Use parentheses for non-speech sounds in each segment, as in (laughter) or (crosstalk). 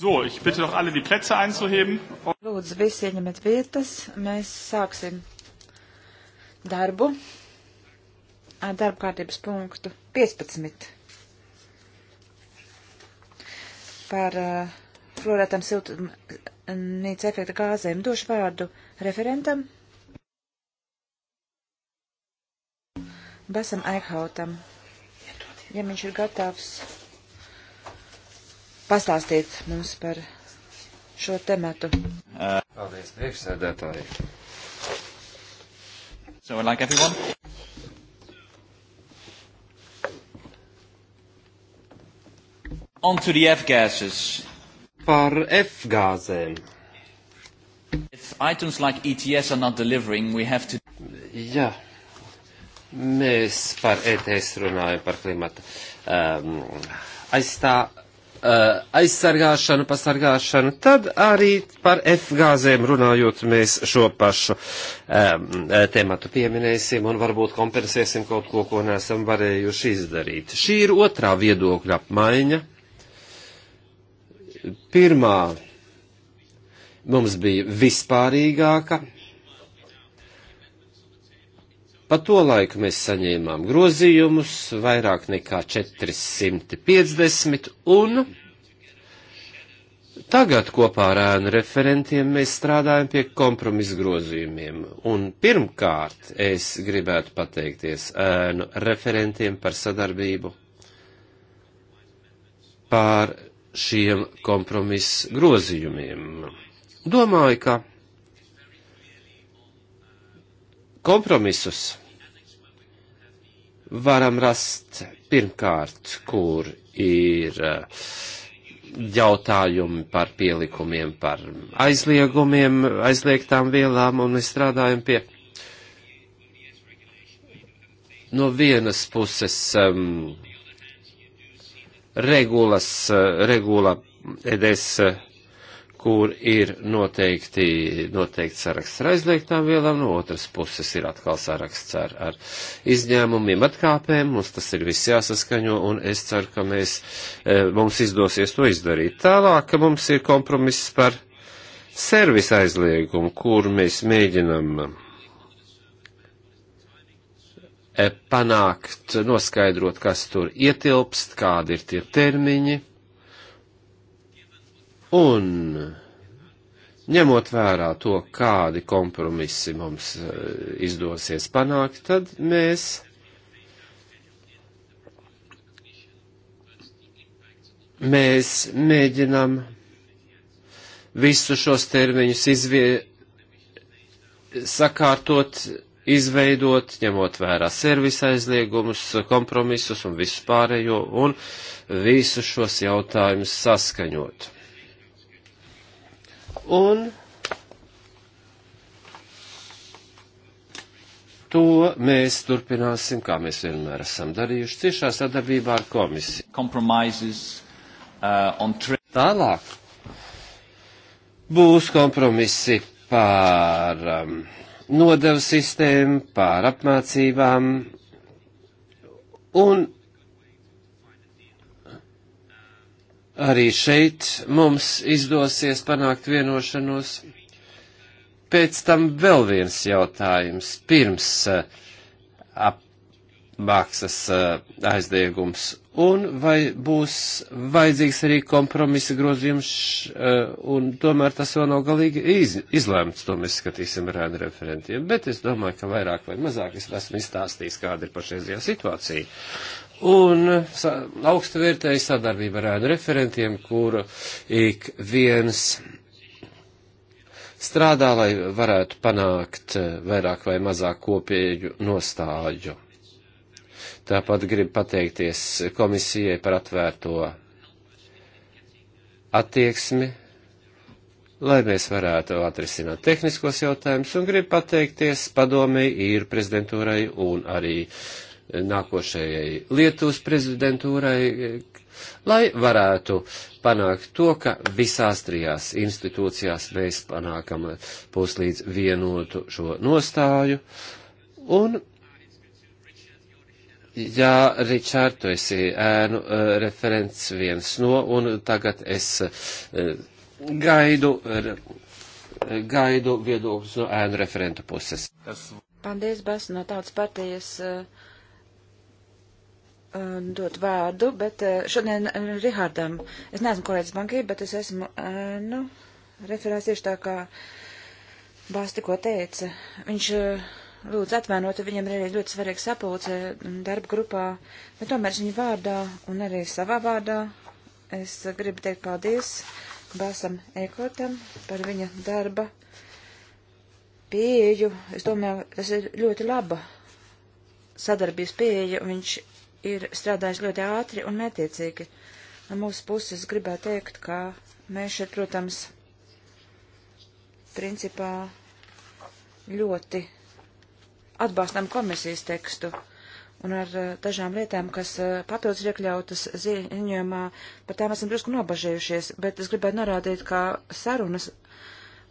So, ich bitte doch alle, die Plätze einzuheben. Lūdzu, visi ieņemiet vietas. Mēs sāksim darbu ar darba kārtības punktu 15 par uh, eh, florētām siltumnīca efekta gāzēm. Došu vārdu referentam Basam Eikhautam. Ja viņš ir gatavs pastāstīt mums par šo tematu. Paldies, priekšsēdētāji. So, like everyone. On to the F-gases. Par F-gāzēm. If items like ETS are not delivering, we have to... Jā. Mēs par ETS runājam par klimata um, aizstāvību Uh, aizsargāšanu, pasargāšanu, tad arī par F gāzēm runājot mēs šo pašu um, tematu pieminēsim un varbūt kompensēsim kaut ko, ko nesam varējuši izdarīt. Šī ir otrā viedokļa apmaiņa. Pirmā mums bija vispārīgāka Pa to laiku mēs saņēmām grozījumus vairāk nekā 450 un tagad kopā ar ēnu referentiem mēs strādājam pie kompromisu grozījumiem. Un pirmkārt es gribētu pateikties ēnu referentiem par sadarbību pār šiem kompromisu grozījumiem. Domāju, ka kompromisus varam rast pirmkārt, kur ir eh, jautājumi par pielikumiem, par aizliegumiem, aizliegtām vielām, un mēs strādājam pie no vienas puses um, regulas, eh, regula EDS eh, kur ir noteikti, noteikti saraksts ar aizliegtām vielām, no otras puses ir atkal saraksts ar, ar izņēmumiem, atkāpēm, mums tas ir viss jāsaskaņo, un es ceru, ka mēs, e, mums izdosies to izdarīt. Tālāk mums ir kompromiss par servisa aizliegumu, kur mēs mēģinam e, panākt, noskaidrot, kas tur ietilpst, kādi ir tie termiņi Un ņemot vērā to, kādi kompromisi mums eh, izdosies panākt, tad mēs mēs mēģinam visu šos termiņus izvie, sakārtot, izveidot, ņemot vērā servisa aizliegumus, kompromisus un visu pārējo, un visus šos jautājumus saskaņot. Un to mēs turpināsim, kā mēs vienmēr esam darījuši, ciešā sadarbībā ar komisiju. Uh, Tālāk būs kompromisi par um, nodevu sistēmu, par apmācībām un arī šeit mums izdosies panākt vienošanos. Pēc tam vēl viens jautājums pirms eh, apmaksas eh, aizdegums. Un vai būs vajadzīgs arī kompromisa grozījums, eh, un tomēr tas vēl nav galīgi iz, izlēmts, to mēs skatīsim ar ēnu referentiem. Bet es domāju, ka vairāk vai mazāk es esmu izstāstījis, kāda ir pašreizajā situācija un eh, augstu vērtēju sadarbību ar ēnu referentiem, kuru ik viens strādā, lai varētu panākt eh, vairāk vai mazāk kopēju nostāju. Tāpat gribu pateikties komisijai par atvērto attieksmi, lai mēs varētu atrisināt tehniskos jautājumus, un gribu pateikties padomēji īru prezidentūrai un arī uh, nākošajai Lietuvas prezidentūrai, lai varētu panākt to, ka visās trijās institūcijās mēs panākam puslīdz vienotu šo nostāju. Un, jā, Ričārd, tu esi ēnu referents viens no, un tagad es gaidu, gaidu viedokļus no ēnu referentu puses. Paldies, Bas, no tādas partijas. Uh Eh, dot vārdu, bet eh, šodien eh, Rihardam, es neesmu kolēģis bankī, bet es esmu, nu, referēts tieši tā kā Bās tikko teica. Viņš lūdz atvainot, viņam ir arī ļoti svarīga sapulce mm, darba grupā, bet tomēr es viņu vārdā un arī savā vārdā es gribu teikt paldies Bāsam Ekotam par viņa darba pieeju. Es domāju, tas ir ļoti laba sadarbības pieeja, un viņš ir strādājis ļoti ātri un mētiecīgi. No mūsu puses gribētu teikt, ka mēs šeit, protams, principā ļoti atbalstam komisijas tekstu un ar eh, dažām lietām, kas eh, papildus ir iekļautas ziņojumā, par tām esam drusku nobažējušies, bet es gribētu norādīt, ka sarunas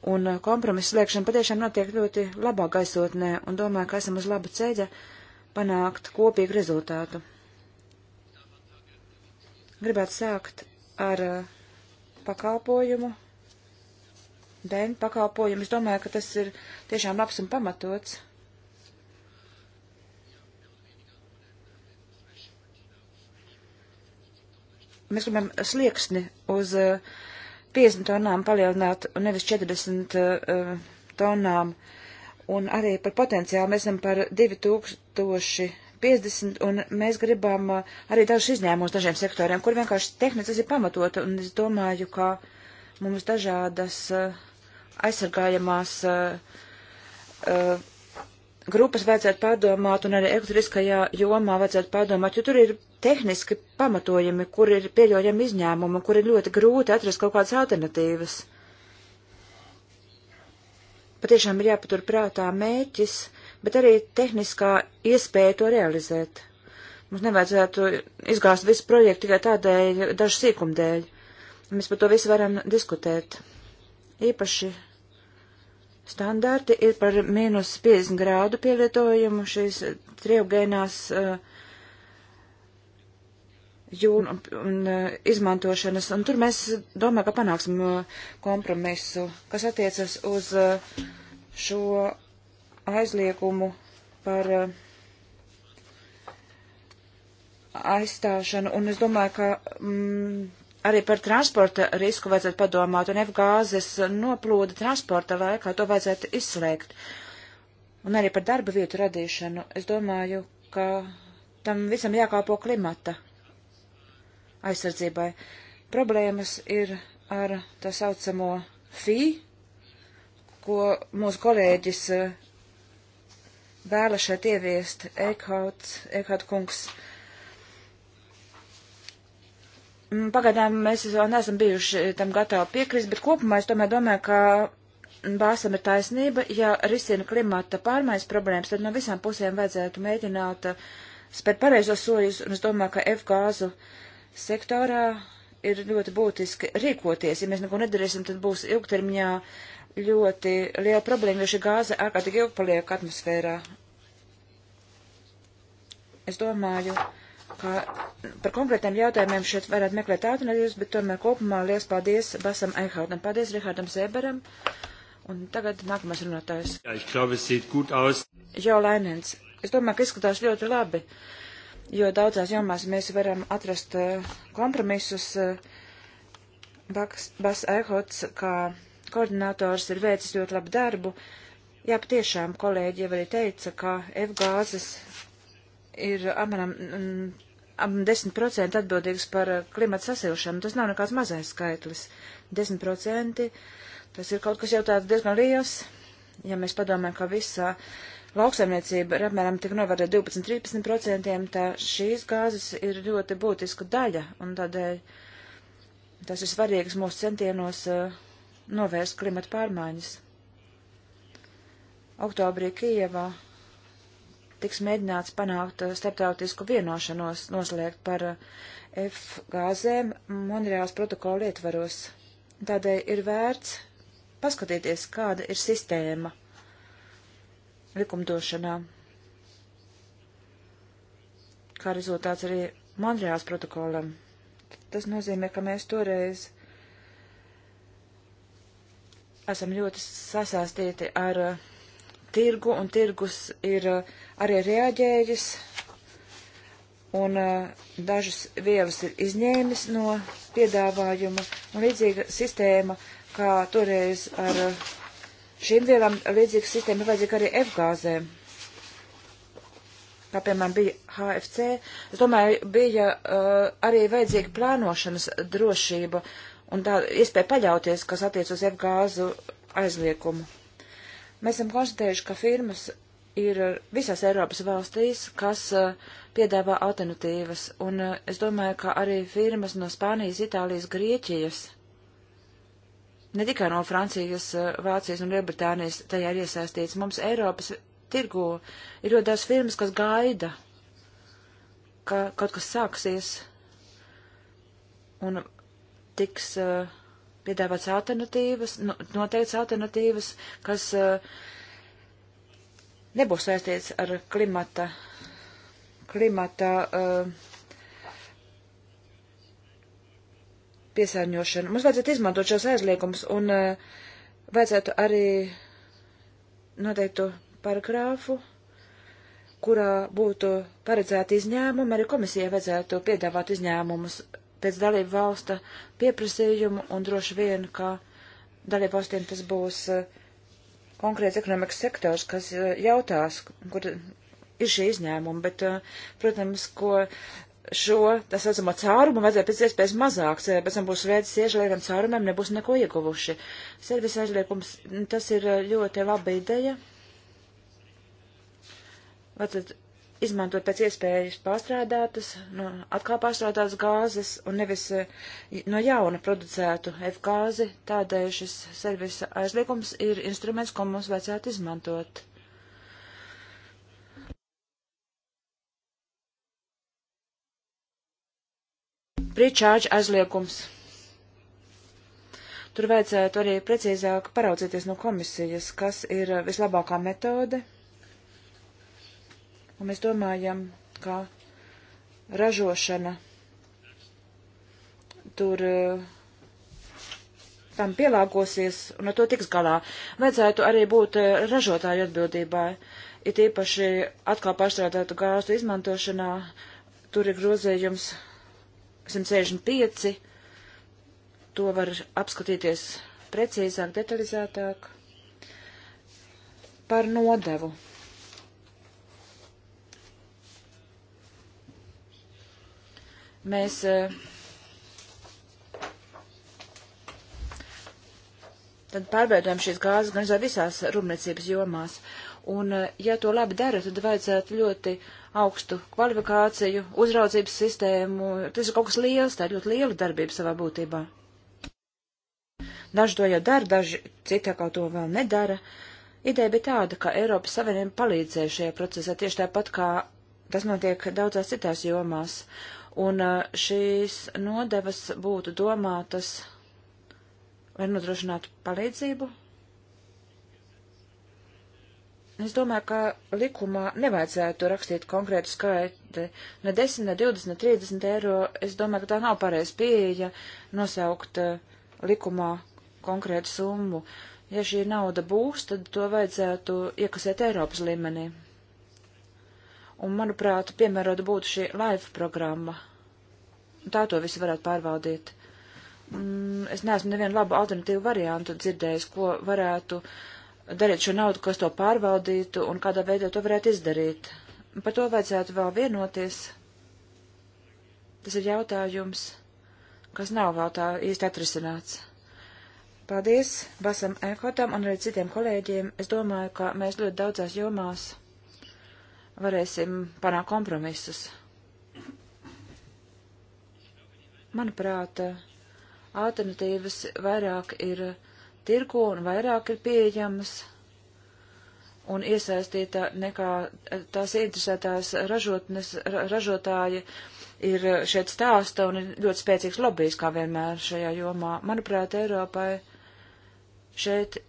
un eh, kompromisu slēgšana patiešām notiek ļoti labā gaisotnē un domāju, ka esam uz laba ceļa panākt kopīgu rezultātu. Gribētu sākt ar uh, pakalpojumu, bērnu pakalpojumu. Es domāju, ka tas ir tiešām labs un pamatots. Mēs gribam slieksni uz 50 uh, tonām palielināt un nevis 40 uh, tonām. Un arī par potenciālu mēs esam par 2000 50, un mēs gribam uh, arī dažus izņēmumus dažiem sektoriem, kur vienkārši tehniski tas ir pamatot, un es domāju, ka mums dažādas uh, aizsargājamās uh, grupas vajadzētu pārdomāt, un arī elektriskajā jomā vajadzētu pārdomāt, jo tur ir tehniski pamatojumi, kur ir pieļaujami izņēmumi, kur ir ļoti grūti atrast kaut kādas alternatīvas. Patiešām ir jāpatur prātā mēķis bet arī tehniskā iespēja to realizēt. Mums nevajadzētu izgāzt visu projektu tikai tādēļ, dažu sīkumu dēļ. Mēs par to visu varam diskutēt. Īpaši standarti ir par mīnus 50 grādu pielietojumu šīs trievgainās uh, jūnu un, un uh, izmantošanas, un tur mēs domājam, ka panāksim uh, kompromisu, kas attiecas uz uh, šo aizliegumu par eh, aizstāšanu, un es domāju, ka mm, arī par transporta risku vajadzētu padomāt, un F-gāzes noplūda transporta laikā to vajadzētu izslēgt. Un arī par darba vietu radīšanu. Es domāju, ka tam visam jākāpo klimata aizsardzībai. Problēmas ir ar tā saucamo FI, ko mūsu kolēģis eh, vēlas šeit ieviest Eikhaut kungs. Mm, Pagaidām mēs vēl neesam bijuši tam gatavi piekrist, bet kopumā es tomēr domāju, ka Bāsam ir taisnība, ja risina klimata pārmaiņas problēmas, tad no visām pusēm vajadzētu mēģināt uh, spēt pareizos soļus, un es domāju, ka F gāzu sektorā ir ļoti būtiski rīkoties. Ja mēs neko nedarīsim, tad būs ilgtermiņā uh, ļoti liela problēma, jo šī gāze ārkārtīgi ilgi paliek atmosfērā. Es domāju, ka par konkrētiem jautājumiem šeit varētu meklēt alternatīvas, bet tomēr kopumā liels paldies Basam Einhautam. Paldies Rihardam Zēberam. Un tagad nākamais runātājs. Jā, ich glaube, es sieht gut aus. Jo Lainens. Es domāju, ka izskatās ļoti labi, jo daudzās jomās mēs varam atrast eh, kompromisus. Eh, Bas Eihots, kā koordinators ir veicis ļoti labu darbu. Jā, patiešām kolēģi jau arī teica, ka F gāzes ir apmēram mm, apmēram 10% atbildīgs par uh, klimatu sasilšanu. Tas nav nekāds mazais skaitlis. 10% tas ir kaut kas jau tāds diezgan liels. Ja mēs padomājam, ka visā lauksaimniecība ir apmēram tik novērta 12-13%, tad šīs gāzes ir ļoti būtiska daļa, un tādēļ tas ir svarīgs mūsu centienos uh, novērst klimata pārmaiņas. Oktobrī Kijevā tiks mēģināts panākt uh, starptautisku vienošanos noslēgt par uh, F gāzēm Monreāls protokola ietvaros. Tādēļ ir vērts paskatīties, kāda ir sistēma likumdošanā. Kā rezultāts arī Monreāls protokolam. Tas nozīmē, ka mēs toreiz esam ļoti sasāstīti ar uh, tirgu, un tirgus ir uh, arī reaģējis, un uh, dažas vielas ir izņēmis no piedāvājuma, un līdzīga sistēma, kā toreiz ar uh, šīm vielām, līdzīga sistēma ir vajadzīga arī F-gāzēm. Kā piemēram bija HFC, es domāju, bija uh, arī vajadzīga plānošanas drošība, uh, un tā iespēja paļauties, kas attiec uz F-gāzu aizliekumu. Mēs esam konstatējuši, ka firmas ir visās Eiropas valstīs, kas uh, piedāvā alternatīvas, un uh, es domāju, ka arī firmas no Spānijas, Itālijas, Grieķijas, ne tikai no Francijas, uh, Vācijas un Lielbritānijas tajā ir iesaistīts. Mums Eiropas tirgu ir ļoti daudz firmas, kas gaida, ka kaut kas sāksies, un tiks uh, piedāvāts alternatīvas, no, nu, noteikts alternatīvas, kas uh, nebūs saistīts ar klimata, klimata uh, piesārņošanu. Mums vajadzētu izmantot šos aizliegumus un uh, vajadzētu arī noteiktu paragrāfu, kurā būtu paredzēti izņēmumi, arī komisijai vajadzētu piedāvāt izņēmumus pēc dalību valsta pieprasījumu un droši vien, ka dalību valstīm tas būs eh, konkrēts ekonomikas sektors, kas eh, jautās, kur ir šie izņēmumi, bet, eh, protams, ko šo, tā saucamo, cārumu vajadzēja pēc iespējas mazāk, pēc tam būs veids iežliekam cārumiem, nebūs neko ieguvuši. Servis aizliekums, tas ir ļoti laba ideja. Vajadzētu izmantot pēc iespējas pārstrādātas, no atkal pārstrādātas gāzes un nevis eh, no jauna producētu F gāzi. Tādēļ šis servisa aizliegums ir instruments, ko mums vajadzētu izmantot. Prečāģa aizliegums. Tur vajadzētu arī precīzāk paraudzīties no komisijas, kas ir eh, vislabākā metode Un mēs domājam, ka ražošana tur eh, tam pielāgosies un ar to tiks galā. Vajadzētu arī būt eh, ražotāju atbildībai. It īpaši atkal pārstrādātu gāzu izmantošanā, tur ir grozējums 165, to var apskatīties precīzāk, detalizētāk par nodevu. Mēs eh, tad pārveidojam šīs gāzes gan zā visās rūpniecības jomās. Un, eh, ja to labi dara, tad vajadzētu ļoti augstu kvalifikāciju, uzraudzības sistēmu. Tas ir kaut kas liels, tā ir ļoti liela darbība savā būtībā. Daži to jau dara, daži citi kaut to vēl nedara. Ideja bija tāda, ka Eiropas Savienība palīdzēja šajā procesā tieši tāpat, kā tas notiek daudzās citās jomās un šīs nodevas būtu domātas, lai nodrošinātu palīdzību. Es domāju, ka likumā nevajadzētu rakstīt konkrētu skaiti, ne 10, ne 20, ne 30 eiro. Es domāju, ka tā nav pareiz pieeja nosaukt likumā konkrētu summu. Ja šī nauda būs, tad to vajadzētu iekasēt Eiropas līmenī. Un, manuprāt, piemērota būtu šī live programma. Tā to visu varētu pārvaldīt. Mm, es neesmu nevienu labu alternatīvu variantu dzirdējis, ko varētu darīt šo naudu, kas to pārvaldītu un kādā veidā to varētu izdarīt. Par to vajadzētu vēl vienoties. Tas ir jautājums, kas nav vēl tā īsti atrisināts. Paldies Basam Ekotam un arī citiem kolēģiem. Es domāju, ka mēs ļoti daudzās jomās varēsim panākt kompromisus. Manuprāt, alternatīvas vairāk ir tirko un vairāk ir pieejamas un iesaistīta nekā tās interesētās ražotnes, ražotāji ir šeit stāsta un ir ļoti spēcīgs lobbyis, kā vienmēr šajā jomā. Manuprāt, Eiropai šeit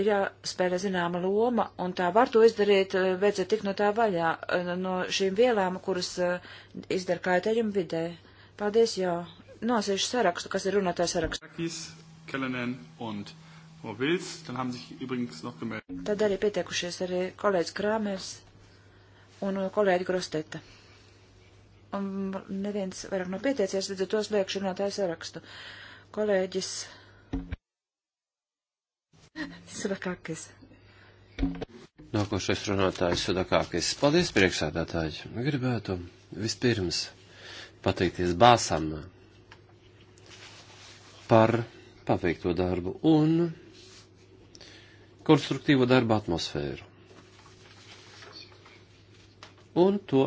ir jāspēlē zināma loma, un tā var to izdarīt, eh, vajadzētu tik no tā vaļā, eh, no šīm vielām, kuras eh, izdara kaitējumu vidē. Paldies, jā. Nosiešu nu, sarakstu, kas ir runātājs saraksts. Kellenen un Vils, dann haben sich übrigens noch gemeldet. Tad arī pieteikušies arī kolēģis Krāmers un kolēģi Grosteta. Un neviens vairāk nav no pieteicies, līdz ar to slēgšu runātāju sarakstu. Kolēģis Sudakākis. Nākošais runātājs Sudakākis. Paldies, priekšsēdētāji. Gribētu vispirms pateikties Bāsam par paveikto darbu un konstruktīvo darbu atmosfēru. Un to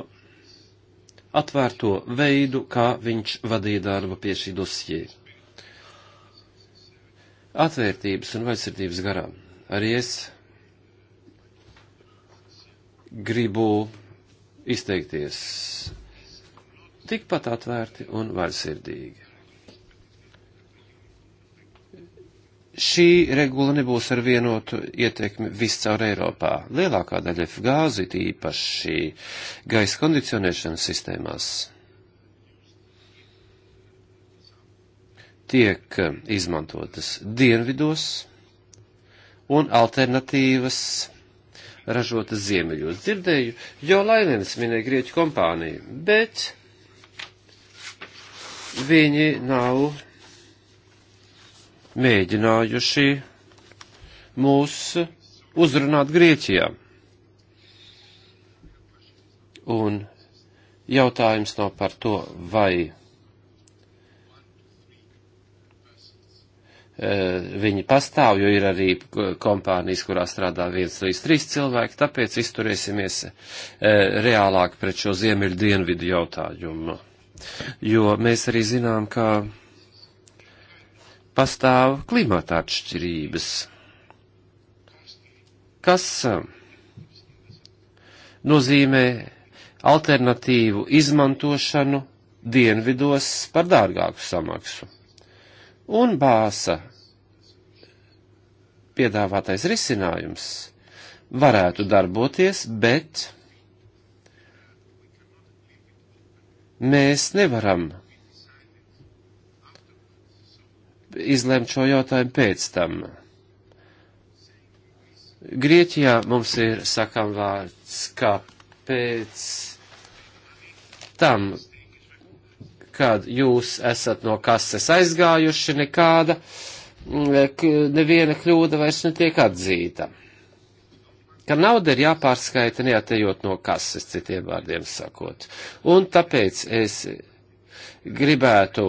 atvērto veidu, kā viņš vadīja darbu pie šī dosjēja atvērtības un vaļsirdības garām. Arī es gribu izteikties tikpat atvērti un vaļsirdīgi. Šī regula nebūs ar vienotu ietekmi viscaur Eiropā. Lielākā daļa gāzi, tīpaši gaisa kondicionēšanas sistēmās, tiek eh, izmantotas dienvidos un alternatīvas ražotas ziemeļos. Dzirdēju, jo Lainēns minēja grieķu kompāniju, bet viņi nav mēģinājuši mūs uzrunāt Grieķijā. Un jautājums nav par to, vai Eh, viņi pastāv, jo ir arī kompānijas, kurā strādā viens līdz trīs cilvēki, tāpēc izturēsimies eh, reālāk pret šo ziemeļu dienvidu jautājumu. Jo mēs arī zinām, ka pastāv klimata atšķirības. Kas eh, nozīmē alternatīvu izmantošanu dienvidos par dārgāku samaksu? Un bāsa piedāvātais risinājums varētu darboties, bet mēs nevaram izlemt šo jautājumu pēc tam. Grieķijā mums ir sakām vārds, ka pēc tam, kad jūs esat no kases aizgājuši, nekāda uh, neviena kļūda vairs netiek atzīta. Ka nauda ir jāpārskaita neatejot no kases, citiem vārdiem sakot. Un tāpēc es gribētu,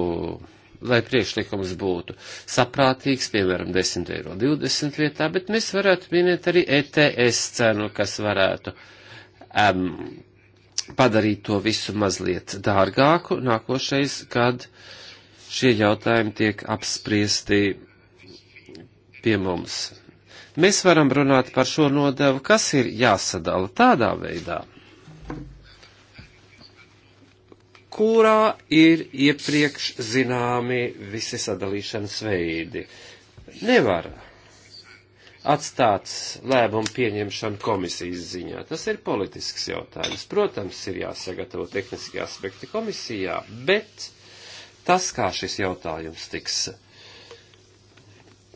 lai priekšlikums būtu saprātīgs, piemēram, 10 eiro 20 vietā, bet mēs varētu minēt arī ETS cenu, kas varētu um, padarīt to visu mazliet dārgāku nākošais, kad šie jautājumi tiek apspriesti pie mums. Mēs varam runāt par šo nodevu, kas ir jāsadala tādā veidā, kurā ir iepriekš zināmi visi sadalīšanas veidi. Nevar atstāt lēmumu pieņemšanu komisijas ziņā. Tas ir politisks jautājums. Protams, ir jāsagatavo tehniskie aspekti komisijā, bet tas, kā šis jautājums tiks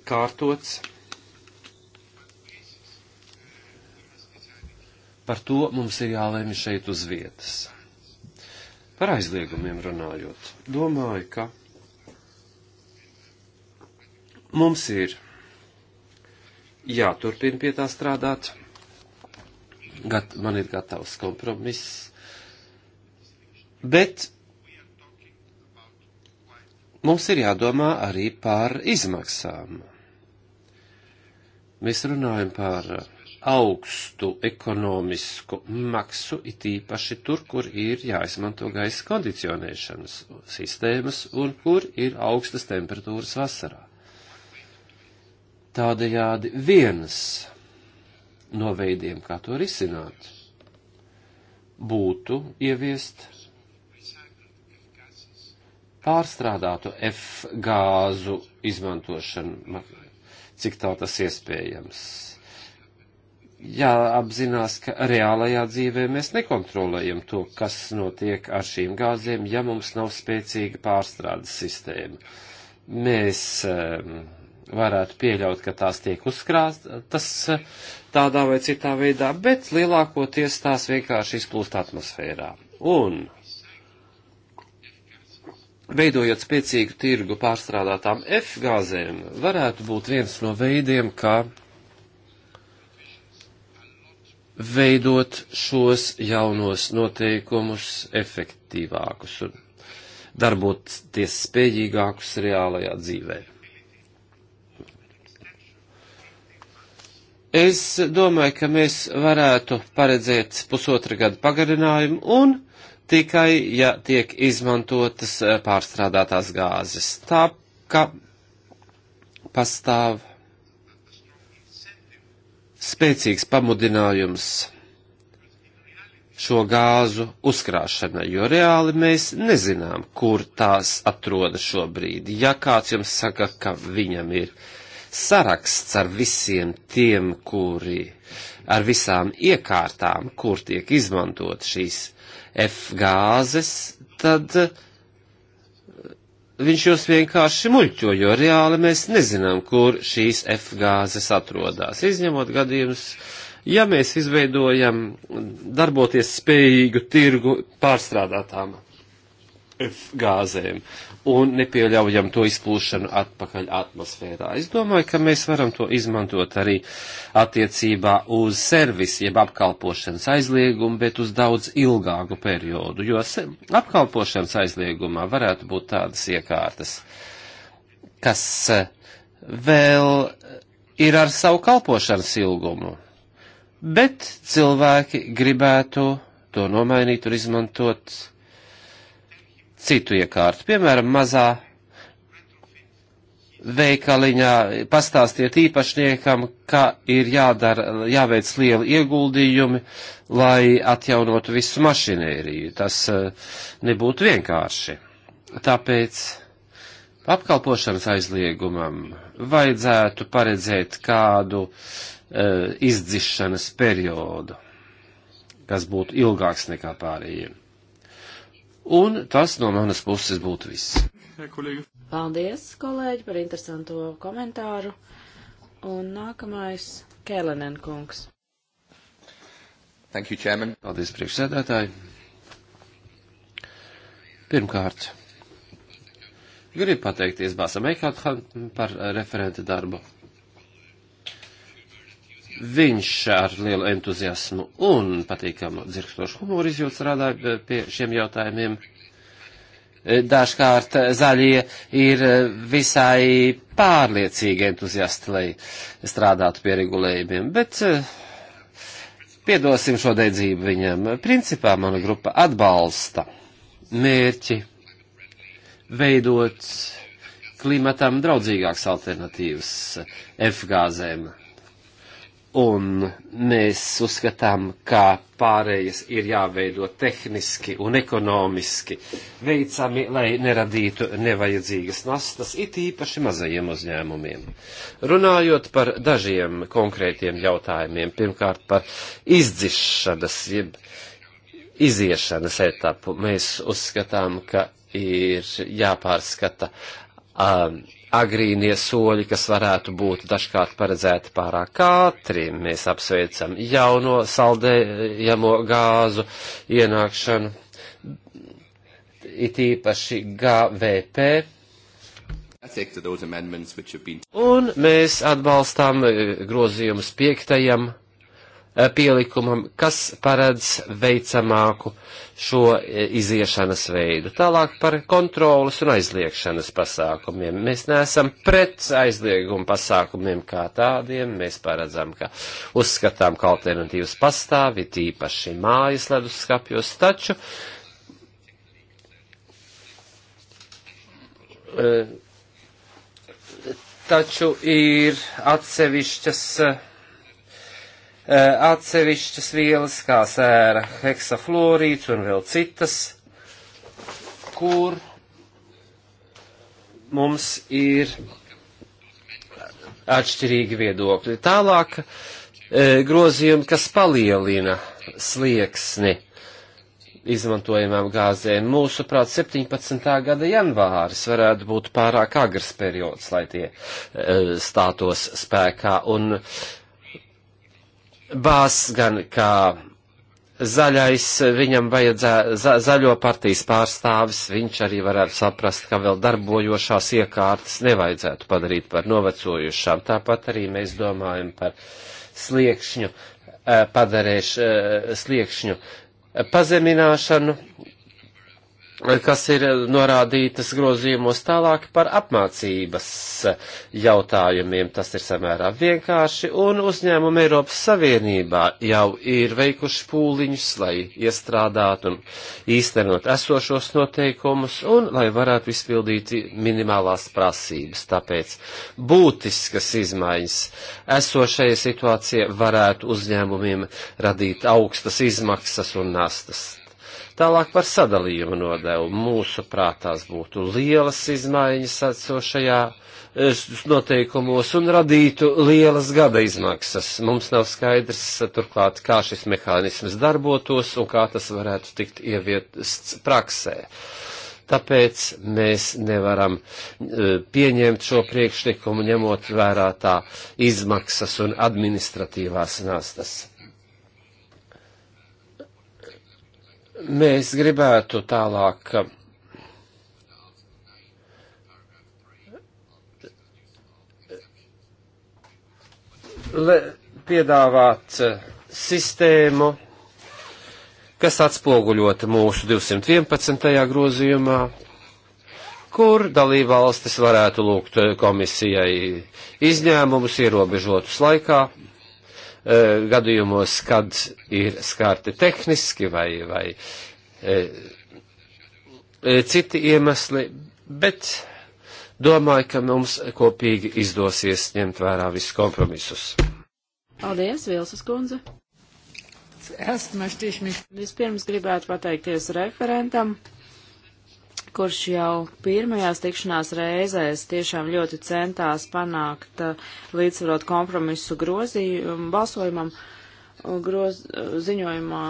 kārtots. Par to mums ir jālēmi šeit uz vietas. Par aizliegumiem runājot, domāju, ka mums ir jāturpina pie tā strādāt. Gat, man ir gatavs kompromiss. Bet mums ir jādomā arī par izmaksām. Mēs runājam par augstu ekonomisku maksu, it īpaši tur, kur ir jāizmanto gaisa kondicionēšanas sistēmas un kur ir augstas temperatūras vasarā. Tādējādi viens no veidiem, kā to risināt, būtu ieviest pārstrādātu F gāzu izmantošanu cik tā tas iespējams. Jāapzinās, ka reālajā dzīvē mēs nekontrolējam to, kas notiek ar šīm gāzēm, ja mums nav spēcīga pārstrādes sistēma. Mēs um, varētu pieļaut, ka tās tiek uzkrāstas eh, tādā vai citā veidā, bet lielākoties tās vienkārši izplūst atmosfērā. Un veidojot spēcīgu tirgu pārstrādātām F gāzēm, varētu būt viens no veidiem, kā veidot šos jaunos noteikumus efektīvākus un darboties spējīgākus reālajā dzīvē. Es domāju, ka mēs varētu paredzēt pusotra gada pagarinājumu un tikai, ja tiek izmantotas eh, pārstrādātās gāzes. Tā ka pastāv spēcīgs pamudinājums šo gāzu uzkrāšana, jo reāli mēs nezinām, kur tās atrodas šobrīd. Ja kāds jums saka, ka viņam ir saraksts ar visiem tiem, kuri ar visām iekārtām, kur tiek izmantot šīs uh, F gāzes, tad eh, viņš jūs vienkārši muļķo, jo reāli mēs nezinām, kur šīs F gāzes atrodas. Izņemot gadījumus, ja mēs izveidojam darboties spējīgu tirgu pārstrādātām F gāzēm un nepieļaujam to izplūšanu atpakaļ atmosfērā. Es domāju, ka mēs varam to izmantot arī attiecībā uz servisu, jeb apkalpošanas aizliegumu, bet uz daudz ilgāku periodu, jo apkalpošanas aizliegumā varētu būt tādas iekārtas, kas eh, vēl ir ar savu kalpošanas ilgumu, bet cilvēki gribētu to nomainīt un izmantot citu iekārtu, piemēram, mazā veikaliņā, pastāstiet īpašniekam, ka ir jādara, jāveic lieli ieguldījumi, lai atjaunotu visu mašinēriju. Tas eh, nebūtu vienkārši. Tāpēc apkalpošanas aizliegumam vajadzētu paredzēt kādu uh, izdzišanas periodu, kas būtu ilgāks nekā pārējiem. Un tas no manas puses būtu viss. Paldies, kolēģi, par interesanto komentāru. Un nākamais - Kēlenen kungs. Thank you, Chairman. Paldies, priekšsēdētāji. Pirmkārt, gribu pateikties Bāsam Eikautham par referenta darbu. Viņš ar lielu entuziasmu un patīkamu dzirkstošu humoru izjūtu strādāja eh, pie šiem jautājumiem. Eh, dažkārt eh, zaļie ir visai pārliecīgi entuziasti, lai strādātu pie regulējumiem, bet piedosim šo dedzību viņam. Principā mana grupa atbalsta mērķi veidot klimatam draudzīgākas alternatīvas F gāzēm un mēs uzskatām, ka pārējas ir jāveido tehniski un ekonomiski veicami, lai neradītu nevajadzīgas nastas, it īpaši mazajiem uzņēmumiem. Runājot par dažiem konkrētiem jautājumiem, pirmkārt par izdzišanas, jeb iziešanas etapu, mēs uzskatām, ka ir jāpārskata. Um, agrīnie soļi, kas varētu būt dažkārt paredzēti pārāk ātri. Mēs apsveicam jauno saldējamo gāzu ienākšanu, it īpaši GVP. Un mēs atbalstām eh, grozījumus piektajam Eh, pielikumam, kas paredz veicamāku šo eh, iziešanas veidu. Tālāk par kontrolas un aizliekšanas pasākumiem. Mēs neesam pret aizliegumu pasākumiem kā tādiem. Mēs paredzam, ka uzskatām, ka alternatīvas pastāvi, tīpaši mājas leduskapjos, taču eh, taču ir atsevišķas Eh, atsevišķas vielas, kā sēra heksaflorīts un vēl citas, kur mums ir atšķirīgi viedokļi. Tālāk eh, grozījumi, kas palielina slieksni izmantojamām gāzēm. Mūsuprāt, 17. gada janvāris varētu būt pārāk agrs periods, lai tie eh, stātos spēkā. Un bās, gan kā zaļais, viņam vajadzē, za, zaļo partijas pārstāvis, viņš arī varētu saprast, ka vēl darbojošās iekārtas nevajadzētu padarīt par novecojušām. Tāpat arī mēs domājam par sliekšņu eh, padarēš, eh, sliekšņu pazemināšanu, kas ir norādītas grozījumos tālāk par apmācības jautājumiem. Tas ir samērā vienkārši, un uzņēmumi Eiropas Savienībā jau ir veikuši pūliņus, lai iestrādātu un īstenot esošos noteikumus, un lai varētu izpildīt minimālās prasības. Tāpēc būtiskas izmaiņas esošajai situācijai varētu uzņēmumiem radīt augstas izmaksas un nastas Tālāk par sadalījumu nodevu. Mūsu prātās būtu lielas izmaiņas atsošajā eh, noteikumos un radītu lielas gada izmaksas. Mums nav skaidrs turklāt, kā šis mehānisms darbotos un kā tas varētu tikt ieviests praksē. Tāpēc mēs nevaram eh, pieņemt šo priekšlikumu, ņemot vērā tā izmaksas un administratīvās nastas. Mēs gribētu tālāk uh, le, piedāvāt uh, sistēmu, kas atspoguļota mūsu 211. grozījumā, kur dalībvalstis varētu lūgt uh, komisijai izņēmumus ierobežotus laikā Eh, gadījumos, kad ir skārti tehniski vai, vai eh, eh, citi iemesli, bet domāju, ka mums kopīgi izdosies ņemt vērā visus kompromisus. Paldies, Vilsas kundze! Vispirms gribētu pateikties referentam kurš jau pirmajās tikšanās reizēs tiešām ļoti centās panākt uh, līdzsvarot kompromisu grozījumu, balsojumam, uh, groz, uh, ziņojumā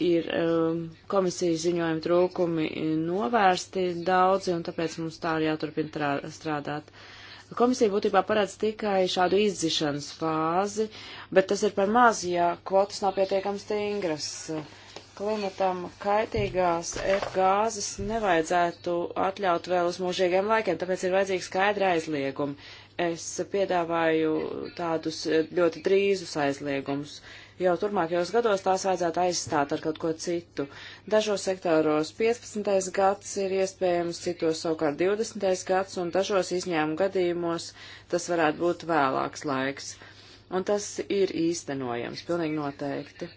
ir um, komisijas ziņojuma trūkumi novērsti daudzi, un tāpēc mums tā ir jāturpina strādāt. Komisija būtībā paredz tikai šādu izzišanas fāzi, bet tas ir par maz, ja kvotas nav pietiekams stingras. Uh, klimatam kaitīgās F gāzes nevajadzētu atļaut vēl uz mūžīgiem laikiem, tāpēc ir vajadzīgi skaidra aizliegumi. Es piedāvāju tādus ļoti drīzus aizliegumus. Jau turpmākajos gados tās vajadzētu aizstāt ar kaut ko citu. Dažos sektoros 15. gads ir iespējams, citos savukārt 20. gads, un dažos izņēmumu gadījumos tas varētu būt vēlāks laiks. Un tas ir īstenojams, pilnīgi noteikti.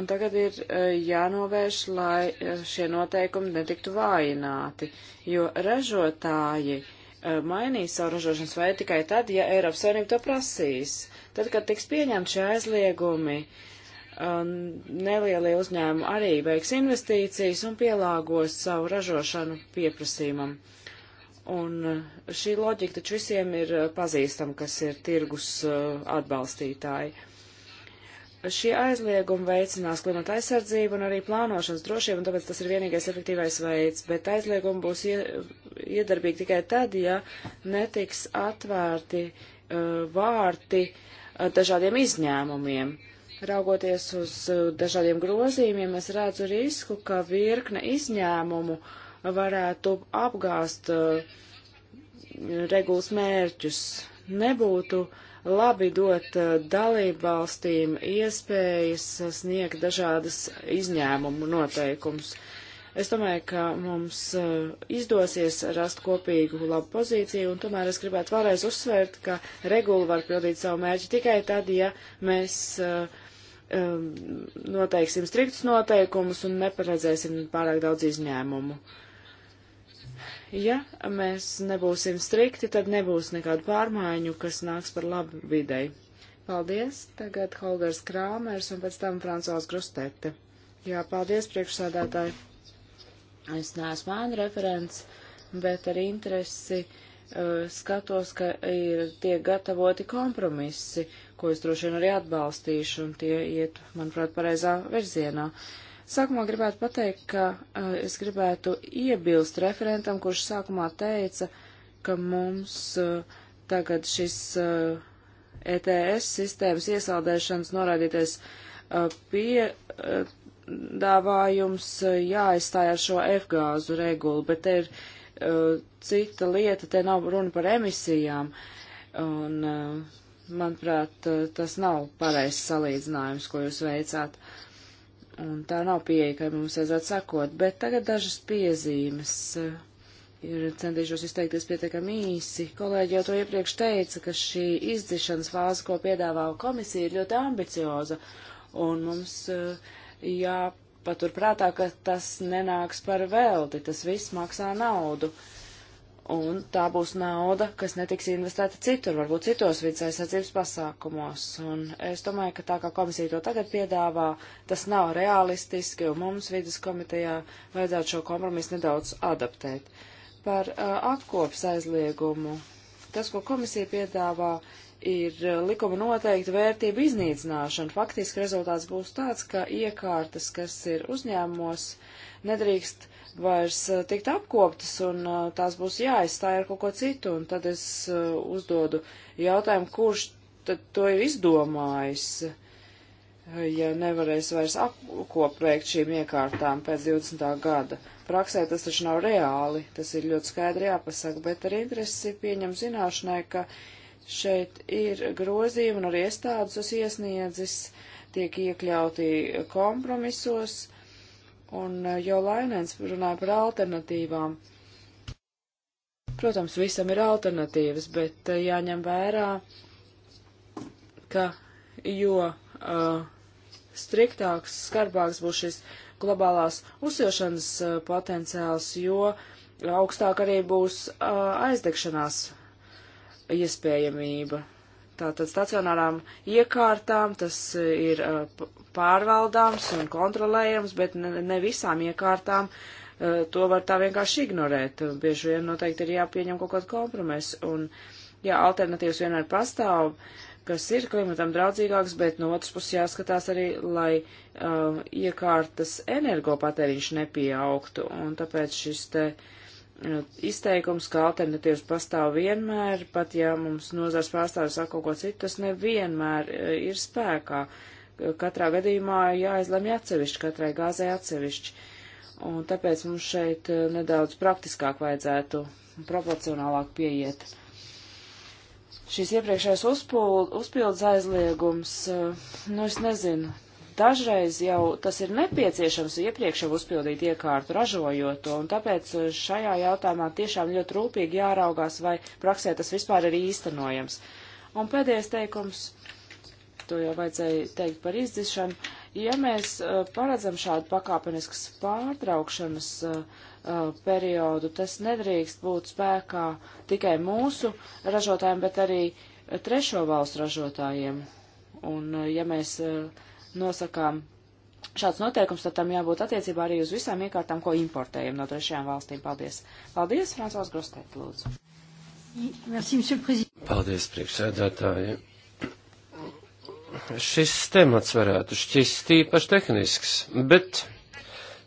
Un tagad ir eh, jānovērš, lai eh, šie noteikumi netiktu vājināti, jo ražotāji eh, mainīs savu ražošanas veidu tikai tad, ja Eiropas Savienība to prasīs. Tad, kad tiks pieņemti šie aizliegumi, nelielie uzņēmumi arī veiks investīcijas un pielāgos savu ražošanu pieprasījumam. Un šī loģika taču visiem ir pazīstama, kas ir tirgus atbalstītāji. Šie aizliegumi veicinās klimata aizsardzību un arī plānošanas drošību, un tāpēc tas ir vienīgais efektīvais veids, bet aizliegumi būs iedarbīgi tikai tad, ja netiks atvērti uh, vārti uh, dažādiem izņēmumiem. Raugoties uz uh, dažādiem grozījumiem, es redzu risku, ka virkne izņēmumu varētu apgāst uh, regulas mērķus. Nebūtu uh, labi dot uh, dalību valstīm iespējas sniegt dažādas izņēmumu noteikumus. Es domāju, ka mums uh, izdosies rast kopīgu labu pozīciju, un tomēr es gribētu vēlreiz uzsvērt, ka regula var pildīt savu mērķi tikai tad, ja mēs uh, um, noteiksim striktus noteikumus un neparedzēsim pārāk daudz izņēmumu. Ja mēs nebūsim strikti, tad nebūs nekādu pārmaiņu, kas nāks par labu videi. Paldies! Tagad Holgers Krāmers un pēc tam Francās Grustete. Jā, paldies priekšsādātāji! Es neesmu ēnu referents, bet ar interesi uh, skatos, ka ir tiek gatavoti kompromisi, ko es droši vien arī atbalstīšu, un tie iet, manuprāt, pareizā virzienā. Uh, Sākumā gribētu pateikt, ka uh, es gribētu iebilst referentam, kurš sākumā teica, ka mums uh, tagad šis uh, eh, ETS sistēmas iesaldēšanas norādīties uh, piedāvājums uh, jāaizstāj ar šo F-gāzu regulu, bet te ir uh, cita lieta, te nav runa par emisijām. Un, uh, manuprāt, tas nav pareizs salīdzinājums, ko jūs veicāt. Uh, un tā nav pieeja, ka mums vajadzētu sakot, bet tagad dažas piezīmes. Ir centīšos izteikties pietiekami īsi. Kolēģi jau to iepriekš teica, ka šī izdzišanas fāze, ko piedāvā komisija, ir ļoti ambicioza, un mums eh, jāpaturprātā, ka tas nenāks par velti, tas viss maksā naudu. Uh, un tā būs nauda, kas netiks investēta citur, varbūt citos vidas aizsardzības pasākumos. Un es domāju, ka tā kā komisija to tagad piedāvā, tas nav realistiski, un mums vidas komitejā vajadzētu šo kompromisu nedaudz adaptēt. Par uh, apkops aizliegumu. Tas, ko komisija piedāvā, ir likuma noteikta vērtība iznīcināšana. Faktiski rezultāts būs tāds, ka iekārtas, kas ir uzņēmumos, nedrīkst vairs eh, tikt apkoptas un eh, tās būs jāizstāja ar kaut ko citu. Un tad es eh, uzdodu jautājumu, kurš tad to ir izdomājis, ja nevarēs vairs apkopveikt šīm iekārtām pēc 20. gada. Praksē tas taču nav reāli, tas ir ļoti skaidri jāpasaka, bet ar interesi pieņem zināšanai, ka šeit ir grozījumi un arī es tādus esmu iesniedzis, tiek iekļauti kompromisos. Uh, un eh, jau Lainēns runāja par alternatīvām. Protams, visam ir alternatīvas, bet eh, jāņem vērā, ka jo uh, striktāks, skarbāks būs šis globālās uzsilšanas uh, potenciāls, jo augstāk arī būs uh, aizdegšanās iespējamība tātad stacionārām iekārtām, tas ir uh, pārvaldāms un kontrolējams, bet ne visām iekārtām uh, to var tā vienkārši ignorēt. Bieži vien noteikti ir jāpieņem kaut kāds kompromiss. Un, jā, alternatīvas vienmēr pastāv, kas ir klimatam draudzīgāks, bet no otras puses jāskatās arī, lai uh, iekārtas energopatēriņš nepieaugtu. Un tāpēc šis te uh, Nu, izteikums, ka alternatīvas pastāv vienmēr, pat ja mums nozars pārstāvis saka kaut ko citu, tas nevienmēr e, ir spēkā. Katrā gadījumā jāizlemj atsevišķi, katrai gāzai atsevišķi. Un tāpēc mums šeit e, nedaudz praktiskāk vajadzētu proporcionālāk pieiet. Šīs iepriekšējās uzpildes aizliegums, e, nu es nezinu, dažreiz jau tas ir nepieciešams iepriekš jau uzpildīt iekārtu, ražojot to, un tāpēc eh, šajā jautājumā tiešām ļoti rūpīgi jāraugās, vai praksē tas vispār ir īstenojams. Un pēdējais teikums, to jau vajadzēja teikt par izdzišanu, ja mēs uh, paredzam šādu pakāpeniskas pārtraukšanas uh, periodu, tas nedrīkst būt spēkā tikai mūsu ražotājiem, bet arī trešo valstu ražotājiem. Un ja mēs uh, nosakām šāds noteikums, tad tam jābūt attiecībā arī uz visām iekārtām, ko importējam no trešajām valstīm. Paldies. Paldies, Francos Grostēt, lūdzu. Paldies, priekšsēdētāji. Šis temats varētu šķist īpaši tehnisks, bet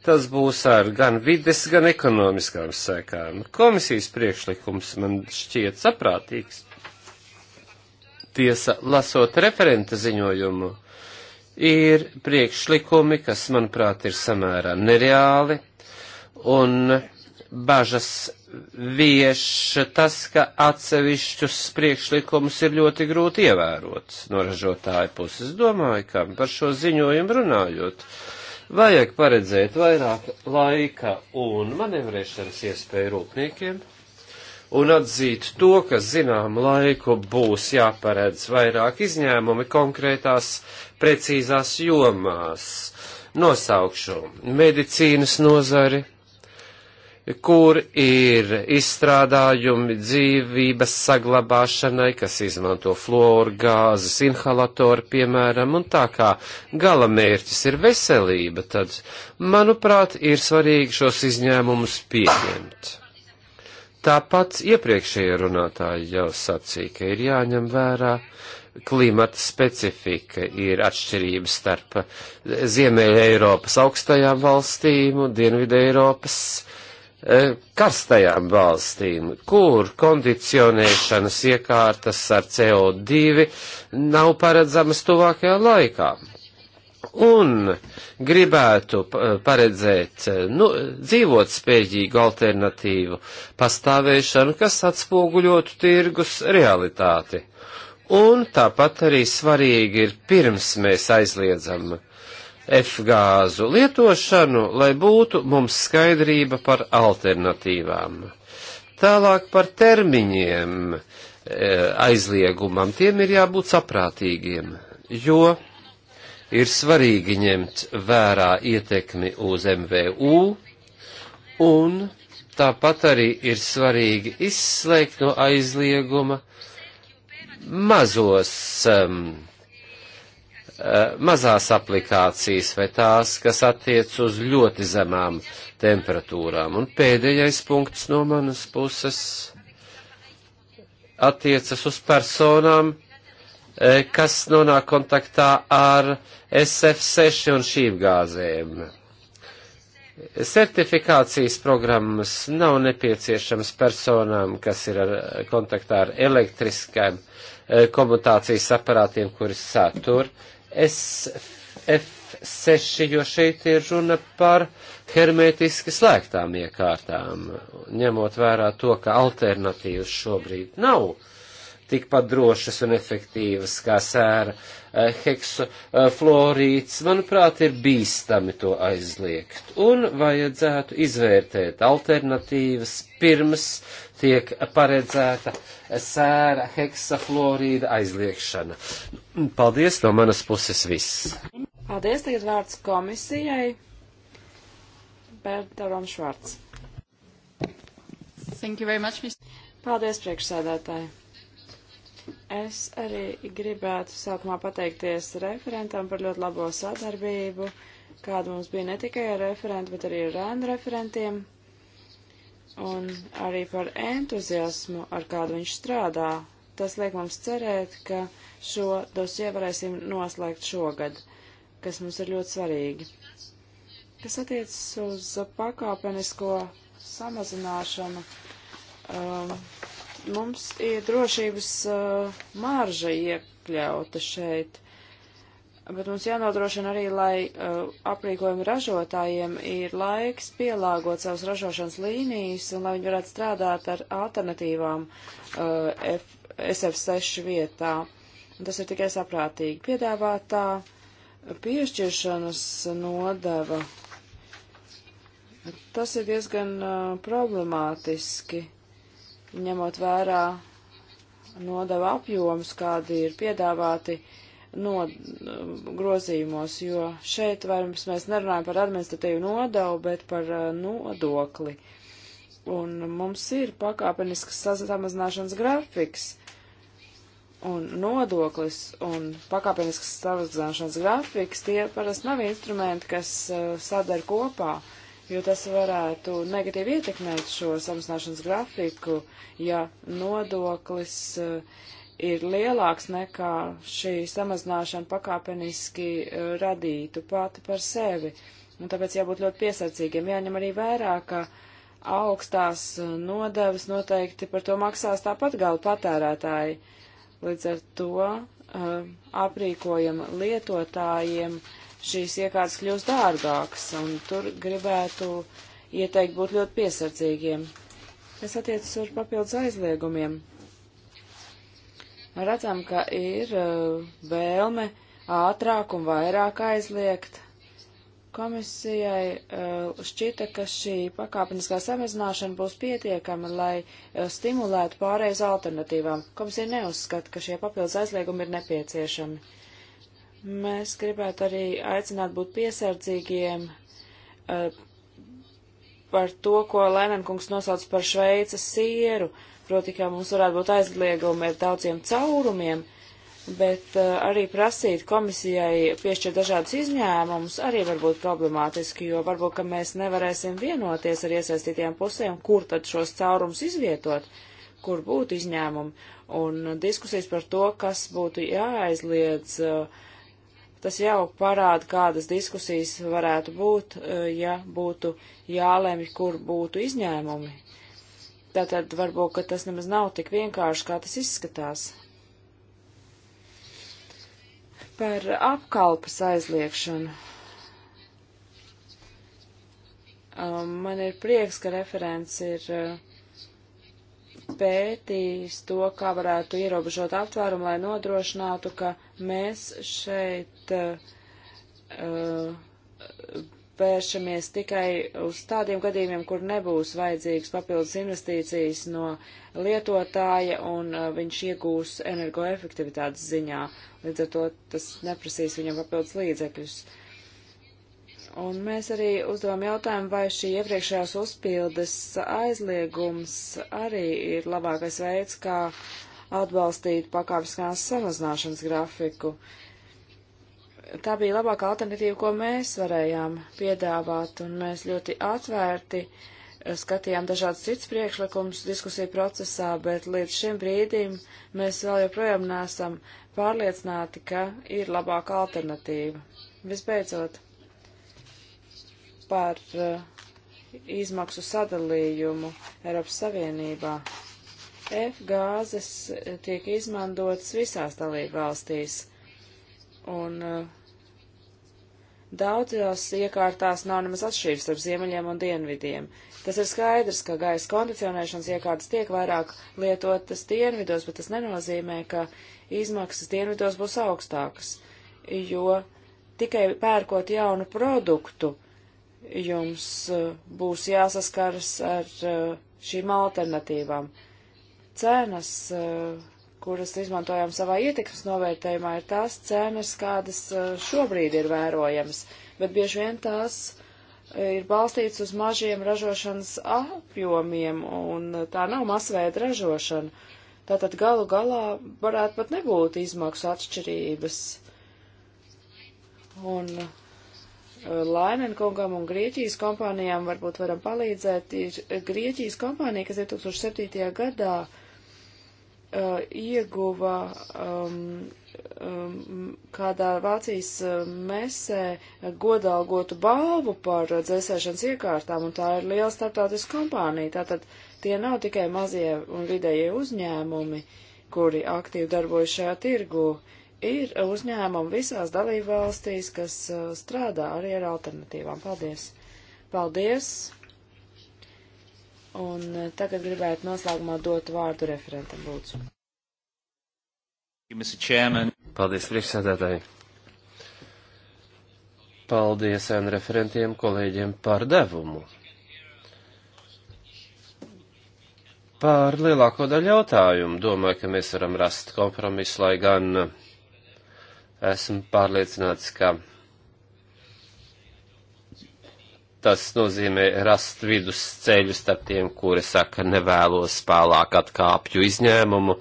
tas būs ar gan vides, gan ekonomiskām sekām. Komisijas priekšlikums man šķiet saprātīgs. Tiesa, lasot referenta ziņojumu, ir priekšlikumi, kas, manuprāt, ir samērā nereāli, un bažas vieš tas, ka atsevišķus priekšlikumus ir ļoti grūti ievērot no ražotāja puses. Domāju, ka par šo ziņojumu runājot, vajag paredzēt vairāk laika un manevrēšanas iespēju rūpniekiem un atzīt to, ka zinām laiku būs jāparedz vairāk izņēmumi konkrētās precīzās jomās. Nosaukšu medicīnas nozari, kur ir izstrādājumi dzīvības saglabāšanai, kas izmanto floru, gāzes, inhalatoru, piemēram, un tā kā gala mērķis ir veselība, tad, manuprāt, ir svarīgi šos izņēmumus pieņemt. Tāpat iepriekšējie runātāji jau sacīja, ka ir jāņem vērā klimata specifika, ir atšķirības starp Ziemeļa Eiropas augstajām valstīm un Dienvidē Eiropas e, karstajām valstīm, kur kondicionēšanas iekārtas ar CO2 nav paredzamas tuvākajā laikā un gribētu paredzēt nu, dzīvot spējīgu alternatīvu pastāvēšanu, kas atspoguļotu tirgus realitāti. Un tāpat arī svarīgi ir pirms mēs aizliedzam F-gāzu lietošanu, lai būtu mums skaidrība par alternatīvām. Tālāk par termiņiem eh, aizliegumam, tiem ir jābūt saprātīgiem, jo ir svarīgi ņemt vērā ietekmi uz MVU, un tāpat arī ir svarīgi izslēgt no aizlieguma mazos, um, uh, mazās aplikācijas vai tās, kas attiec uz ļoti zemām temperatūrām. Un pēdējais punkts no manas puses attiecas uz personām, Eh, kas nonāk kontaktā ar SF6 un šīm gāzēm. Certifikācijas programmas nav nepieciešams personām, kas ir ar, kontaktā ar elektriskajiem eh, komutācijas aparātiem, kuri satur SF6, jo šeit ir runa par hermētiski slēgtām iekārtām, ņemot vērā to, ka alternatīvas šobrīd nav tikpat drošas un efektīvas kā sēra eh, heksu eh, florīts, manuprāt, ir bīstami to aizliegt. Un vajadzētu izvērtēt alternatīvas pirms tiek paredzēta sēra heksa florīda aizliegšana. Paldies no manas puses viss. Paldies, tagad vārds komisijai. Bertaram Švarts. Thank you very much, Mr. Paldies, priekšsēdētāji. Es arī gribētu sākumā pateikties referentam par ļoti labo sadarbību, kāda mums bija ne tikai ar referentu, bet arī ar rēnu referentiem, un arī par entuziasmu, ar kādu viņš strādā. Tas liek mums cerēt, ka šo dosie varēsim noslēgt šogad, kas mums ir ļoti svarīgi. Kas attiecas uz pakāpenisko samazināšanu, um, Mums ir drošības uh, marža iekļauta šeit, bet mums jānodrošina arī, lai uh, aprīkojuma ražotājiem ir laiks pielāgot savas ražošanas līnijas un lai viņi varētu strādāt ar alternatīvām uh, F SF6 vietā. Un tas ir tikai saprātīgi. Piedāvātā piešķiršanas nodeva. Tas ir diezgan uh, problemātiski ņemot vērā nodeva apjomus, kādi ir piedāvāti no mm, grozījumos, jo šeit vairs mēs nerunājam par administratīvu nodevu, bet par eh, nodokli. Un mums ir pakāpenisks samazināšanas grafiks un nodoklis un pakāpenisks samazināšanas grafiks, tie parasti nav instrumenti, kas uh, sadara kopā. Uh, jo tas varētu negatīvi ietekmēt šo samazināšanas grafiku, ja nodoklis eh, ir lielāks nekā šī samazināšana pakāpeniski eh, radītu pati par sevi. Un tāpēc jābūt ļoti piesardzīgiem. Jāņem arī vērā, ka augstās eh, nodevas noteikti par to maksās tāpat gala patērētāji. Līdz ar to aprīkojam lietotājiem uh, šīs iekārtas kļūs dārgākas, un tur gribētu ieteikt būt ļoti piesardzīgiem. Tas attiecas uz papildus aizliegumiem. Redzam, ka ir uh, vēlme ātrāk un vairāk aizliegt. Komisijai uh, šķita, ka šī pakāpeniskā samazināšana būs pietiekama, lai uh, stimulētu pārējais alternatīvām. Komisija neuzskata, ka šie papildus aizliegumi ir nepieciešami. Mēs gribētu arī aicināt būt piesardzīgiem uh, par to, ko Lenenkungs nosauc par Šveicas sieru, proti, ka mums varētu būt aizliegumi ar daudziem caurumiem, bet uh, arī prasīt komisijai piešķirt dažādus izņēmumus arī var būt problemātiski, jo varbūt, ka mēs nevarēsim vienoties ar iesaistītajām pusēm, kur tad šos caurumus izvietot, kur būtu izņēmumi, un diskusijas par to, kas būtu jāaizliedz. Uh, Tas jau parāda, kādas diskusijas varētu būt, eh, ja būtu jālemj, kur būtu izņēmumi. Tātad varbūt, ka tas nemaz nav tik vienkārši, kā tas izskatās. Par apkalpas aizliekšanu. Um, man ir prieks, ka referents ir uh, pētījis to, kā varētu ierobežot aptvērumu, lai nodrošinātu, ka mēs šeit eh, eh, vēršamies uh, tikai uz tādiem gadījumiem, kur nebūs vajadzīgs papildus investīcijas no lietotāja un uh, viņš iegūs energoefektivitātes ziņā. Līdz ar to tas neprasīs viņam papildus līdzekļus. Uh, Un mēs arī uzdevām jautājumu, vai šī iepriekšējās uzpildes aizliegums arī ir labākais veids, kā atbalstīt pakāpeniskās samazināšanas grafiku. Tā bija labākā alternatīva, ko mēs varējām piedāvāt, un mēs ļoti atvērti skatījām dažādas cits priekšlikums diskusiju procesā, bet līdz šim brīdim mēs vēl joprojām nesam pārliecināti, ka ir labāka alternatīva. Visbeidzot, par eh, izmaksu sadalījumu Eiropas Savienībā. F gāzes eh, tiek izmantotas visās dalību valstīs, un eh, daudzās iekārtās nav nemaz atšķirības starp ziemeļiem un dienvidiem. Tas ir skaidrs, ka gaisa kondicionēšanas iekārtas tiek vairāk lietotas dienvidos, bet tas nenozīmē, ka izmaksas dienvidos būs augstākas, jo tikai pērkot jaunu produktu, jums eh, būs jāsaskaras ar eh, šīm alternatīvām. Cenas, eh, kuras izmantojām savā ietekmes novērtējumā, ir tās cenas, kādas šobrīd ir vērojamas, bet bieži vien tās ir balstīts uz mažiem ražošanas apjomiem, un tā nav masveida ražošana. Tātad galu galā varētu pat nebūt izmaksu atšķirības. Un uh, Lainenkungam un Grieķijas kompānijām varbūt varam palīdzēt. Ir Grieķijas kompānija, kas 2007. gadā uh, ieguva um, um, kādā Vācijas uh, mesē godalgotu balvu par dzēsēšanas iekārtām, un tā ir liela starptautiska kompānija. Tātad tie nav tikai mazie un vidējie uzņēmumi, kuri aktīvi darbojas šajā tirgu. Uh, Ir uzņēmumi visās dalībvalstīs, kas uh, strādā arī ar alternatīvām. Paldies! Paldies! Un uh, tagad gribētu noslēgumā dot vārdu referentam, lūdzu. Paldies, priekšsēdētāji! Paldies ēnu referentiem, kolēģiem par devumu. Par lielāko daļu jautājumu domāju, ka mēs varam rast kompromisu, lai gan Esmu pārliecināts, ka tas nozīmē rast vidus ceļu starp tiem, kuri saka, nevēlos spēlāk atkāpju izņēmumu.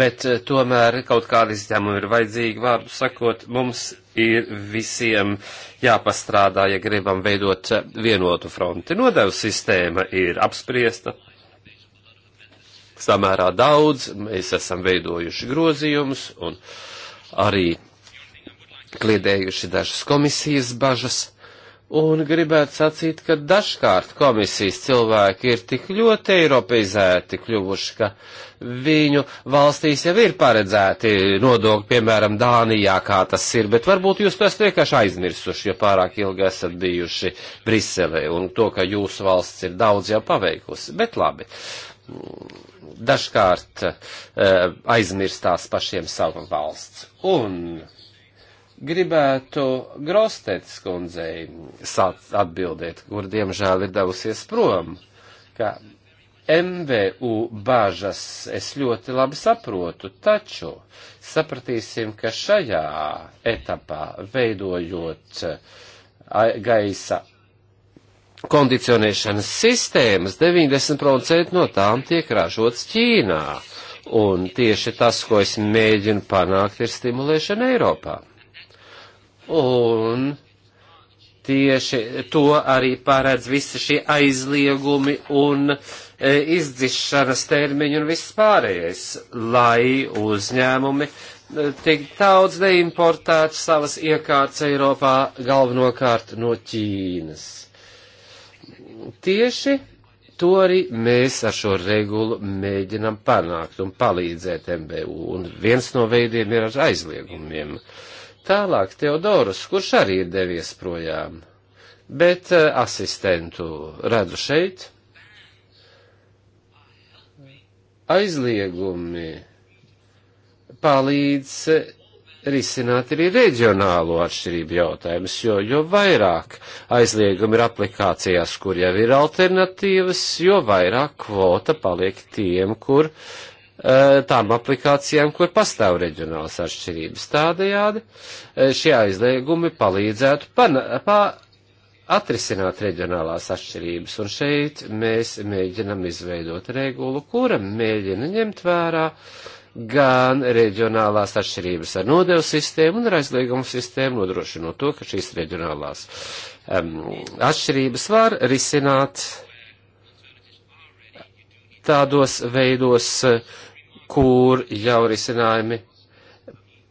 Bet eh, tomēr kaut kāda izņēmuma ir vajadzīga, vārdu sakot, mums ir visiem jāpastrādā, ja gribam veidot vienotu fronti. Nodevu sistēma ir apspriesta, samērā daudz, mēs esam veidojuši grozījumus un arī kliedējuši dažas komisijas bažas. Un gribētu sacīt, ka dažkārt komisijas cilvēki ir tik ļoti eiropeizēti kļuvuši, ka viņu valstīs jau ir paredzēti nodokļi, piemēram, Dānijā, kā tas ir, bet varbūt jūs to esat vienkārši aizmirsuši, jo pārāk ilgi esat bijuši Briselē, un to, ka jūsu valsts ir daudz jau paveikusi. Bet labi, dažkārt eh, aizmirstās pašiem savu valsts. Un gribētu Grostets kundzei atbildēt, kur diemžēl ir devusies prom, ka MVU bāžas es ļoti labi saprotu, taču sapratīsim, ka šajā etapā veidojot eh, gaisa kondicionēšanas sistēmas 90% no tām tiek ražotas Ķīnā. Un tieši tas, ko es mēģinu panākt, ir stimulēšana Eiropā. Un tieši to arī paredz visi šie aizliegumi un e, izdzišanas termiņi un viss pārējais, lai uzņēmumi e, tik daudz neimportētu savas iekārtas Eiropā galvenokārt no Ķīnas tieši to arī mēs ar šo regulu mēģinam panākt un palīdzēt MBU. Un viens no veidiem ir ar aizliegumiem. Tālāk Teodoras, kurš arī ir devies projām, bet eh, asistentu redzu šeit. Aizliegumi palīdz risināt arī reģionālo atšķirību jautājumus, jo, jo vairāk aizliegumi ir aplikācijās, kur jau ir alternatīvas, jo vairāk kvota paliek tiem, kur eh, tām aplikācijām, kur pastāv reģionālas atšķirības. Tādējādi eh, šie aizliegumi palīdzētu pan, pa, atrisināt reģionālās atšķirības, un šeit mēs mēģinam izveidot regulu, kura mēģina ņemt vērā uh, gan reģionālās atšķirības ar nodevu sistēmu un ar aizliegumu sistēmu, nodrošinot to, ka šīs reģionālās um, atšķirības var risināt tādos veidos, kur jau risinājumi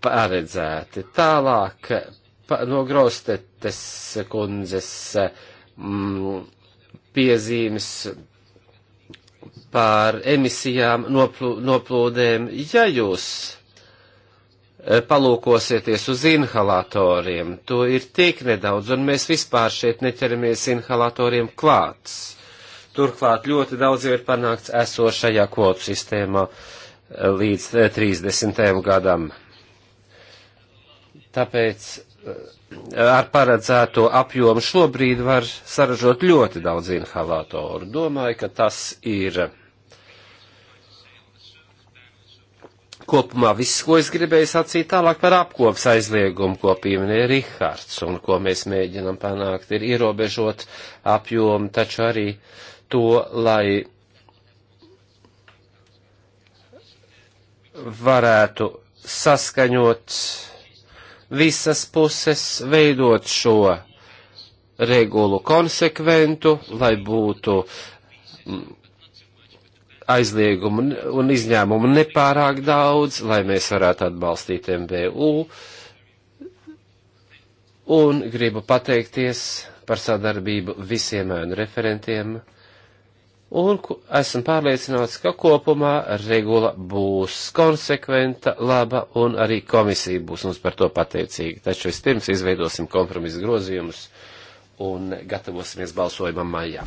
paredzēti. Tālāk pa, no Grostetes kundzes mm, piezīmes par emisijām, noplū, noplūdēm, ja jūs e, palūkosieties uz inhalatoriem, to ir tik nedaudz, un mēs vispār šeit neķeramies inhalatoriem klāts. Turklāt ļoti daudz jau ir panākts esošajā kvotu sistēmā e, līdz 30. E, gadam. Tāpēc ar paredzēto apjomu šobrīd var saražot ļoti daudz inhalatoru. Domāju, ka tas ir kopumā viss, ko es gribēju sacīt tālāk par apkopas aizliegumu, ko pieminēja Rihards un ko mēs mēģinam panākt, ir ierobežot apjomu, taču arī to, lai varētu saskaņot visas puses, veidot šo regulu konsekventu, lai būtu mm, aizliegumu un izņēmumu nepārāk daudz, lai mēs varētu atbalstīt MBU. Un gribu pateikties par sadarbību visiem ēnu referentiem un esmu pārliecināts, ka kopumā regula būs konsekventa, laba, un arī komisija būs mums par to pateicīga. Taču vispirms izveidosim kompromisu grozījumus un gatavosimies balsojumam maijā.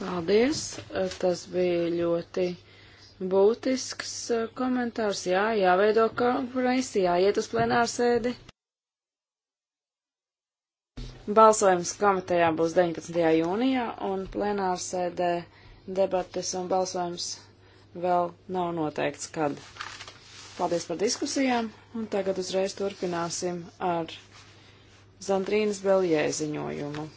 Paldies, tas bija ļoti būtisks eh, komentārs. Jā, jāveido kompromisi, jāiet uz plenārsēdi. Balsojums komitejā būs 19. jūnijā un plenārsēdē debates un balsojums vēl nav noteikts, kad. Paldies par diskusijām, un tagad uzreiz turpināsim ar Zandrīnas Belijē ziņojumu.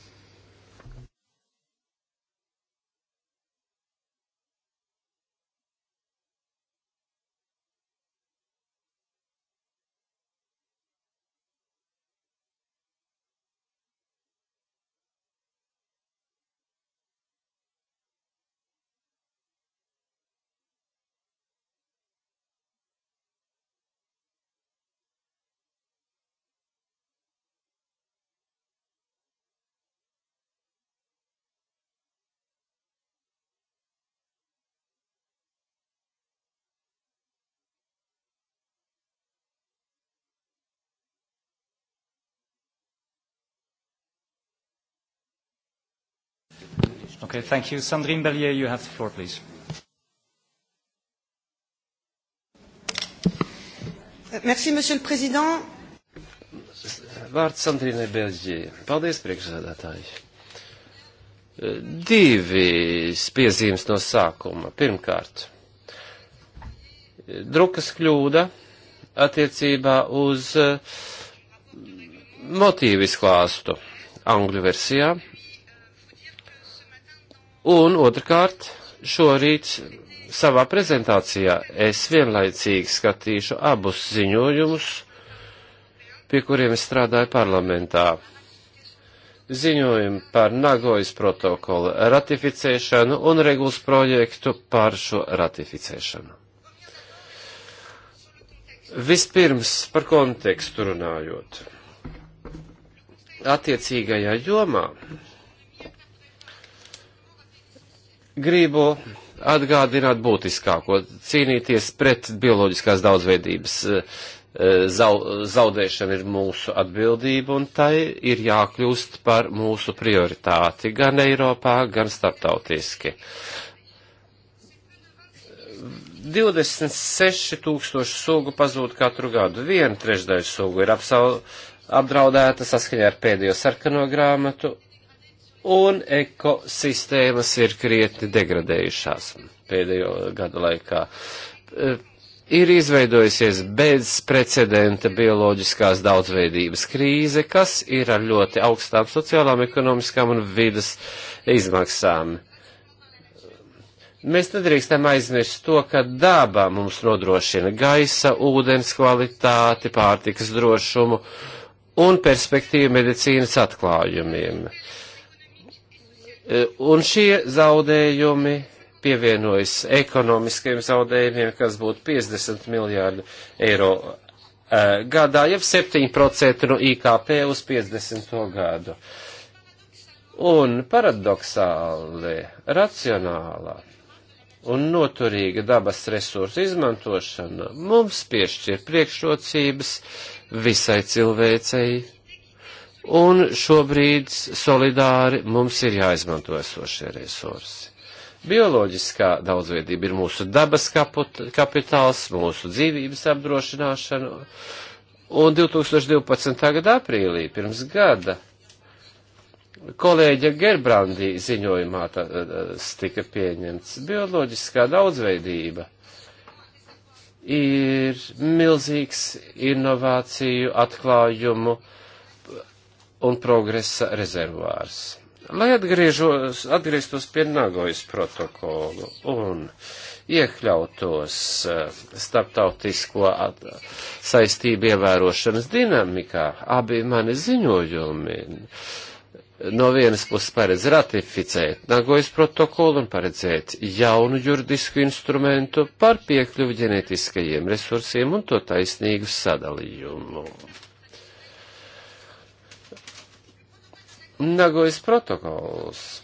Okay, thank you. Sandrine Bellier, you have the floor, please. Merci, Monsieur le Président. Vārds Sandrīnai Belģijai. Paldies, priekšsēdētāji. Divi piezīmes no sākuma. Pirmkārt, drukas kļūda attiecībā uz motīvu izklāstu angļu versijā Un otrkārt, šorīt savā prezentācijā es vienlaicīgi skatīšu abus ziņojumus, pie kuriem es strādāju parlamentā. Ziņojumi par Nagojas protokolu ratificēšanu un regulas projektu par šo ratificēšanu. Vispirms par kontekstu runājot. Attiecīgajā jomā gribu atgādināt būtiskāko - cīnīties pret bioloģiskās daudzveidības eh, eh, zaudēšana ir mūsu atbildība, un tai ir jākļūst par mūsu prioritāti gan Eiropā, gan starptautiski. 26 tūkstoši sugu pazūd katru gadu, viena trešdaļa sugu ir apsau, apdraudēta saskaņā ar pēdējo sarkano grāmatu, un ekosistēmas ir krietni degradējušās pēdējo gadu laikā. E, ir izveidojusies bezprecedenta bioloģiskās daudzveidības krīze, kas ir ar ļoti augstām sociālām, ekonomiskām un vidas izmaksām. Mēs nedrīkstam aizmirst to, ka daba mums nodrošina gaisa, ūdens kvalitāti, pārtikas drošumu un perspektīvu medicīnas atklājumiem. Uh, Eh, un šie zaudējumi pievienojas ekonomiskiem zaudējumiem, kas būtu 50 miljārdu eiro eh, gadā, jeb 7% no IKP uz 50. gadu. Un paradoxāli, racionālā un noturīga dabas resursu izmantošana mums piešķir priekšrocības visai cilvēcei Un šobrīd solidāri mums ir jāizmanto esošie resursi. Bioloģiskā daudzveidība ir mūsu dabas kapitāls, mūsu dzīvības apdrošināšana. Un 2012. gada aprīlī, pirms gada, kolēģa Gerbrandī ziņojumā tas eh, eh, tika pieņemts. Bioloģiskā daudzveidība ir milzīgs inovāciju atklājumu un progresa rezervārs. Lai atgriežos, atgrieztos pie Nagojas protokolu un iekļautos eh, starptautisko at, saistību ievērošanas dinamikā, abi mani ziņojumi eh, no vienas puses paredz ratificēt Nagojas protokolu un paredzēt jaunu juridisku instrumentu par piekļuvu ģenetiskajiem resursiem un to taisnīgu sadalījumu. Nagojas protokols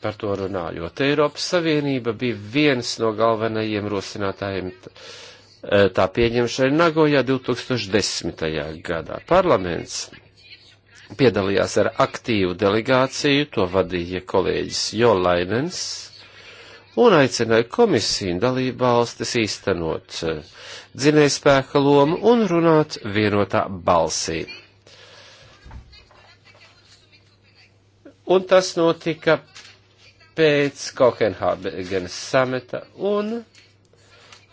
par to runājot. Eiropas Savienība bija viens no galvenajiem rosinātājiem e, tā pieņemšanai Nagojā 2010. gadā. Parlaments piedalījās ar aktīvu delegāciju, to vadīja kolēģis Jolainens, un aicināja komisiju un dalību valstis īstenot e, dzinējspēka lomu un runāt vienotā balsī. Un tas notika pēc Kopenhāgenes sameta un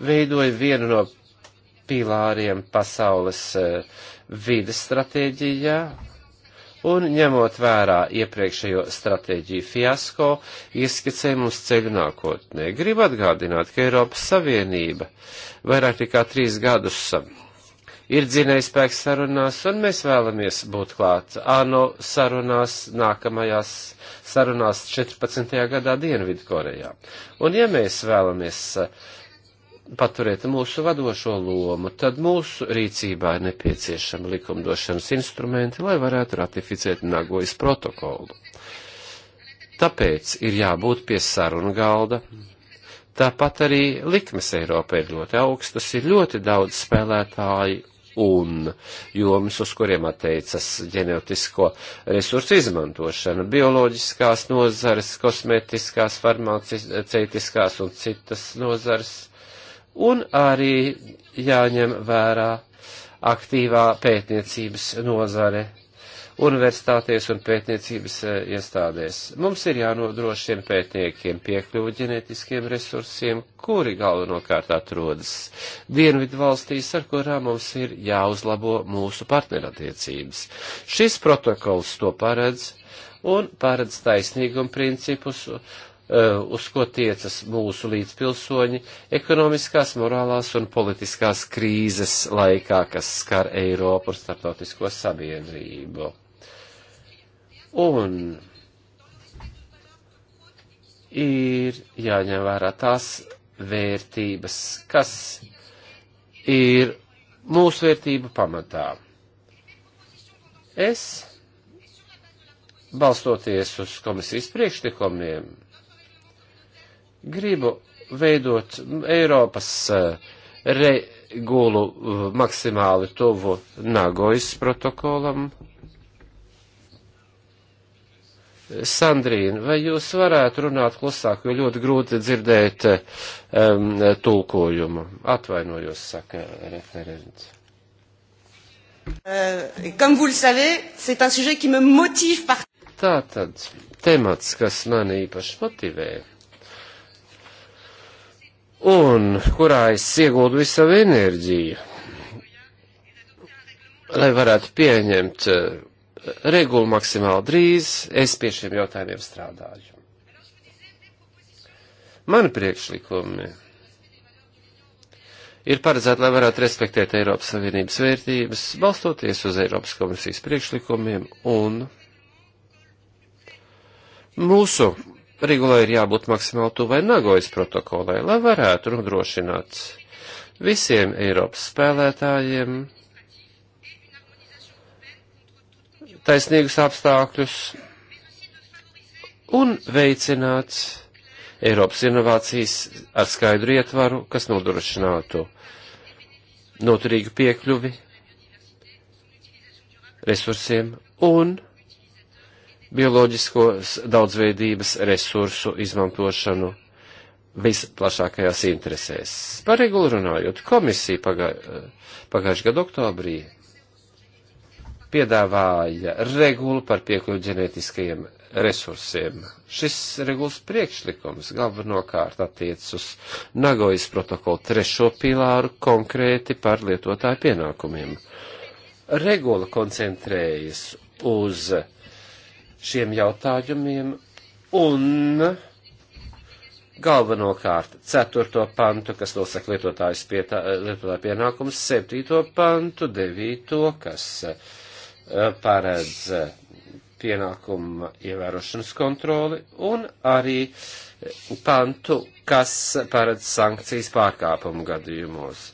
veidoja vienu no pīlāriem pasaules eh, vides stratēģijā, un ņemot vērā iepriekšējo stratēģiju fiasko, ieskicē mums ceļu nākotnē. Gribu atgādināt, ka Eiropas Savienība vairāk nekā trīs gadus ir dzinējspēks sarunās, un mēs vēlamies būt klāt ANO sarunās, nākamajās sarunās 14. gadā Dienvidu Korejā. Un ja mēs vēlamies eh, paturēt mūsu vadošo lomu, tad mūsu rīcībā ir nepieciešama likumdošanas instrumenti, lai varētu ratificēt Nagojas protokolu. Tāpēc ir jābūt pie sarunu galda, Tāpat arī likmes Eiropā ir ļoti augstas, ir ļoti daudz spēlētāji, un jomas, uz kuriem attiecas ģenetisko resursu izmantošana - bioloģiskās nozares, kosmētiskās, farmaceitiskās un citas nozares, un arī jāņem vērā aktīvā pētniecības nozare universitātēs un pētniecības eh, iestādēs. Mums ir jānodrošina pētniekiem piekļuvu ģenetiskiem resursiem, kuri galvenokārt atrodas dienvidu valstīs, ar kurām mums ir jāuzlabo mūsu partnerattiecības. Šis protokols to paredz un paredz taisnīgumu principus eh, uz ko tiecas mūsu līdzpilsoņi ekonomiskās, morālās un politiskās krīzes laikā, kas skar Eiropu un starptautisko sabiedrību. Un ir jāņem vērā tās vērtības, kas ir mūsu vērtību pamatā. Es, balstoties uz komisijas priekšlikumiem, gribu veidot Eiropas eh, regulu eh, maksimāli tuvu Nagojas protokolam Sandrīna, vai jūs varētu runāt klusāk, jo ļoti grūti dzirdēt um, tulkojumu? Atvainojos, saka referents. Euh, Tātad, temats, kas man īpaši motivē, un kurā es iegūdu visu savu enerģiju, lai varētu pieņemt uh, regulu maksimāli drīz. Es pie šiem jautājumiem strādāju. Mani priekšlikumi ir paredzēti, lai varētu respektēt Eiropas Savienības vērtības, balstoties uz Eiropas komisijas priekšlikumiem un mūsu regulai ir jābūt maksimāli tuvai Nagojas protokolai, lai varētu nodrošināt visiem Eiropas spēlētājiem taisnīgus apstākļus un veicināt Eiropas inovācijas ar skaidru ietvaru, kas nodrošinātu noturīgu piekļuvi resursiem un bioloģiskos daudzveidības resursu izmantošanu visplašākajās interesēs. Par regulu runājot, komisija pagā, pagājušajā gadu oktobrī piedāvāja regulu par piekļuvi ģenētiskajiem resursiem. Šis regulas priekšlikums galvenokārt attiec uz Nagojas protokolu trešo pilāru konkrēti par lietotāju pienākumiem. Regula koncentrējas uz šiem jautājumiem un galvenokārt 4. pantu, kas nosaka lietotājs pie tā, lietotāja pienākums, 7. pantu, 9. kas uh, Eh, paredz eh, pienākuma ievērošanas kontroli un arī eh, pantu, kas paredz sankcijas pārkāpumu gadījumos.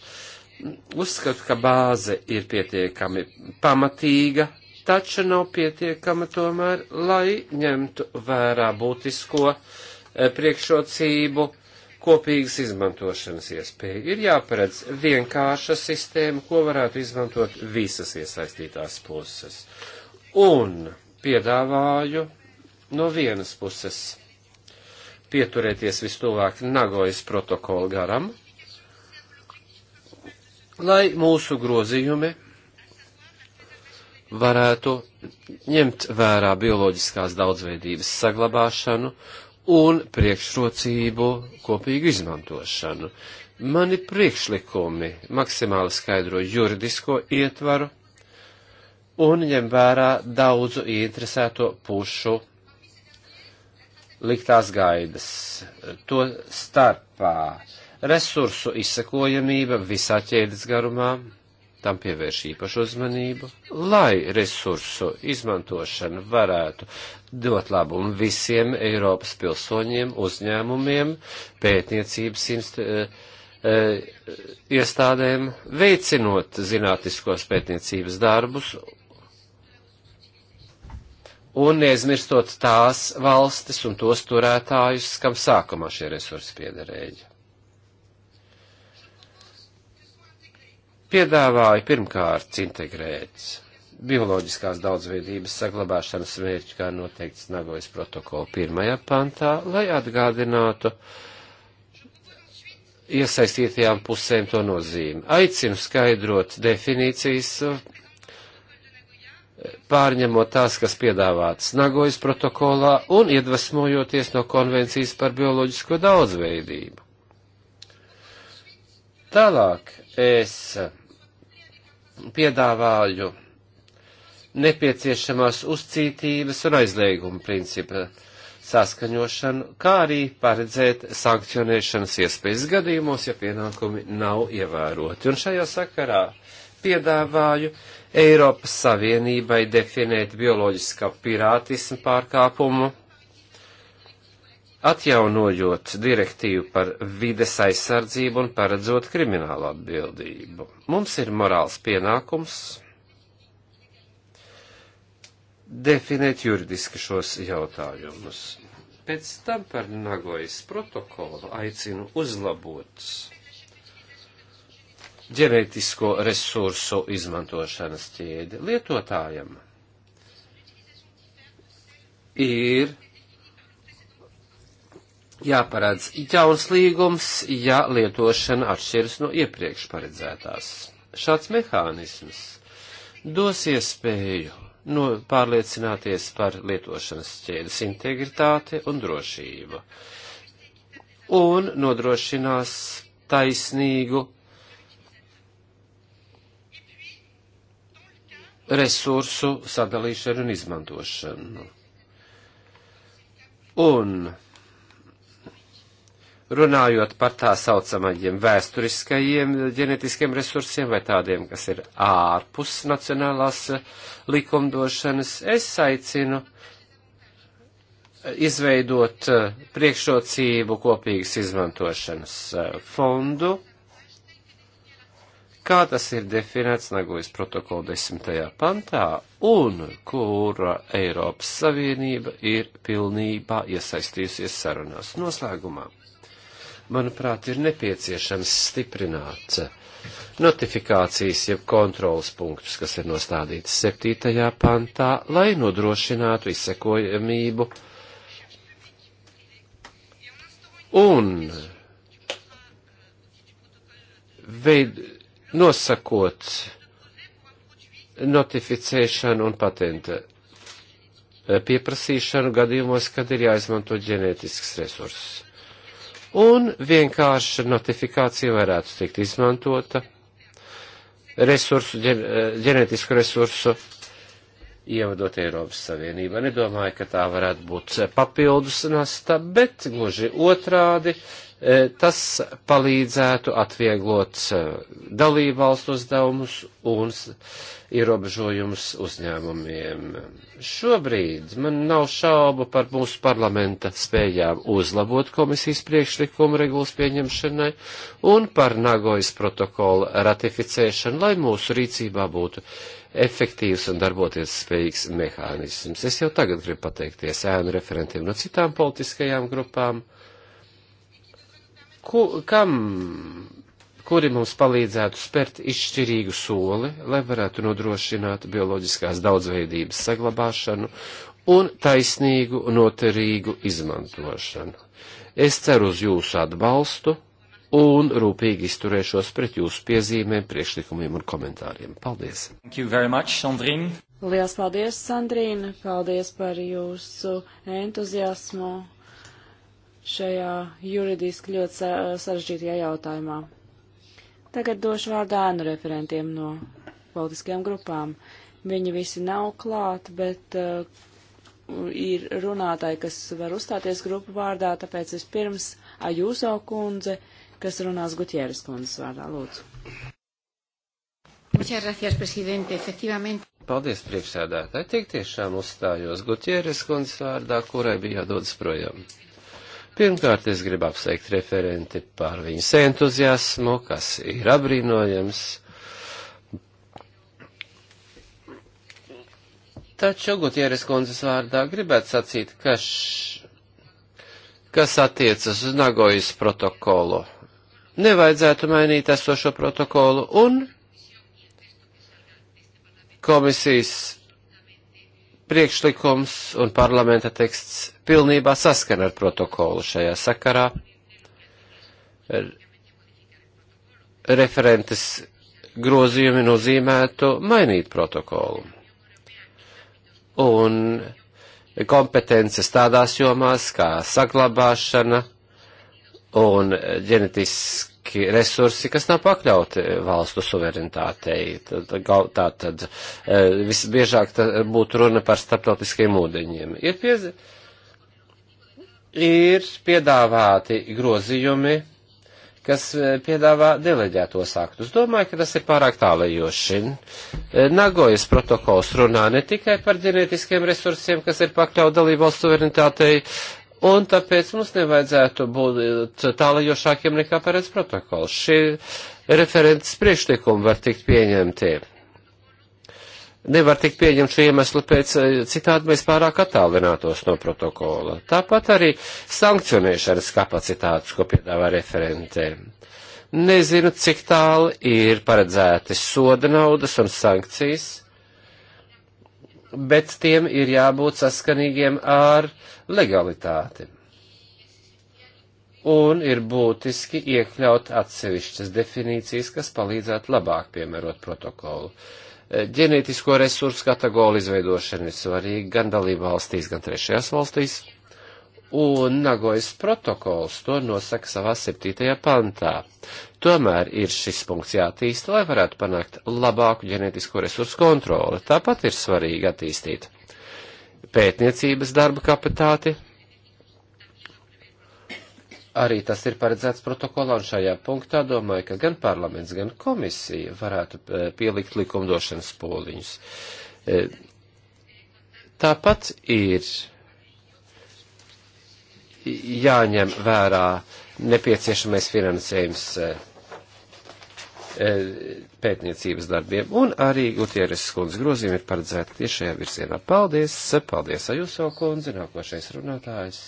Uzskatu, ka bāze ir pietiekami pamatīga, taču nav pietiekama tomēr, lai ņemtu vērā būtisko priekšrocību kopīgas izmantošanas iespēju. Ir jāparedz vienkārša sistēma, ko varētu izmantot visas iesaistītās puses. Un piedāvāju no vienas puses pieturēties vistuvāk Nagojas protokola garam, lai mūsu grozījumi varētu ņemt vērā bioloģiskās daudzveidības saglabāšanu, un priekšrocību kopīgu izmantošanu. Mani priekšlikumi maksimāli skaidro juridisko ietvaru un ņem vērā daudzu ieinteresēto pušu liktās gaidas. To starpā resursu izsekojamība visā ķēdes garumā, tam pievērš īpašu uzmanību, lai resursu izmantošana varētu dot labumu visiem Eiropas pilsoņiem, uzņēmumiem, pētniecības inst, e, e, iestādēm, veicinot zinātniskos pētniecības darbus un neizmirstot tās valstis un tos turētājus, kam sākumā šie resursi piederēja. piedāvāju pirmkārt integrēt bioloģiskās daudzveidības saglabāšanas mērķi, kā noteikts Nagojas protokola pirmajā pantā, lai atgādinātu iesaistītajām pusēm to nozīmi. Aicinu skaidrot definīcijas, pārņemot tās, kas piedāvātas Nagojas protokolā un iedvesmojoties no konvencijas par bioloģisko daudzveidību. Tālāk es piedāvāju nepieciešamās uzcītības un aizlieguma principa saskaņošanu, kā arī paredzēt sankcionēšanas iespējas gadījumos, ja pienākumi nav ievēroti. Un šajā sakarā piedāvāju Eiropas Savienībai definēt bioloģiskā pirātismu pārkāpumu atjaunojot direktīvu par vides aizsardzību un paredzot kriminālu atbildību. Mums ir morāls pienākums definēt juridiski šos jautājumus. Pēc tam par Nagojas protokolu aicinu uzlabot ģenētisko resursu izmantošanas ķēdi lietotājam. Ir jāparādz jauns līgums, ja lietošana atšķiras no iepriekš paredzētās. Šāds mehānisms dos iespēju no pārliecināties par lietošanas ķēdes integritāti un drošību un nodrošinās taisnīgu resursu sadalīšanu un izmantošanu. Un runājot par tā saucamajiem vēsturiskajiem ģenetiskiem resursiem vai tādiem, kas ir ārpus nacionālās eh, likumdošanas, es aicinu eh, izveidot eh, priekšrocību kopīgas izmantošanas fondu, kā tas ir definēts Nagojas protokola desmitajā pantā, un kura Eiropas Savienība ir pilnībā iesaistījusies sarunās noslēgumā manuprāt, ir nepieciešams stiprināt eh, notifikācijas jeb kontrolas punktus, kas ir nostādīti 7. pantā, lai nodrošinātu izsekojamību. Un veid, nosakot notificēšanu un patenta eh, pieprasīšanu gadījumos, kad ir jāizmanto ģenētisks resurss un vienkārša notifikācija varētu tikt izmantota resursu, eh, ģenētisku resursu ievadot Eiropas Savienībā. Nedomāju, ka tā varētu būt papildus nasta, bet gluži otrādi E, tas palīdzētu atvieglot e, dalību valstu uzdevumus un ierobežojumus uzņēmumiem. Šobrīd man nav šaubu par mūsu parlamenta spējām uzlabot komisijas priekšlikumu regulas pieņemšanai un par Nagojas protokolu ratificēšanu, lai mūsu rīcībā būtu efektīvs un darboties spējīgs mehānisms. Es jau tagad gribu pateikties ēnu referentiem no citām politiskajām grupām ku, kam, kuri mums palīdzētu spērt izšķirīgu soli, lai varētu nodrošināt bioloģiskās daudzveidības saglabāšanu un taisnīgu noterīgu izmantošanu. Es ceru uz jūsu atbalstu un rūpīgi izturēšos pret jūsu piezīmēm, priekšlikumiem un komentāriem. Paldies! Much, Sandrine. Lielas paldies, Sandrīna! Paldies par jūsu entuziasmu šajā juridiski ļoti sarežģītajā jautājumā. Tagad došu vārdu ēnu referentiem no politiskajām grupām. Viņi visi nav klāt, bet uh, ir runātāji, kas var uzstāties grupu vārdā, tāpēc es pirms Ajūso kundze, kas runās Gutieres kundzes vārdā, lūdzu. Paldies, priekšsēdētāji. Tik tiešām uzstājos Gutieres kundzes vārdā, kurai bija jādodas projām. Pirmkārt, es gribu apsveikt referenti par viņas entuziasmu, kas ir abrīnojams. Taču Gutieres kundzes vārdā gribētu sacīt, ka š... kas attiecas uz Nagojas protokolu. Nevajadzētu mainīt esošo protokolu un komisijas priekšlikums un parlamenta teksts pilnībā saskana ar protokolu šajā sakarā. Referentes grozījumi nozīmētu mainīt protokolu. Un kompetences tādās jomās kā saglabāšana un ģenetiski resursi, kas nav pakļauti valstu suverenitātei. Tā tad eh, visbiežāk būtu runa par starptautiskiem ūdeņiem. Ir piezīme ir piedāvāti grozījumi, kas eh, piedāvā deleģētos aktus. Domāju, ka tas ir pārāk tālajoši. Eh, Nagojas protokols runā ne tikai par ģenētiskiem resursiem, kas ir pakļaut dalībvalsts suverenitātei, un tāpēc mums nevajadzētu būt tālajošākiem nekā paredz protokols. Šie referents priekšlikumi var tikt pieņemti nevar tikt pieņemt šo iemeslu pēc, eh, citādi mēs pārāk attālinātos no protokola. Tāpat arī sankcionēšanas kapacitātes, ko piedāvā referentē. Nezinu, cik tālu ir paredzēti soda naudas un sankcijas, bet tiem ir jābūt saskanīgiem ar legalitāti. Un ir būtiski iekļaut atsevišķas definīcijas, kas palīdzētu labāk piemērot protokolu. Uh, ģenētisko resursu kategoriju izveidošana ir svarīga gan dalība valstīs, gan trešajās valstīs. Un Nagojas protokols to nosaka savā septītajā pantā. Tomēr ir šis punkts jātīst, lai varētu panākt labāku ģenētisko resursu kontroli. Tāpat ir svarīgi attīstīt pētniecības darba kapitāti, arī tas ir paredzēts protokolā, un šajā punktā domāju, ka gan parlaments, gan komisija varētu e, pielikt likumdošanas pūliņus. E, tāpat ir jāņem vērā nepieciešamais finansējums e, pētniecības darbiem, un arī Gutieres skundas grozījumi ir paredzēti tiešajā virzienā. Paldies! Paldies, Ajuso kundze, nākošais runātājs!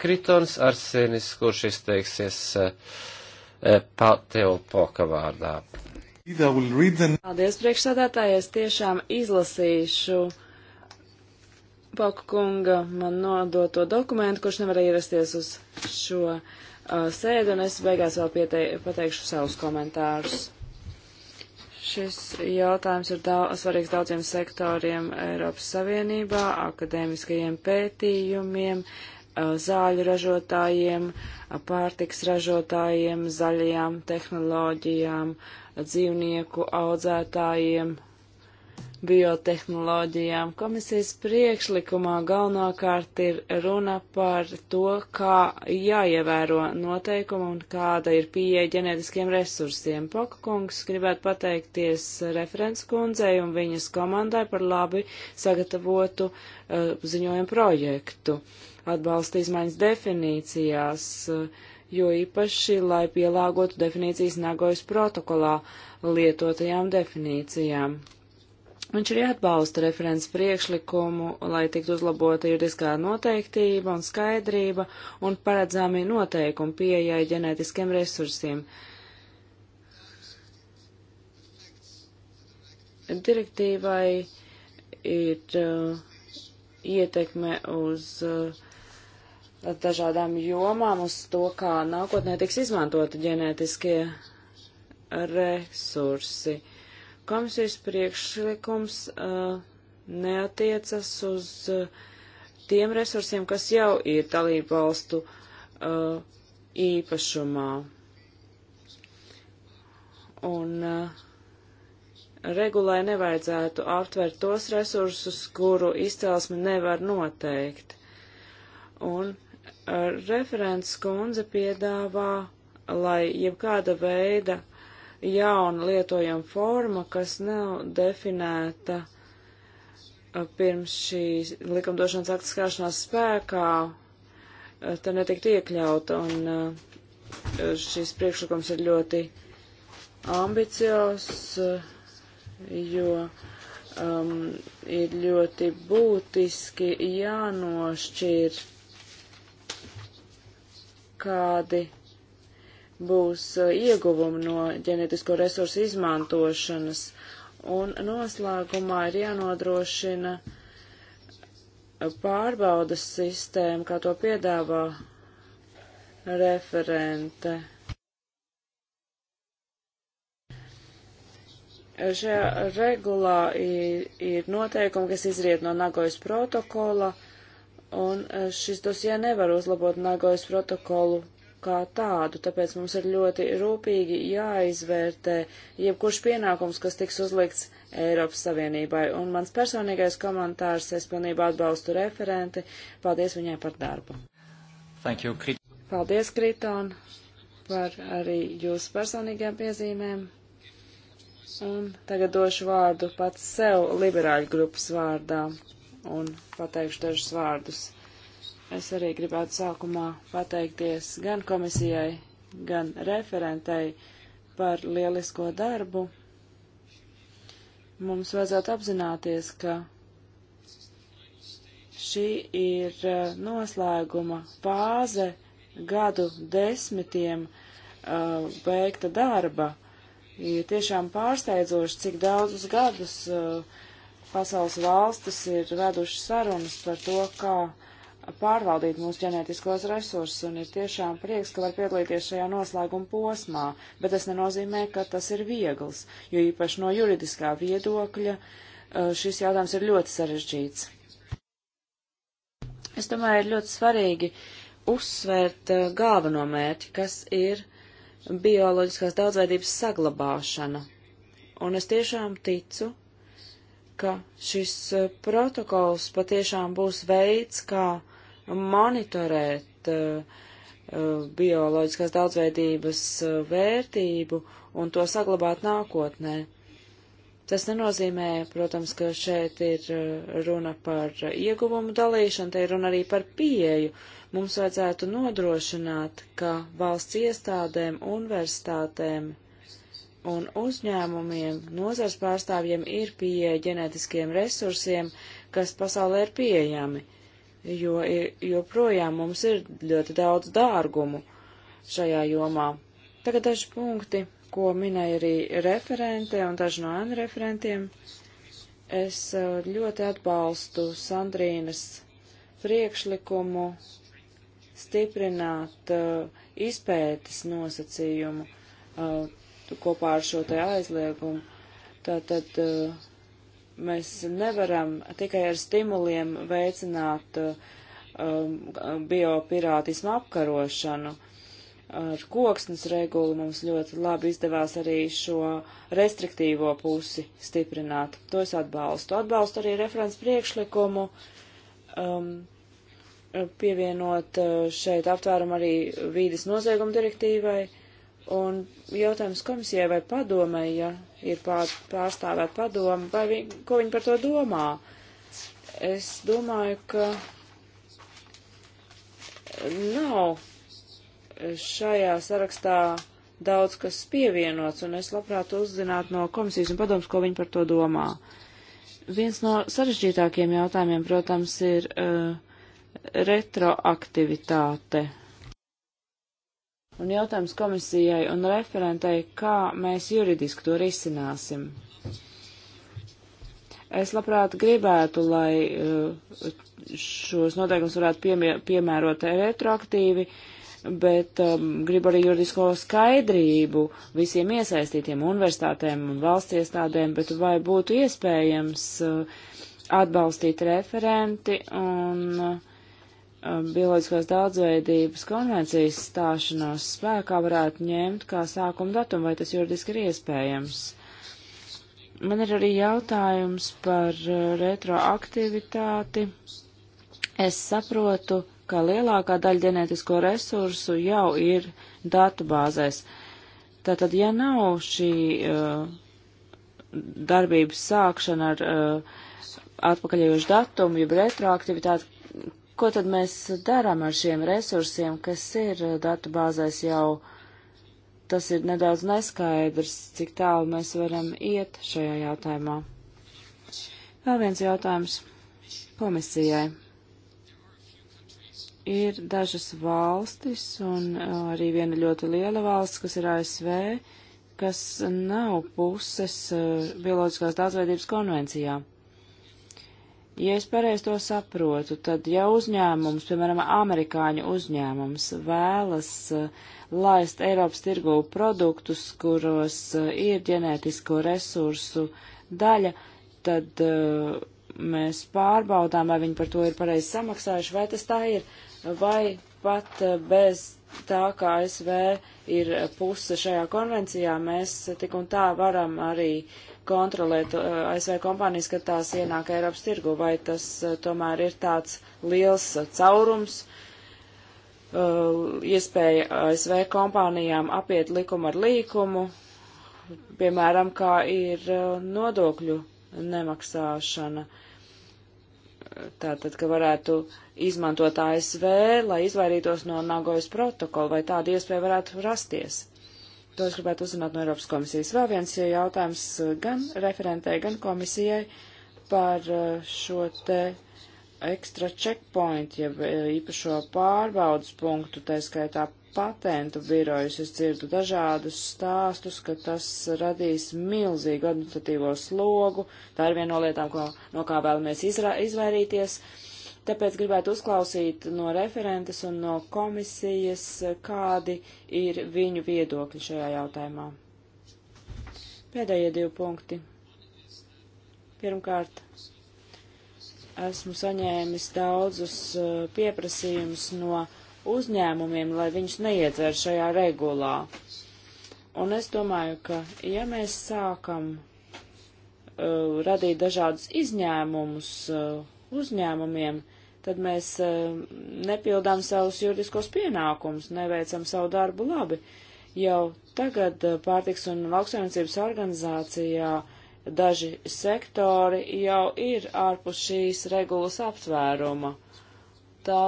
Kritons Arsenis, kurš izteiksies eh, eh, Pateopoka vārdā. Paldies, priekšsādātāji, es tiešām izlasīšu Paku kunga man nodoto dokumentu, kurš nevarēja ierasties uz šo uh, sēdi, un es beigās vēl pietei, pateikšu savus komentārus. Šis jautājums ir daudz, svarīgs daudziem sektoriem Eiropas Savienībā, akadēmiskajiem pētījumiem, zāļu ražotājiem, pārtiks ražotājiem, zaļajām tehnoloģijām, dzīvnieku audzētājiem, biotehnoloģijām. Komisijas priekšlikumā galvenokārt ir runa par to, kā jāievēro noteikumi un kāda ir pieeja ģenētiskiem resursiem. Pokakungs gribētu pateikties referents kundzei un viņas komandai par labi sagatavotu uh, ziņojumu projektu. Uh, atbalsta izmaiņas definīcijās, jo īpaši, lai pielāgotu definīcijas Nagojas protokolā lietotajām definīcijām. Viņš arī atbalsta referents priekšlikumu, lai tiktu uzlabota juridiskā noteiktība un skaidrība un paredzami noteikumi pieejai ģenētiskiem resursiem. direktīvai ir uh, ietekme uz uh, dažādām jomām, uz to, kā nākotnē tiks izmantoti ģenētiskie resursi. Komisijas priekšlikums uh, neatiecas uz uh, tiem resursiem, kas jau ir dalību valstu uh, īpašumā. Un uh, regulai nevajadzētu aptvert tos resursus, kuru izcelsmi nevar noteikt. Un Referents kundze piedāvā, lai jebkāda veida jauna lietojama forma, kas nav definēta uh, pirms šīs likumdošanas akta skāršanās spēkā, uh, tā netiktu iekļauta. Un uh, šis priekšlikums ir ļoti ambiciozs, jo um, ir ļoti būtiski jānošķirt kādi būs uh, ieguvumi no ģenetisko resursu izmantošanas. Un noslēgumā ir jānodrošina pārbaudas sistēma, kā to piedāvā referente. Šajā regulā ir, ir noteikumi, kas izriet no Nagojas protokola. Uh, Un eh, šis dosijā nevar uzlabot Nagojas protokolu kā tādu, tāpēc mums ir ļoti rūpīgi jāizvērtē jebkurš pienākums, kas tiks uzlikts Eiropas Savienībai. Un mans personīgais komentārs, es pilnībā atbalstu referenti. Paldies viņai par darbu. Thank you, Krit Paldies, Kriton, par arī jūsu personīgajām piezīmēm. Un tagad došu vārdu pats sev liberāļu grupas vārdā un pateikšu dažus vārdus. Es arī gribētu sākumā pateikties gan komisijai, gan referentei par lielisko darbu. Mums vajadzētu apzināties, ka šī ir e, noslēguma fāze gadu desmitiem uh, beigta darba. Ir tiešām pārsteidzoši, cik daudzus gadus uh, pasaules valstis ir vedušas sarunas par to, kā pārvaldīt mūsu ģenētiskos resursus, un ir tiešām prieks, ka var piedalīties šajā noslēguma posmā, bet tas nenozīmē, ka tas ir viegls, jo īpaši no juridiskā viedokļa uh, šis jautājums ir ļoti sarežģīts. Es domāju, ir ļoti svarīgi uzsvērt uh, galveno mērķi, kas ir bioloģiskās daudzveidības saglabāšana. Un es tiešām ticu, ka šis eh, protokols patiešām būs veids, kā monitorēt uh, bioloģiskās daudzveidības vērtību un to saglabāt nākotnē. Tas nenozīmē, protams, ka šeit ir runa par ieguvumu dalīšanu, te ir runa arī par pieeju. Mums vajadzētu nodrošināt, ka valsts iestādēm, universitātēm un uzņēmumiem, nozars pārstāvjiem ir pieeja ģenētiskiem resursiem, kas pasaulē ir pieejami, jo joprojām mums ir ļoti daudz dārgumu šajā jomā. Tagad daži punkti, ko minēja arī referente un daži no ANU referentiem. Es eh, ļoti atbalstu Sandrīnas priekšlikumu stiprināt uh, izpētes nosacījumu uh, kopā ar šo te aizliegumu. Tātad eh, mēs nevaram tikai ar stimuliem veicināt eh, um, biopirātismu apkarošanu. Ar koksnes regulu mums ļoti labi izdevās arī šo restriktīvo pusi stiprināt. To es atbalstu. Atbalstu arī referents priekšlikumu um, pievienot eh, šeit aptvērumu arī vīdes nozieguma direktīvai. Uh, Un jautājums komisijai vai padomai, ja ir pār, pārstāvēt padomu, vai viņ, ko viņi par to domā. Es domāju, ka nav šajā sarakstā daudz kas pievienots, un es labprāt uzzinātu no komisijas un padoms, ko viņi par to domā. Viens no sarežģītākiem jautājumiem, protams, ir uh, retroaktivitāte. Un jautājums komisijai un referentei, kā mēs juridiski to risināsim. Es labprāt gribētu, lai uh, šos noteikumus varētu piemē, piemērot retroaktīvi, bet um, gribu arī juridisko skaidrību visiem iesaistītiem universitātēm un valsts iestādēm, bet vai būtu iespējams uh, atbalstīt referenti un uh, Um, bioloģiskās daudzveidības konvencijas stāšanos spēkā varētu ņemt kā sākuma datumu, vai tas juridiski ir iespējams. Man ir arī jautājums par uh, retroaktivitāti. Es saprotu, ka lielākā daļa ģenētisko resursu jau ir datubāzēs. Tātad, ja nav šī uh, darbības sākšana ar uh, atpakaļējušu datumu, jeb retroaktivitāti, Ko tad mēs darām ar šiem resursiem, kas ir eh, datubāzēs jau? Tas ir nedaudz neskaidrs, cik tālu mēs varam iet šajā jautājumā. Vēl viens jautājums komisijai. Ir dažas valstis un eh, arī viena ļoti liela valsts, kas ir ASV, kas nav puses eh, bioloģiskās daudzveidības konvencijā. Uh, Ja es pareizi to saprotu, tad ja uzņēmums, piemēram, amerikāņu uzņēmums vēlas eh, laist Eiropas tirgū produktus, kuros eh, ir ģenētisko resursu daļa, tad uh, mēs pārbaudām, vai viņi par to ir pareizi samaksājuši, vai tas tā ir, vai pat bez tā, kā ASV ir puse šajā konvencijā, mēs tik un tā varam arī kontrolēt uh, ASV kompānijas, kad tās ienāk Eiropas tirgu, vai tas uh, tomēr ir tāds liels uh, caurums, iespēja ASV kompānijām apiet likumu ar līkumu, piemēram, kā ir nodokļu nemaksāšana. Tātad, ka varētu izmantot ASV, lai izvairītos no Nagojas protokola, vai tāda iespēja varētu rasties. To es gribētu uzzināt no Eiropas komisijas. Vēl viens jautājums eh, gan referentei, gan komisijai par eh, šo te ekstra checkpoint, jeb eh, īpašo pārbaudas punktu, tā skaitā patentu birojas. Es dzirdu dažādus stāstus, ka tas radīs milzīgu administratīvo slogu. Tā ir viena no lietām, ko, no kā vēlamies izra, izvairīties. Uh, Tāpēc gribētu uzklausīt no referentes un no komisijas, kādi ir viņu viedokļi šajā jautājumā. Pēdējie divi punkti. Pirmkārt, esmu saņēmis daudzus eh, pieprasījumus no uzņēmumiem, lai viņus neiedzer šajā regulā. Un es domāju, ka ja mēs sākam uh, radīt dažādus izņēmumus, uh, uzņēmumiem, tad mēs eh, nepildām savus juridiskos pienākumus, neveicam savu darbu labi. Jau tagad eh, pārtiks un lauksaimniecības organizācijā daži sektori jau ir ārpus šīs regulas aptvēruma. Tā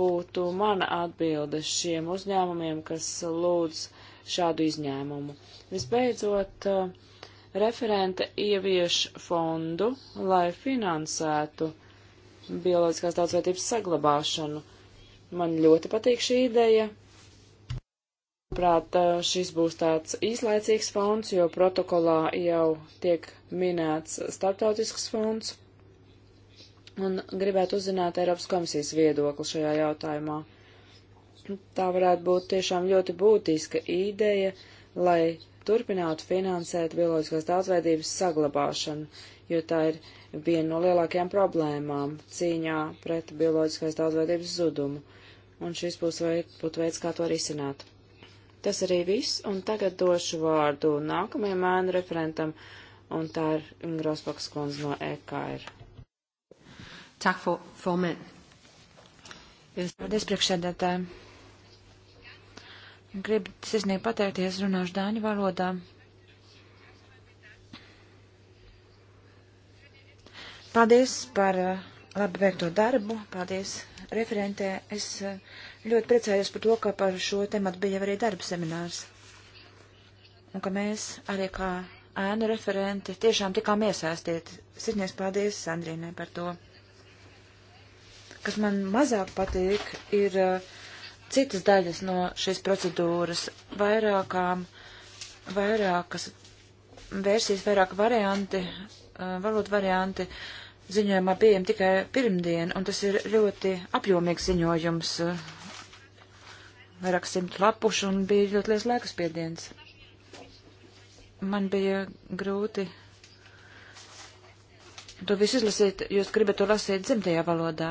būtu mana atbilde šiem uzņēmumiem, kas lūdz šādu izņēmumu. Visbeidzot, eh, referente ievieš fondu, lai finansētu uh, bioloģiskās daudzveidības saglabāšanu. Man ļoti patīk šī ideja. Prāt, šis būs tāds īslaicīgs fonds, jo protokolā jau tiek minēts starptautisks fonds. Un gribētu uzzināt Eiropas komisijas viedokli šajā jautājumā. Tā varētu būt tiešām ļoti būtiska ideja, lai turpinātu finansēt bioloģiskās daudzveidības saglabāšanu, jo tā ir viena no lielākajām problēmām cīņā pret bioloģiskās daudzveidības zudumu. Un šis būs veid, būtu veids, kā to risināt. Tas arī viss, un tagad došu vārdu nākamajam mēnu referentam, un tā ir Grosbaks kundze no EKR. Tak for formand. Paldies priekšsēdētājiem. Gribu sirsnīgi pateikties, runāšu dāņu valodā. Paldies par eh, labi veikto darbu, paldies referentē. Es eh, ļoti priecājos par to, ka par šo tematu bija arī darba seminārs. Un ka mēs arī kā ēnu referenti tiešām tikām iesaistīt. Sirdnieks paldies Sandrīnai par to. Kas man mazāk patīk, ir eh, citas daļas no šīs procedūras. Vairākām, vairākas versijas, vairāk varianti, valodu varianti. Uh, ziņojumā pieejam tikai pirmdien, un tas ir ļoti apjomīgs ziņojums. Vairāk simt lapušu un bija ļoti liels laikas piediens. Man bija grūti to visu izlasīt, jūs gribat to lasīt dzimtajā valodā.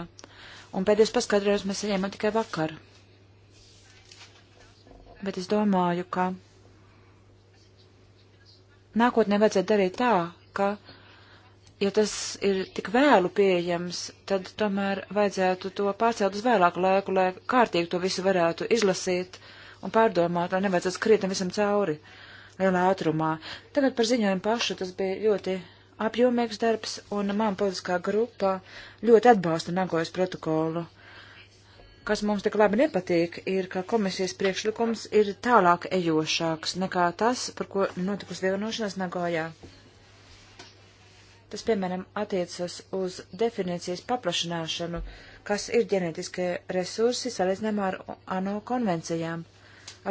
Un pēdējos paskaidrojums mēs saņēmām tikai vakar. Bet es domāju, ka nākotnē vajadzētu darīt tā, ka ja tas ir tik vēlu pieejams, tad tomēr vajadzētu to pārcelt uz vēlāku laiku, lai kārtīgi to visu varētu izlasīt un pārdomāt, lai nevajadzētu skrietam visam cauri lielā ātrumā. Tagad par ziņojumu pašu tas bija ļoti apjomīgs darbs, un man politiskā grupa ļoti atbalsta Nagojas protokolu. Kas mums tik labi nepatīk, ir, ka komisijas priekšlikums ir tālāk ejošāks nekā tas, par ko notikusi vienošanās Nagojā. Tas, piemēram, attiecas uz definīcijas paplašināšanu, kas ir ģenētiskie resursi salīdzinājumā ar ANO konvencijām,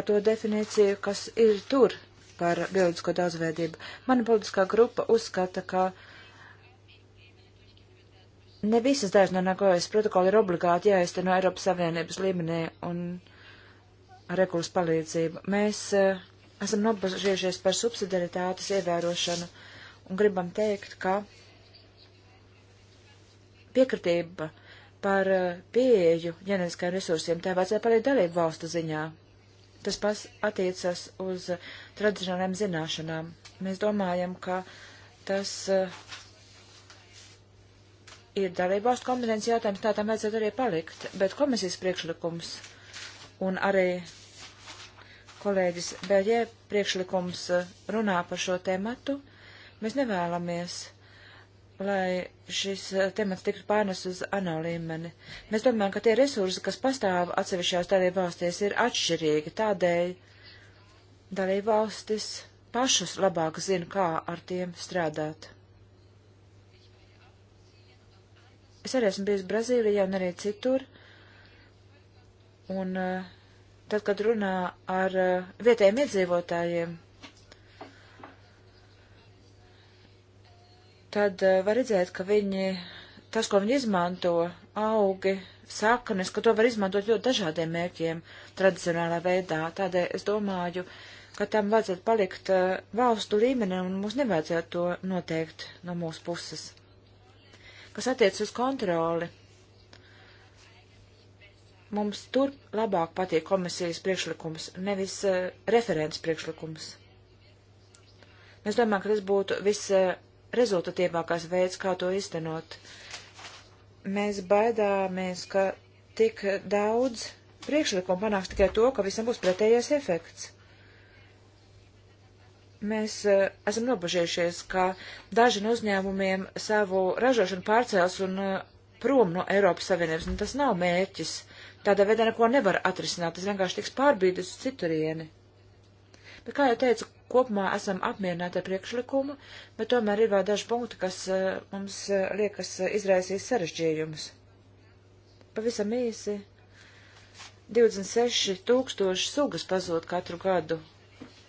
ar to definīciju, kas ir tur par bioloģisko daudzveidību. Mana politiskā grupa uzskata, ka ne visas daļas no Nagojas protokola ir obligāti jāizteno Eiropas Savienības līmenī un ar regulas palīdzību. Mēs uh, esam nobažījušies par subsidiaritātes ievērošanu. Uh, un gribam teikt, ka piekritība par eh, pieeju ģenētiskajiem resursiem tā vajadzēja palikt dalību valstu ziņā. Tas pats attiecas uz tradicionālajām zināšanām. Mēs domājam, ka tas eh, ir dalību valstu kompetenci jautājums, tā tam vajadzētu arī palikt, bet komisijas priekšlikums un arī kolēģis Beļģē priekšlikums eh, runā par šo tēmatu. Mēs nevēlamies, lai šis temats tiktu pārnes uz ANO līmeni. Mēs domājam, ka tie resursi, kas pastāv atsevišķās dalību valstīs, ir atšķirīgi. Tādēļ dalību valstis pašas labāk zina, kā ar tiem strādāt. Es arī esmu bijis Brazīlijā un arī citur. Un eh, tad, kad runā ar eh, vietējiem iedzīvotājiem, tad eh, var redzēt, ka viņi, tas, ko viņi izmanto, augi, saknes, ka to var izmantot ļoti dažādiem mērķiem tradicionālā veidā. Tādēļ es domāju, ka tam vajadzētu palikt eh, valstu līmenī un mums nevajadzētu to noteikt no mūsu puses. Kas attiec uz kontroli, mums tur labāk patīk komisijas priekšlikums, nevis uh, referents priekšlikums. Mēs domājam, ka tas būtu viss rezultatīvākais veids, kā to iztenot. Mēs baidāmies, ka tik daudz priekšlikumu panāks tikai to, ka visam būs pretējais efekts. Mēs uh, esam nobažījušies, ka daži no uzņēmumiem savu ražošanu pārcēls un uh, prom no Eiropas Savienības, un tas nav mērķis. Tādā veidā neko nevar atrisināt, tas vienkārši tiks pārbīdis uz citurieni. Bet, kā jau teicu, kopumā esam apmierināti ar priekšlikumu, bet tomēr ir vēl daži punkti, kas eh, mums eh, liekas eh, izraisīs sarežģījumus. Pavisam īsi. 26 tūkstoši sugas pazūd katru gadu,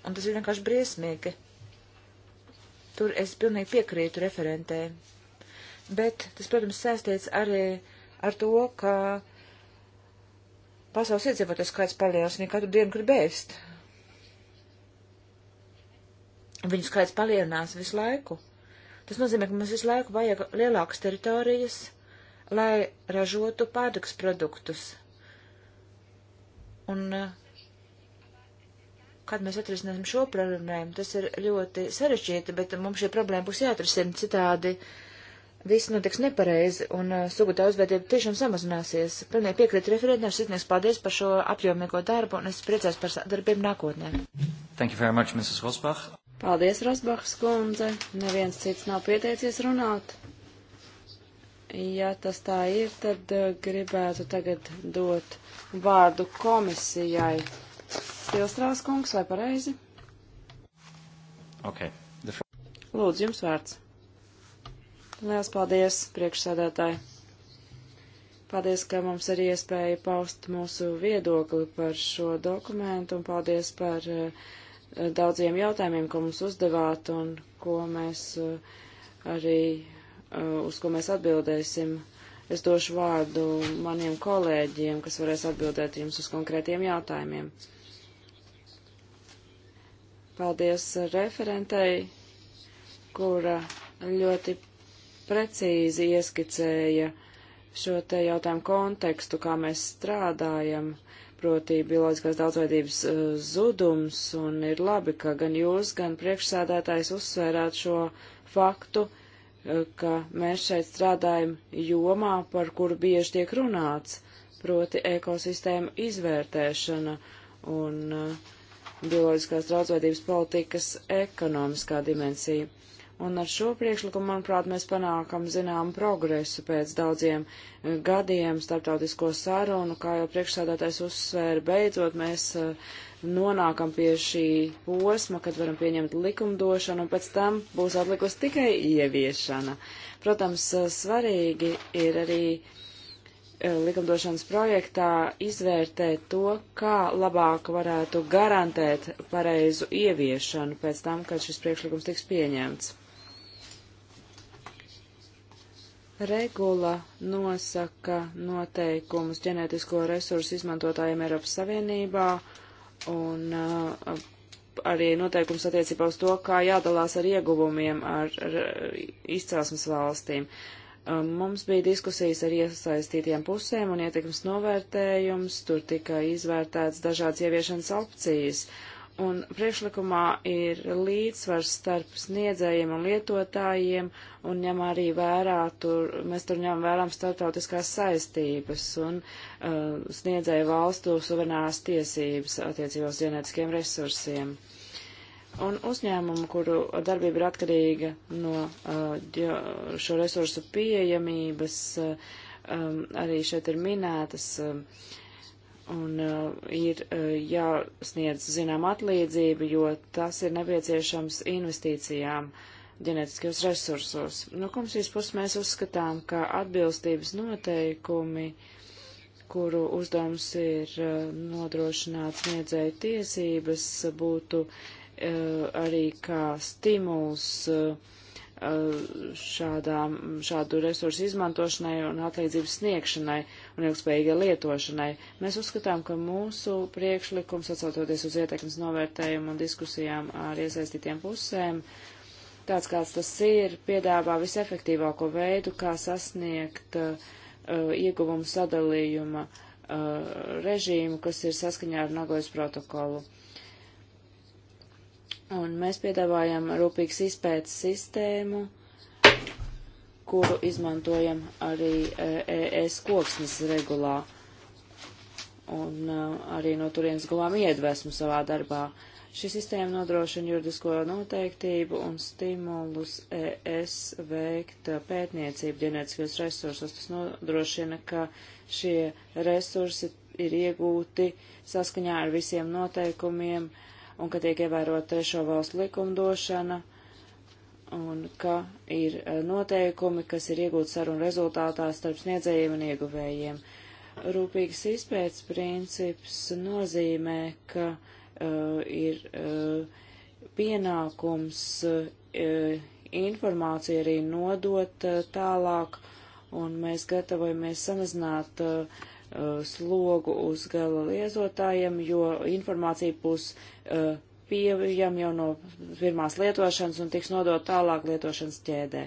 un tas ir vienkārši briesmīgi. Tur es pilnīgi piekrītu referentē. Bet tas, protams, saistīts arī ar to, ka pasaules iedzīvotājs skaits palielinās, viņi katru dienu grib ēst, Viņu skaits palielinās visu laiku. Tas nozīmē, ka mums visu laiku vajag lielākas teritorijas, lai ražotu pārtiks produktus. Un eh, kad mēs atrisināsim šo problēmu, tas ir ļoti sarežģīti, bet mums šī problēma būs jāatrisina citādi. Viss notiks nepareizi, un uh, sugu daudzveidība tiešām samazināsies. Pilnīgi piekrīt referentam, sirsnīgs paldies par šo apjomīgo darbu, un es priecājos par sadarbību nākotnē. Thank you very much, Mrs. Rosbach. Paldies, Rosbachs kundze. Neviens cits nav pieteicies runāt. Ja tas tā ir, tad eh, gribētu tagad dot vārdu komisijai. Stilstrās kungs, vai pareizi? Okay. The... Lūdzu, jums vārds. Liels paldies, priekšsēdētāji. Paldies, ka mums ir iespēja paust mūsu viedokli par šo dokumentu un paldies par uh, Eh, daudziem jautājumiem, ko mums uzdevāt un ko mēs eh, arī, eh, uz ko mēs atbildēsim. Es došu vārdu maniem kolēģiem, kas varēs atbildēt jums uz konkrētiem jautājumiem. Paldies referentei, kura ļoti precīzi ieskicēja šo te jautājumu kontekstu, kā mēs strādājam uh, proti bioloģiskās daudzveidības uh, zudums, un ir labi, ka gan jūs, gan priekšsēdētājs uzsvērāt šo faktu, uh, ka mēs šeit strādājam jomā, par kuru bieži tiek runāts, proti ekosistēmu izvērtēšana un uh, bioloģiskās daudzveidības politikas ekonomiskā dimensija. Un ar šo priekšlikumu, manuprāt, mēs panākam zinām progresu pēc daudziem eh, gadiem starptautisko sarunu, kā jau priekšsādātais uzsvēra, beidzot mēs eh, nonākam pie šī posma, kad varam pieņemt likumdošanu, un pēc tam būs atlikusi tikai ieviešana. Protams, eh, svarīgi ir arī likumdošanas projektā izvērtēt to, kā labāk varētu garantēt pareizu ieviešanu pēc tam, kad šis priekšlikums tiks pieņemts. Regula nosaka noteikumus ģenētisko resursu izmantotājiem Eiropas Savienībā un uh, arī noteikums attiecībā uz to, kā jādalās ar ieguvumiem ar, ar, ar izcelsmes valstīm. Um, mums bija diskusijas ar iesaistītiem pusēm un ietekmes novērtējums, tur tika izvērtēts dažādas ieviešanas opcijas. Uh, un priekšlikumā ir līdzsvars starp sniedzējiem un lietotājiem, un ņem arī vērā tur, mēs tur ņemam vērām starptautiskās saistības un uh, sniedzēju valstu suverenās tiesības attiecībās ģenētiskiem resursiem. Un uzņēmumu, kuru darbība ir atkarīga no uh, šo resursu pieejamības, uh, um, arī šeit ir minētas. Uh, un uh, ir uh, jāsniedz zinām atlīdzība, jo tas ir nepieciešams investīcijām ģenētiskajos resursos. No komisijas puses mēs uzskatām, ka atbilstības noteikumi, kuru uzdevums ir uh, nodrošināt sniedzēju tiesības, būtu uh, arī kā stimuls uh, Eh, šādām, šādu resursu izmantošanai un atlīdzības sniegšanai un ilgspējīgai lietošanai. Mēs uzskatām, ka mūsu priekšlikums, atsaucoties uz ietekmes novērtējumu un diskusijām ar iesaistītiem pusēm, tāds kāds tas ir, piedāvā visefektīvāko veidu, kā sasniegt uh, ieguvumu sadalījuma uh, režīmu, kas ir saskaņā ar Nagojas protokolu. Uh, Un mēs piedāvājam rūpīgas izpētes sistēmu, kuru izmantojam arī ES eh, e koksnes regulā. Un eh, arī no turienes guvām iedvesmu savā darbā. Šī sistēma nodrošina juridisko noteiktību un stimulus ES veikt pētniecību ģenētiskos resursos. Tas nodrošina, ka šie resursi ir iegūti saskaņā ar visiem noteikumiem, uh, un ka tiek ievērot trešo valstu likumdošana un ka ir e, noteikumi, kas ir iegūti sarunu rezultātā starp sniedzējiem un ieguvējiem. Rūpīgas izpētes princips nozīmē, ka uh, ir uh, pienākums uh, informāciju arī nodot uh, tālāk, un mēs gatavojamies samazināt uh, Uh, slogu uz gala lietotājiem, jo informācija būs uh, pieejama jau no pirmās lietošanas un tiks nodot tālāk lietošanas ķēdē.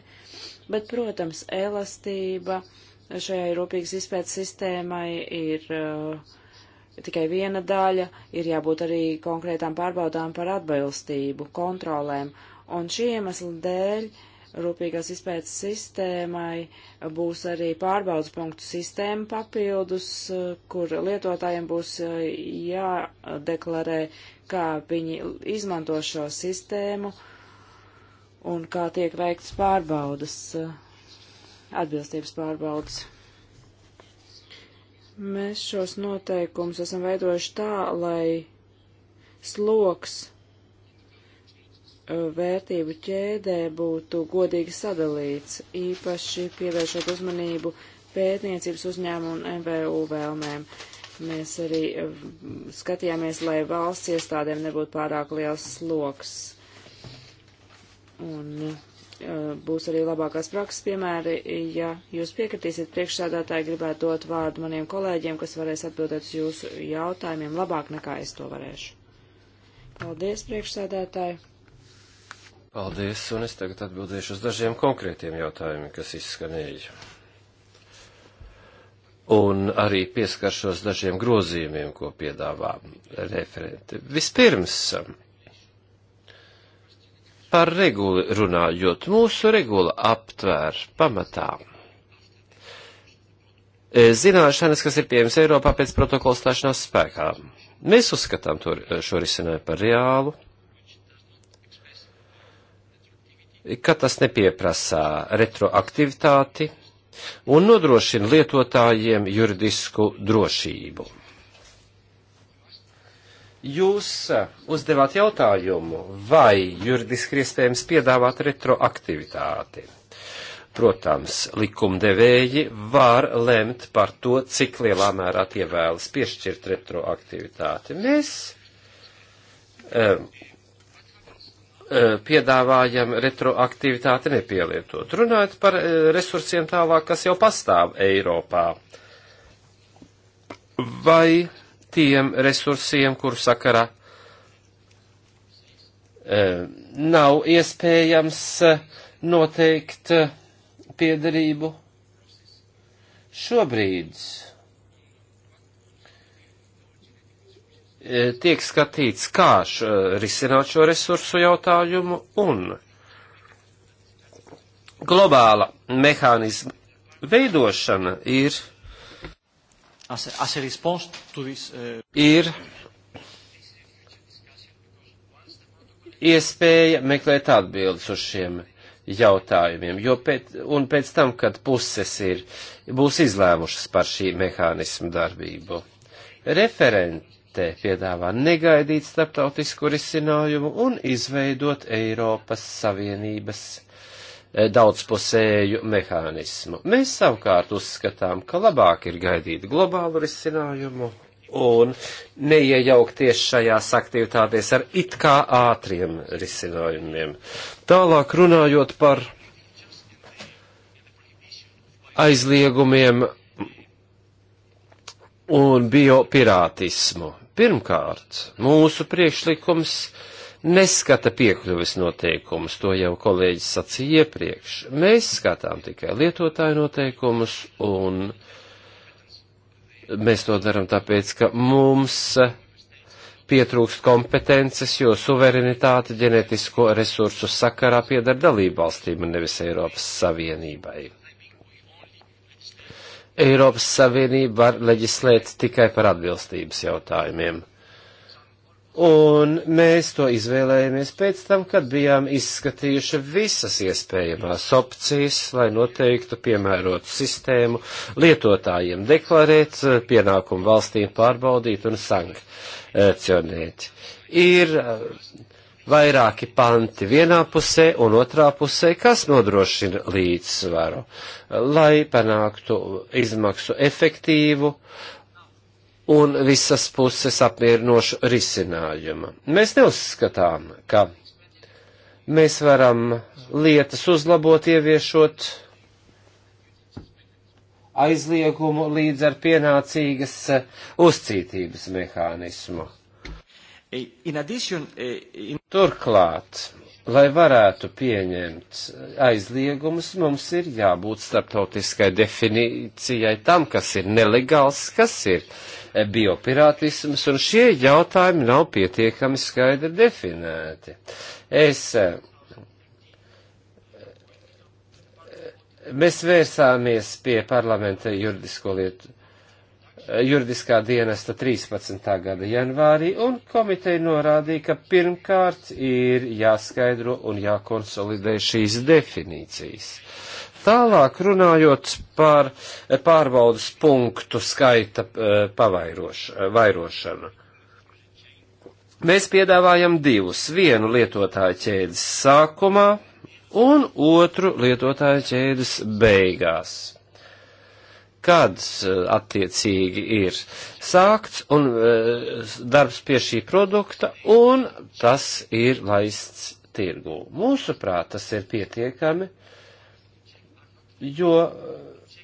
Bet, protams, elastība šajai rūpīgas izpētes sistēmai ir uh, tikai viena daļa, ir jābūt arī konkrētām pārbaudām par atbilstību, kontrolēm, un šī iemesla dēļ uh, rūpīgās izpētes sistēmai būs arī pārbaudas punktu sistēma papildus, kur lietotājiem būs eh, jādeklarē, kā viņi izmanto šo sistēmu un kā tiek veikts pārbaudas, eh, atbilstības pārbaudas. Mēs šos noteikumus esam veidojuši tā, lai sloks vērtību ķēdē būtu godīgi sadalīts, īpaši pievēršot uzmanību pētniecības uzņēmumu un MVU vēlmēm. Mēs arī eh, skatījāmies, lai valsts iestādēm nebūtu pārāk liels sloks. Un eh, būs arī labākās prakses piemēri. Ja jūs piekritīsiet priekšsādātāji, gribētu dot vārdu maniem kolēģiem, kas varēs atbildēt uz jūsu jautājumiem labāk nekā es to varēšu. Paldies, priekšsādātāji. Paldies, un es tagad atbildēšu uz dažiem konkrētiem jautājumiem, kas izskanēja. Un arī pieskaršos dažiem grozījumiem, ko piedāvā referenti. Vispirms, par regulu runājot, mūsu regula aptvēr pamatā e, zināšanas, kas ir pieejamas Eiropā pēc protokola stāšanās spēkā. Mēs uzskatām to, e, šo risinājumu par reālu ka tas nepieprasā retroaktivitāti un nodrošina lietotājiem juridisku drošību. Jūs eh, uzdevāt jautājumu, vai juridiski iespējams piedāvāt retroaktivitāti. Protams, likumdevēji var lemt par to, cik lielā mērā tie vēlas piešķirt retroaktivitāti. Mēs um, eh, Eh, piedāvājam retroaktivitāti nepielietot. Runājot par eh, resursiem tālāk, kas jau pastāv Eiropā. Vai tiem resursiem, kuru sakara eh, nav iespējams noteikt piedarību šobrīd? E, tiek skatīts, kā š, e, risināt šo resursu jautājumu un globāla mehānisma veidošana ir, as a, as a this, uh... ir iespēja meklēt atbildes uz šiem jautājumiem, jo pēc, un pēc tam, kad puses ir, būs izlēmušas par šī mehānismu darbību. Referent paketē piedāvā negaidīt starptautisku risinājumu un izveidot Eiropas Savienības eh, daudzpusēju mehānismu. Mēs savukārt uzskatām, ka labāk ir gaidīt globālu risinājumu un neiejaukties šajās aktivitātēs ar it kā ātriem risinājumiem. Tālāk runājot par aizliegumiem un biopirātismu. Pirmkārt, mūsu priekšlikums neskata piekļuves noteikumus, to jau kolēģis sacīja iepriekš. Mēs skatām tikai lietotāju noteikumus, un mēs to darām tāpēc, ka mums pietrūkst kompetences, jo suverenitāte ģenetisko resursu sakarā pieder dalībvalstīm un nevis Eiropas Savienībai. Eiropas Savienība var leģislēt tikai par atbilstības jautājumiem. Un mēs to izvēlējāmies pēc tam, kad bijām izskatījuši visas iespējamās opcijas, lai noteiktu piemērotu sistēmu, lietotājiem deklarēt, pienākumu valstīm pārbaudīt un sankcionēt. Ir vairāki panti vienā pusē un otrā pusē, kas nodrošina līdzsvaru, lai panāktu izmaksu efektīvu un visas puses apmierinošu risinājumu. Mēs neuzskatām, ka mēs varam lietas uzlabot, ieviešot aizliegumu līdz ar pienācīgas eh, uzcītības mehānismu. Eh, in addition, eh, in... Turklāt, lai varētu pieņemt aizliegumus, mums ir jābūt starptautiskai definīcijai tam, kas ir nelegāls, kas ir eh, biopirātisms, un šie jautājumi nav pietiekami skaidri definēti. Es mēs vērsāmies pie parlamenta juridisko lietu juridiskā dienesta 13. gada janvārī, un komiteja norādīja, ka pirmkārt ir jāskaidro un jākonsolidē šīs definīcijas. Tālāk runājot par pārbaudas punktu skaita eh, pavairošanu. Mēs piedāvājam divus, vienu lietotāju ķēdes sākumā un otru lietotāju ķēdes beigās kad eh, attiecīgi ir sākts un eh, darbs pie šī produkta, un tas ir laists tirgū. Mūsuprāt, tas ir pietiekami, jo eh,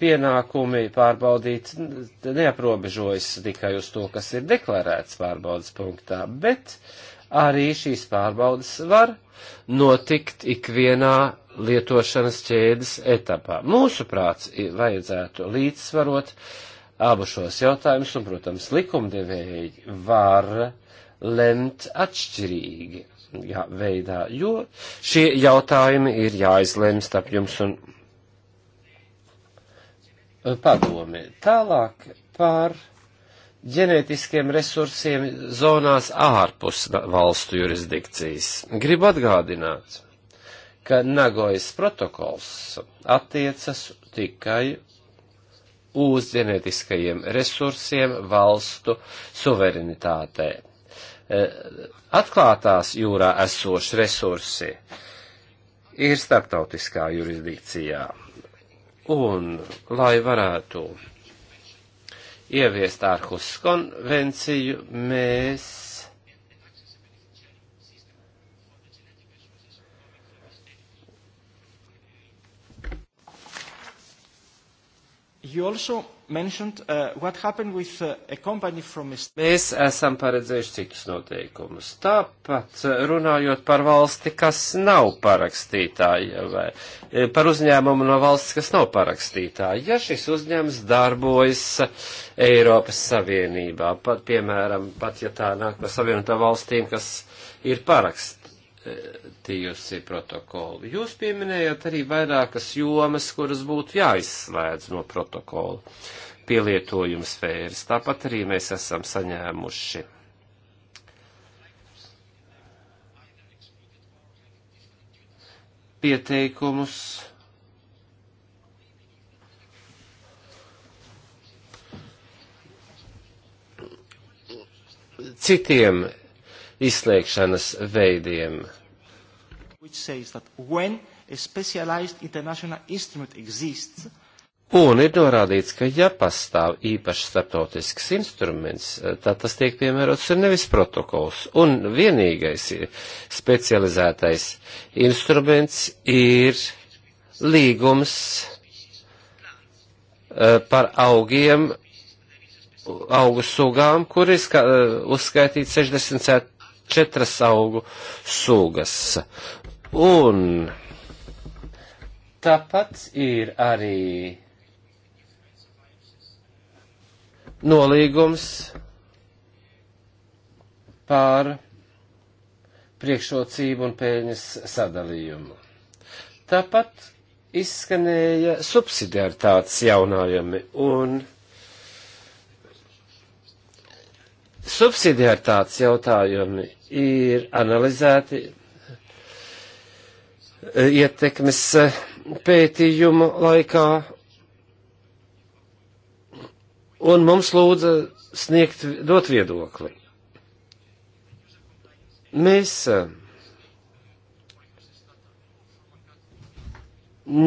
pienākumi pārbaudīt neaprobežojas tikai uz to, kas ir deklarēts pārbaudas punktā, bet arī šīs pārbaudas var notikt ikvienā lietošanas ķēdes etapā. Mūsu prāts vajadzētu līdzsvarot abu šos jautājumus, un, protams, likumdevēji var lemt atšķirīgi jā, veidā, jo šie jautājumi ir jāizlemj starp jums un e, padomi. Tālāk par ģenētiskiem resursiem zonās ārpus valstu jurisdikcijas. Gribu atgādināt ka Nagojas protokols attiecas tikai uz ģenētiskajiem resursiem valstu suverenitātē. E, atklātās jūrā esoši resursi ir starptautiskā jurisdikcijā. Un, lai varētu ieviest ārhus konvenciju, mēs you also mentioned uh, what happened with uh, a company from Mēs esam paredzējuši citus noteikumus. Tāpat uh, runājot par valsti, kas nav parakstītāja, vai e, par uzņēmumu no valsts, kas nav parakstītāja. Ja šis uzņēmums darbojas uh, Eiropas Savienībā, pat, piemēram, pat ja tā nāk par savienotā valstīm, kas ir parakst, tījusi protokolu. Jūs pieminējāt arī vairākas jomas, kuras būtu jāizslēdz no protokola pielietojuma sfēras. Tāpat arī mēs esam saņēmuši pieteikumus citiem izslēgšanas veidiem says that when a specialized international instrument exists, Un ir norādīts, ka ja pastāv īpašs starptautisks instruments, eh, tad tas tiek piemērots un nevis protokols. Un vienīgais specializētais instruments ir līgums eh, par augiem, augu sugām, kur ir eh, uzskaitīts 64 augu sugas. Un tāpat ir arī nolīgums pār priekšrocību un pēļņas sadalījumu. Tāpat izskanēja subsidiaritātes jaunājumi un subsidiaritātes jautājumi ir analizēti Eh, ietekmes eh, pētījumu laikā, un mums lūdza sniegt, dot viedokli. Mēs eh,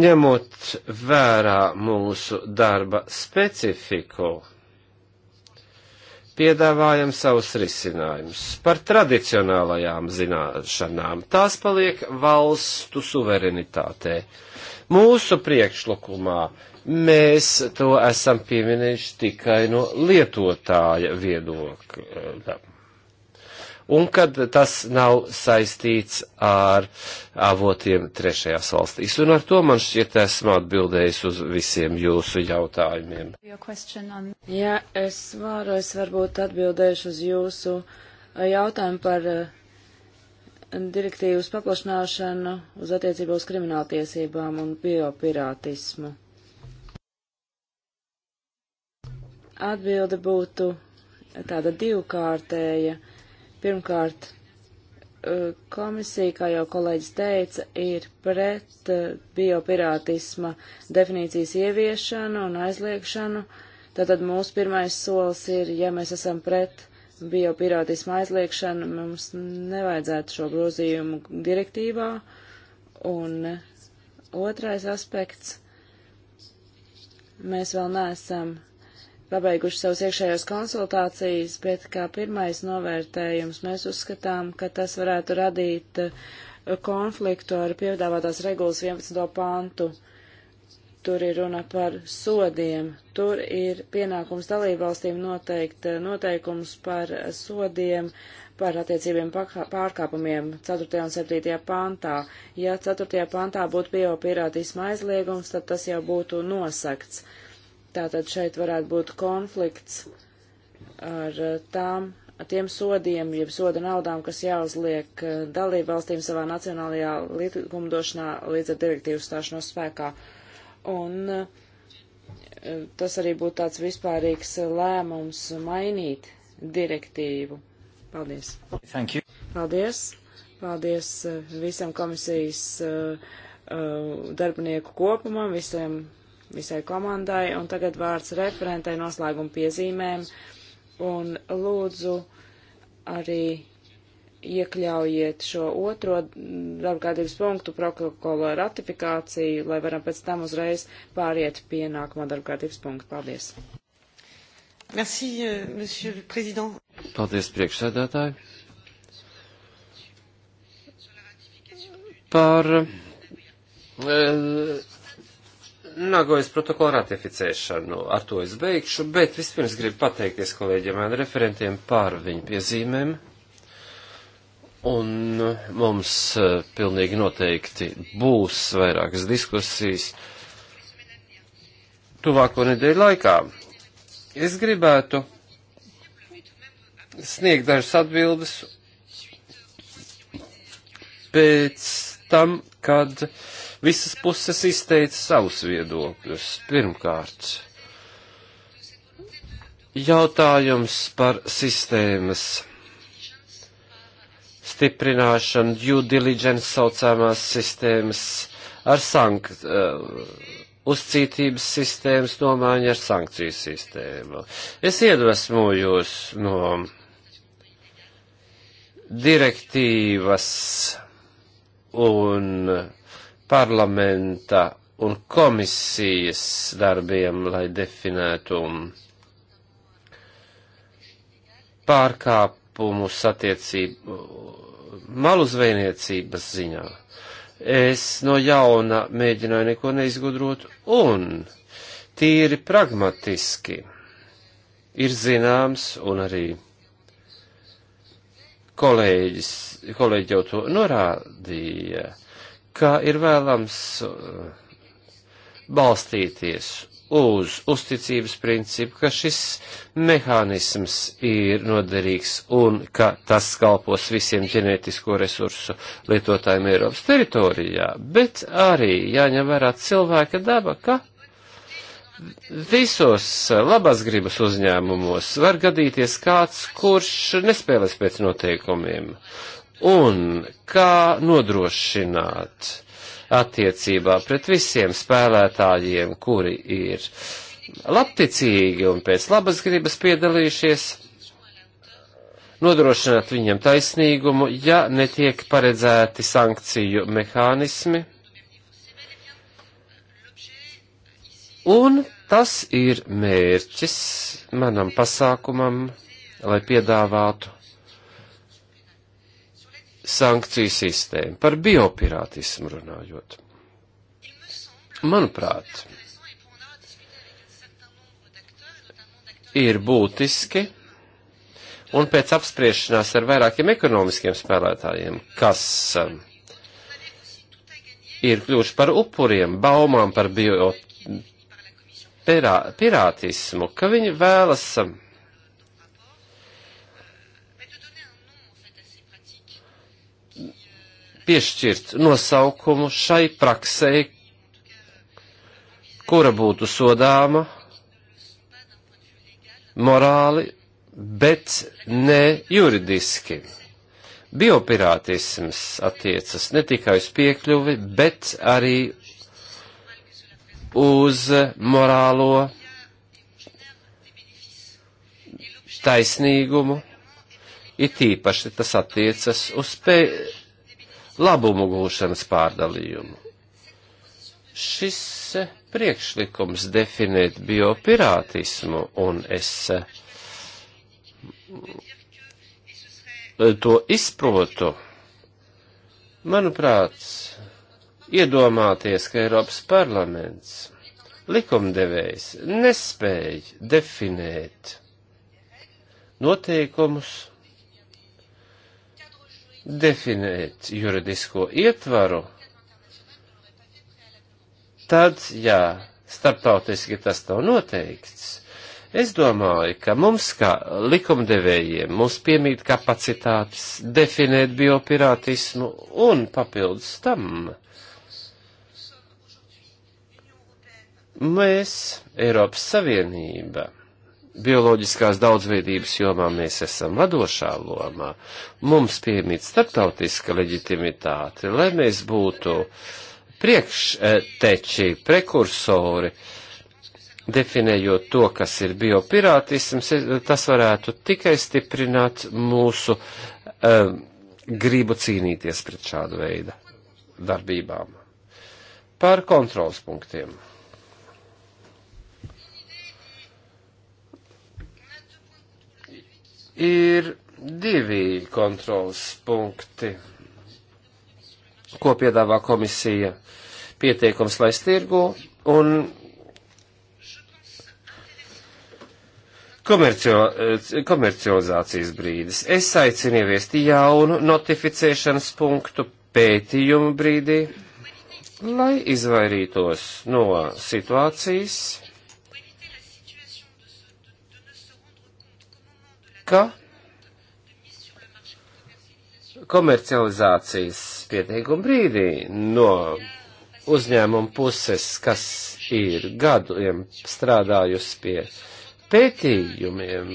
ņemot vērā mūsu darba specifiku, piedāvājam savus risinājumus par tradicionālajām zināšanām. Tās paliek valstu suverenitātē. Mūsu priekšlikumā mēs to esam pieminējuši tikai no lietotāja viedokļa un kad tas nav saistīts ar avotiem trešajās valstīs. Un ar to man šķiet esmu atbildējis uz visiem jūsu jautājumiem. Jā, es varu, es varbūt atbildēšu uz jūsu eh, jautājumu par eh, direktīvas paplašināšanu uz attiecībā uz krimināltiesībām un biopirātismu. Atbilde būtu tāda divkārtēja Pirmkārt, e, komisija, kā jau kolēģis teica, ir pret e, biopirātisma definīcijas ieviešanu un aizliekšanu. Tātad mūsu pirmais solis ir, ja mēs esam pret biopirātisma aizliekšanu, mums nevajadzētu šo grozījumu direktīvā. Un otrais aspekts, mēs vēl neesam pabeiguši savus iekšējos konsultācijas, bet kā pirmais novērtējums mēs uzskatām, ka tas varētu radīt eh, konfliktu ar piedāvātās regulas 11. pantu. Tur ir runa par sodiem. Tur ir pienākums dalībvalstīm noteikt eh, noteikums par sodiem, par attiecībiem pārkāpumiem 4. un 7. pantā. Ja 4. pantā būtu pieeja pirātisma aizliegums, tad tas jau būtu nosakts. Uh, Tātad šeit varētu būt konflikts ar eh, tām, ar tiem sodiem, jeb soda naudām, kas jāuzliek eh, dalību valstīm savā nacionālajā likumdošanā līdz ar direktīvu stāšanos spēkā. Un eh, tas arī būtu tāds vispārīgs lēmums mainīt direktīvu. Paldies. Thank you. Paldies. Paldies visam komisijas darbinieku kopumam, visiem visai komandai, un tagad vārds referentai noslēguma piezīmēm, un lūdzu arī iekļaujiet šo otro darbkārtības punktu protokola ratifikāciju, lai varam pēc tam uzreiz pāriet pie nākamā darbkārtības punkta. Paldies! Merci, euh, monsieur le président. Paldies, priekšsēdētāji. Par e, Nagojas protokola ratificēšanu. Ar to es beigšu, bet vispirms gribu pateikties kolēģiem un referentiem par viņu piezīmēm. Un mums e, pilnīgi noteikti būs vairākas diskusijas tuvāko nedēļu laikā. Es gribētu sniegt dažas atbildes pēc tam, kad uh, visas puses izteica savus viedokļus. Pirmkārt, jautājums par sistēmas stiprināšanu, due diligence saucamās sistēmas ar sankt, uh, uzcītības sistēmas nomaiņa ar sankciju sistēmu. Es iedvesmojos no direktīvas un parlamenta un komisijas darbiem, lai definētu pārkāpumus attiecību malu zvejniecības ziņā. Es no jauna mēģināju neko neizgudrot un tīri pragmatiski ir zināms un arī kolēģis, kolēģi jau to norādīja. Uh, ka ir vēlams uh, balstīties uz uzticības principu, ka šis mehānisms ir noderīgs un ka tas kalpos visiem ģenētisko resursu lietotājiem Eiropas teritorijā, bet arī jāņem vērā cilvēka daba, ka visos labās gribas uzņēmumos var gadīties kāds, kurš nespēlēs pēc noteikumiem un kā nodrošināt attiecībā pret visiem spēlētājiem, kuri ir labticīgi un pēc labas gribas piedalījušies, nodrošināt viņam taisnīgumu, ja netiek paredzēti sankciju mehānismi. Un tas ir mērķis manam pasākumam, lai piedāvātu sankciju sistēmu, par biopirātismu runājot. Manuprāt, ir būtiski un pēc apspriešanās ar vairākiem ekonomiskiem spēlētājiem, kas um, ir kļuvuši par upuriem, baumām par biopirātismu, ka viņi vēlas um, piešķirt nosaukumu šai praksē, kura būtu sodāma morāli, bet ne juridiski. Biopirātisms attiecas ne tikai uz piekļuvi, bet arī uz morālo taisnīgumu, it īpaši tas attiecas uz pēļņu labumu gūšanas pārdalījumu. Šis eh, priekšlikums definēt biopirātismu un es eh, to izprotu, manuprāt, iedomāties, ka Eiropas parlaments likumdevējs nespēja definēt noteikumus definēt juridisko ietvaru, tad, jā, starptautiski tas nav noteikts. Es domāju, ka mums, kā likumdevējiem, mums piemīt kapacitātes definēt biopirātismu un papildus tam. Mēs, Eiropas Savienība, bioloģiskās daudzveidības jomā mēs esam vadošā lomā, mums piemīt starptautiska leģitimitāte, lai mēs būtu priekšteči, prekursori, definējot to, kas ir biopirātisms, tas varētu tikai stiprināt mūsu um, gribu cīnīties pret šādu veidu darbībām. Par kontrols punktiem. Ir divi kontrols punkti, ko piedāvā komisija pieteikums laist tirgu un Komercio, eh, komercializācijas brīdis. Es aicinu ieviest jaunu notificēšanas punktu pētījumu brīdī, lai izvairītos no situācijas, ka komercializācijas pieteikuma brīdī no uzņēmuma puses, kas ir gadiem strādājusi pie pētījumiem,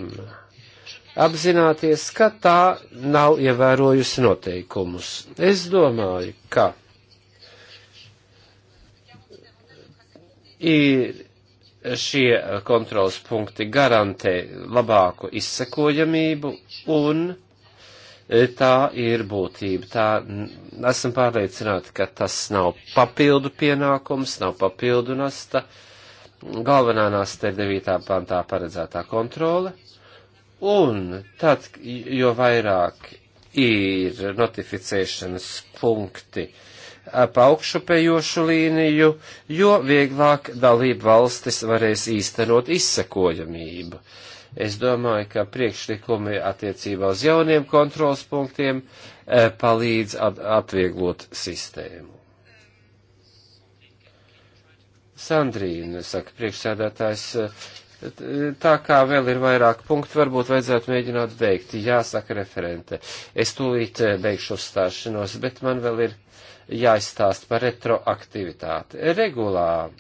apzināties, ka tā nav ievērojusi noteikumus. Es domāju, ka ir šie kontrols punkti garantē labāku izsekojamību un e, tā ir būtība. Tā, esam pārliecināti, ka tas nav papildu pienākums, nav papildu nasta. Galvenā nasta ir 9. pantā paredzētā kontrole. Un tad, jo vairāk ir notificēšanas punkti, uh, paukšupējošu līniju, jo vieglāk dalību valstis varēs īstenot izsekojamību. Es domāju, ka priekšlikumi attiecībā uz jauniem kontrols punktiem e, palīdz atvieglot sistēmu. Sandrīna, saka priekšsēdētājs, e, tā kā vēl ir vairāk punktu, varbūt vajadzētu mēģināt beigt. Jā, saka referente. Es tūlīt e, beigšu uzstāšanos, bet man vēl ir jāizstāst par retroaktivitāti. Regulā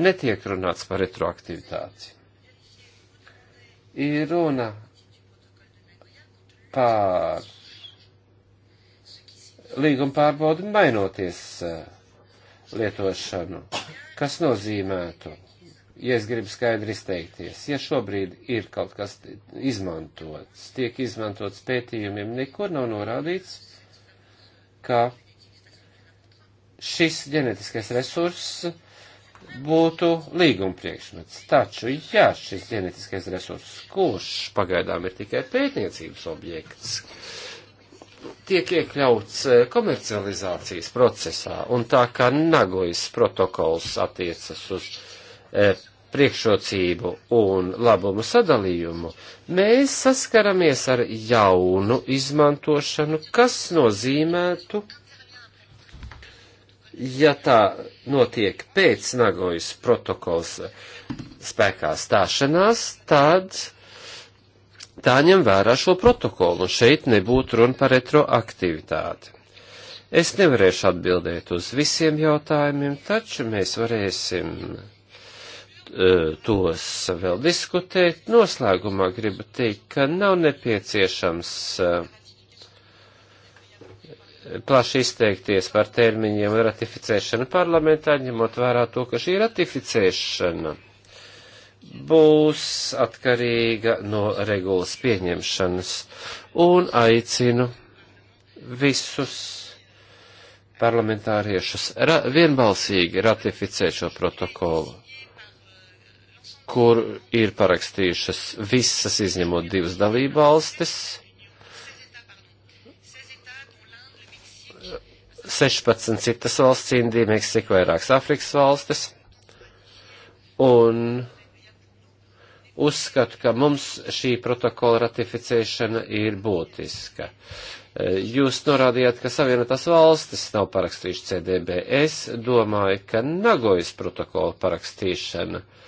netiek runāts par retroaktivitāti. Ir runa pār līguma pārbaudi mainoties eh, lietošanu, kas nozīmētu, ja es gribu skaidri izteikties, ja šobrīd ir kaut kas izmantots, tiek izmantots pētījumiem, nekur nav norādīts, ka šis ģenetiskais resurss būtu līguma priekšmets. Taču, ja šis ģenetiskais resurss, kurš pagaidām ir tikai pētniecības objekts, tiek iekļauts eh, komercializācijas procesā, un tā kā Nagojas protokols attiecas uz eh, priekšrocību un labumu sadalījumu, mēs saskaramies ar jaunu izmantošanu, kas nozīmētu, ja tā notiek pēc Nagojas protokols spēkā stāšanās, tad tā ņem vērā šo protokolu, un šeit nebūtu runa par retroaktivitāti. Es nevarēšu atbildēt uz visiem jautājumiem, taču mēs varēsim Eh, tos vēl diskutēt. Noslēgumā gribu teikt, ka nav nepieciešams eh, plaši izteikties par termiņiem un ratificēšanu parlamentā, ņemot vērā to, ka šī ratificēšana būs atkarīga no regulas pieņemšanas. Un aicinu visus parlamentāriešus ra vienbalsīgi ratificēt šo protokolu kur ir parakstījušas visas izņemot divas dalībvalstis. 16 citas valsts, Indija, Meksika, vairākas Afrikas valstis. Un uzskatu, ka mums šī protokola ratificēšana ir būtiska. Jūs norādījāt, ka Savienotās valstis nav parakstījuši CDB. Es domāju, ka Nagojas protokola parakstīšana uh,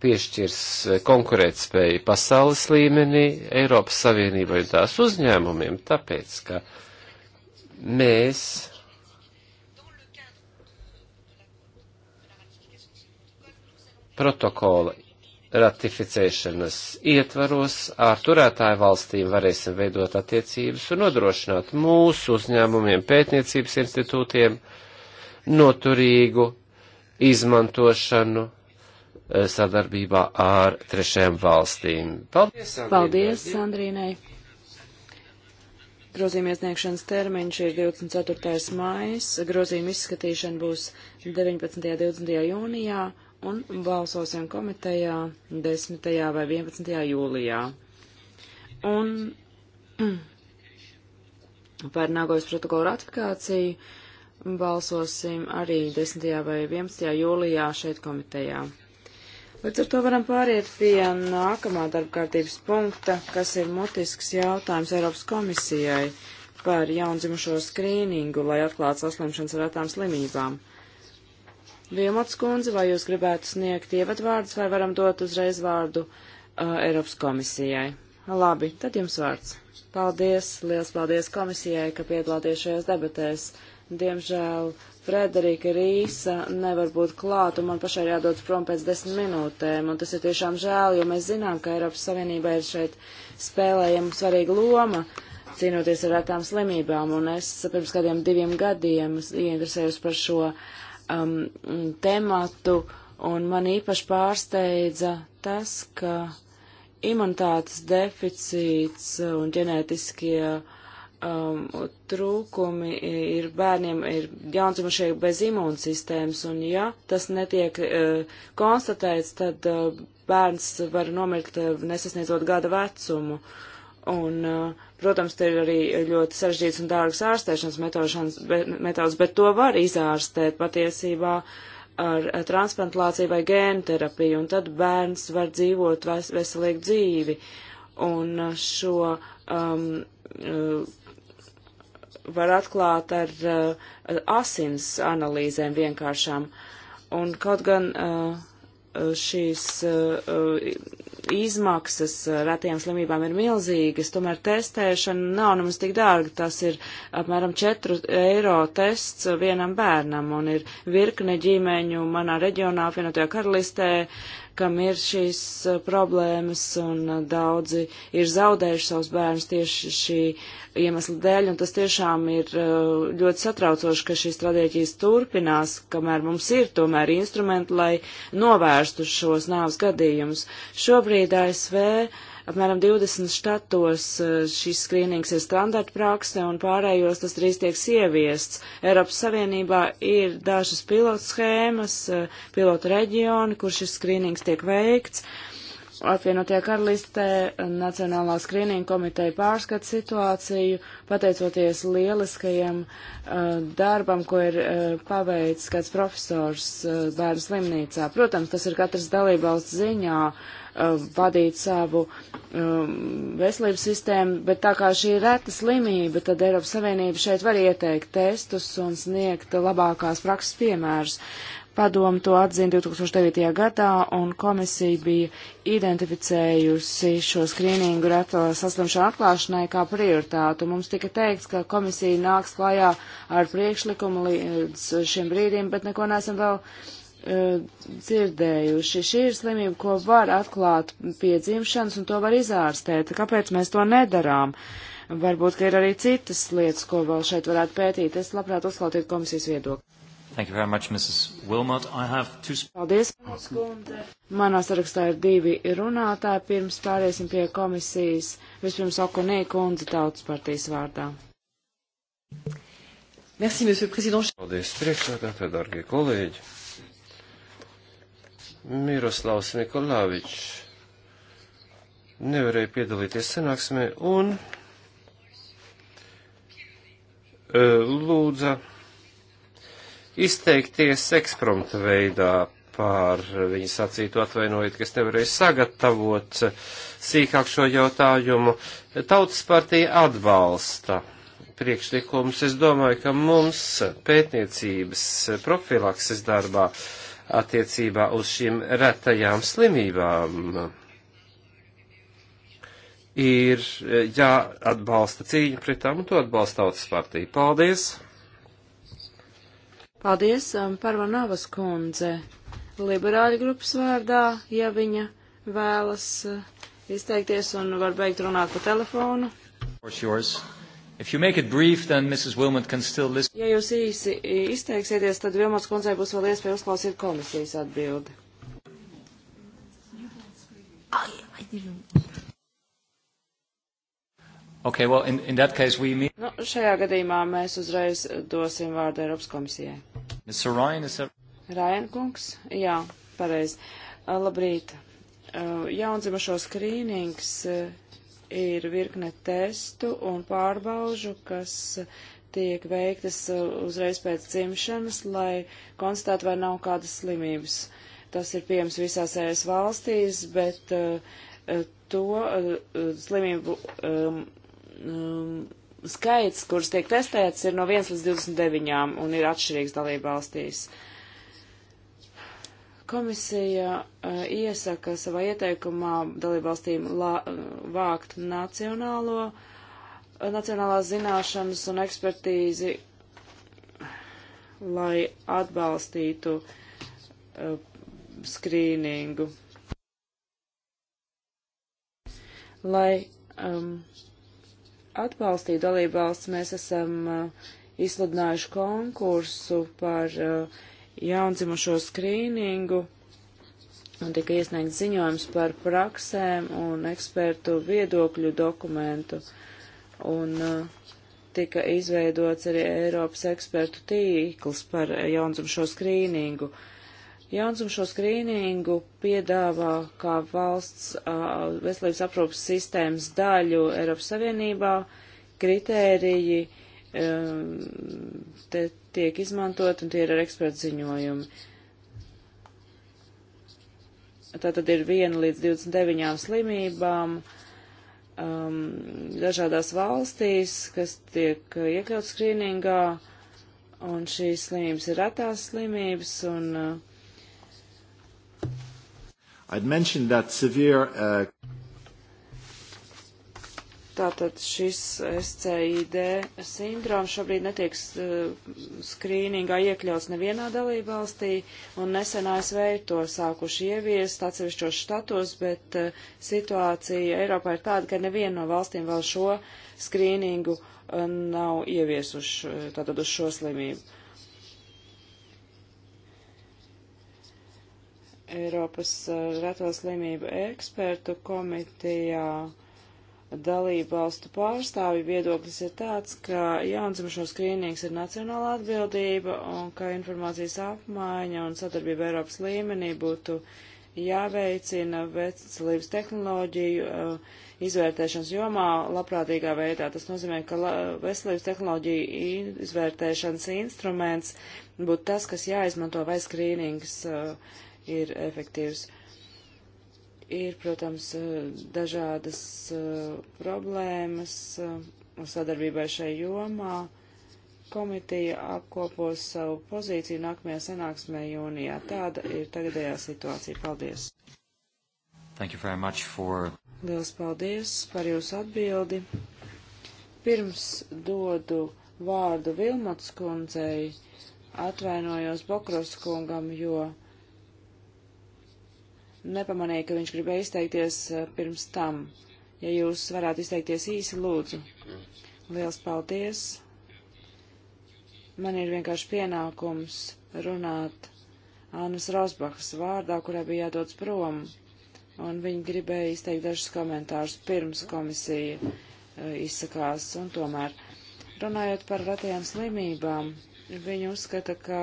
piešķirs eh, konkurētspēju pasaules līmenī Eiropas Savienībai un tās uzņēmumiem, tāpēc, ka mēs protokola ratificēšanas ietvaros ar turētāju valstīm varēsim veidot attiecības un nodrošināt mūsu uzņēmumiem, pētniecības institūtiem noturīgu izmantošanu Eh, sadarbībā ar trešajām valstīm. Paldies, Andrīnai! Paldies, Andrīnai! Grozījuma iesniegšanas termiņš ir 24. mājas, grozījuma izskatīšana būs 19. un 20. jūnijā un balsosim komitejā 10. vai 11. jūlijā. Un (clears throat) par Nagojas protokolu ratifikāciju balsosim arī 10. vai 11. jūlijā šeit komitejā. Līdz ar to varam pāriet pie nākamā darba kārtības punkta, kas ir mutisks jautājums Eiropas komisijai par jaundzimušo skrīningu, lai atklātu saslimšanas retām slimībām. Vilmots kundze, vai jūs gribētu sniegt ievadvārdus, vai varam dot uzreiz vārdu uh, Eiropas komisijai? Labi, tad jums vārds. Paldies, liels paldies komisijai, ka piedalāties šajās debatēs. Diemžēl Frederika Rīsa nevar būt klāt, un man pašai jādodas prom pēc desmit minūtēm, un tas ir tiešām žēl, jo mēs zinām, ka Eiropas Savienībā ir šeit spēlējama svarīga loma cīnoties ar retām slimībām, un es pirms kādiem diviem gadiem ieinteresējos par šo um, tematu, un man īpaši pārsteidza tas, ka imunitātes deficīts un ģenētiskie uh, um, trūkumi ir bērniem, ir jaundzimušie bez imūnsistēmas, un ja tas netiek uh, konstatēts, tad uh, bērns var nomirt uh, nesasniedzot gada vecumu. Un, uh, protams, te ir arī ļoti sarežģīts un dārgs ārstēšanas metodas, bet to var izārstēt patiesībā ar uh, transplantāciju vai gēnterapiju, un tad bērns var dzīvot ves veselīgu dzīvi. Un uh, šo um, uh, var atklāt ar uh, asins analīzēm vienkāršām. Un kaut gan uh, šīs uh, izmaksas retiem slimībām ir milzīgas, tomēr testēšana nav nemaz tik dārga. Tas ir apmēram 4 eiro tests vienam bērnam un ir virkne ģimeņu manā reģionā, apvienotajā karalistē, kam ir šīs eh, problēmas, un eh, daudzi ir zaudējuši savus bērnus tieši šī iemesla dēļ, un tas tiešām ir eh, ļoti satraucoši, ka šīs stratēģijas turpinās, kamēr mums ir tomēr instrumenti, lai novērstu šos nāvs gadījumus. Šobrīd ASV apmēram 20 štatos eh, šis skrīnings ir standarta prakse un pārējos tas drīz tiek ieviests. Eiropas Savienībā ir dažas pilotu schēmas, eh, pilotu reģioni, kur šis skrīnings tiek veikts. Apvienotie karalistē Nacionālā skrīninga komiteja pārskata situāciju, pateicoties lieliskajam uh, darbam, ko ir uh, paveicis kāds profesors uh, bērnu slimnīcā. Protams, tas ir katras dalībvalsts ziņā. Uh, Eh, vadīt savu um, veselības sistēmu, bet tā kā šī ir reta slimība, tad Eiropas Savienība šeit var ieteikt testus un sniegt labākās prakses piemērus. Padomu to atzina 2009. gadā, un komisija bija identificējusi šo skrīningu reto saslimšanu atklāšanai kā prioritātu. Mums tika teikts, ka komisija nāks klajā ar priekšlikumu līdz šim brīdim, bet neko neesam vēl uh, E, dzirdējuši. Šī ir slimība, ko var atklāt pie dzimšanas un to var izārstēt. Kāpēc mēs to nedarām? Varbūt, ka ir arī citas lietas, ko vēl šeit varētu pētīt. Es labprāt uzklausītu komisijas viedokli. Thank you very much, Mrs. Wilmot. I have two... Paldies, kundze. Manā sarakstā ir divi runātāji. Pirms pāriesim pie komisijas. Vispirms Okonī kundze tautas partijas vārdā. Merci, Monsieur Président. Paldies, priekšsēdētāji, dārgie kolēģi. Miroslavs Nikolāvičs nevarēja piedalīties sanāksmē un e, lūdza izteikties ekspromta veidā pār viņa sacītu atvainojiet, ka es nevarēju sagatavot sīkāk šo jautājumu. Tautas partija atbalsta priekšlikumus. Es domāju, ka mums pētniecības profilakses darbā uh, attiecībā uz šīm retajām slimībām ir e, jāatbalsta cīņa pret tām, un to atbalsta tautas partija. Paldies! Paldies, um, Parvanavas kundze, liberāļu grupas vārdā, ja viņa vēlas uh, izteikties un var beigt runāt pa telefonu. Yours. If you make it brief, then Mrs. Wilmot can still listen. Ja jūs īsi izteiksieties, tad Vilmots kundzei būs vēl iespēja uzklausīt komisijas atbildi. Okay, well, in, in that case we meet... Nu, šajā gadījumā mēs uzreiz dosim vārdu Eiropas komisijai. Mr. Ryan, is that... Ryan kungs, jā, pareizi. Labrīt. Uh, jaundzimušo skrīnings uh, ir virkne testu un pārbaužu, kas tiek veiktas uh, uzreiz pēc dzimšanas, lai konstatētu, vai nav kādas slimības. Tas ir pieejams visās ES valstīs, bet uh, uh to uh, uh, slimību um, um, skaits, kurus tiek testēts, ir no 1 līdz 29 un ir atšķirīgs dalība valstīs. Uh, Komisija uh, iesaka savā ieteikumā dalībvalstīm la, eh, vākt nacionālo, eh, nacionālās zināšanas un ekspertīzi, lai atbalstītu uh, skrīningu. Lai um, atbalstītu dalībvalsts, mēs esam uh, izsludinājuši konkursu par uh, jaundzimušo skrīningu un tika iesniegts ziņojums par praksēm un ekspertu viedokļu dokumentu. Un uh, tika izveidots arī Eiropas ekspertu tīkls par jaundzimšo skrīningu. Jaundzimšo skrīningu piedāvā kā valsts uh, veselības aprūpas sistēmas daļu Eiropas Savienībā kritēriji te tiek izmantot un tie ir ar ekspertu ziņojumi. Tātad ir viena līdz 29 slimībām um, dažādās valstīs, kas tiek iekļauts skrīningā, un šīs slimības ir retās slimības. Un, uh, severe, uh... Tātad šis SCID sindroms šobrīd netiek eh, skrīningā iekļauts nevienā dalībvalstī, un nesen ASV to sākuši ieviest atsevišķos štatos, bet uh, situācija Eiropā ir tāda, ka neviena no valstīm vēl šo skrīningu uh, nav ieviesuši tātad uz šo slimību. Eiropas uh, reto slimību ekspertu komitejā dalību valstu pārstāvju viedoklis ir tāds, ka jaundzimušo skrīnings ir nacionāla atbildība un ka informācijas apmaiņa un sadarbība Eiropas līmenī būtu jāveicina veselības tehnoloģiju uh, izvērtēšanas jomā labprātīgā veidā. Tas nozīmē, ka veselības tehnoloģiju izvērtēšanas instruments būtu tas, kas jāizmanto vai skrīnings uh, ir efektīvs. Uh, Ir, protams, eh, dažādas eh, problēmas eh, sadarbībai šai jomā. Komitija apkopos savu pozīciju nākamajā sanāksmē jūnijā. Tāda ir tagadējā situācija. Paldies! Thank you very much for... Liels paldies par jūsu atbildi. Pirms dodu vārdu Vilmots kundzei, atvainojos Bokros kungam, jo nepamanīja, ka viņš gribēja izteikties eh, pirms tam. Ja jūs varētu izteikties īsi, lūdzu. Liels paldies. Man ir vienkārši pienākums runāt Annas Rosbachas vārdā, kurai bija jādodas prom, un viņa gribēja izteikt dažus komentārus pirms komisija eh, izsakās, un tomēr, runājot par retajām slimībām, viņa uzskata, ka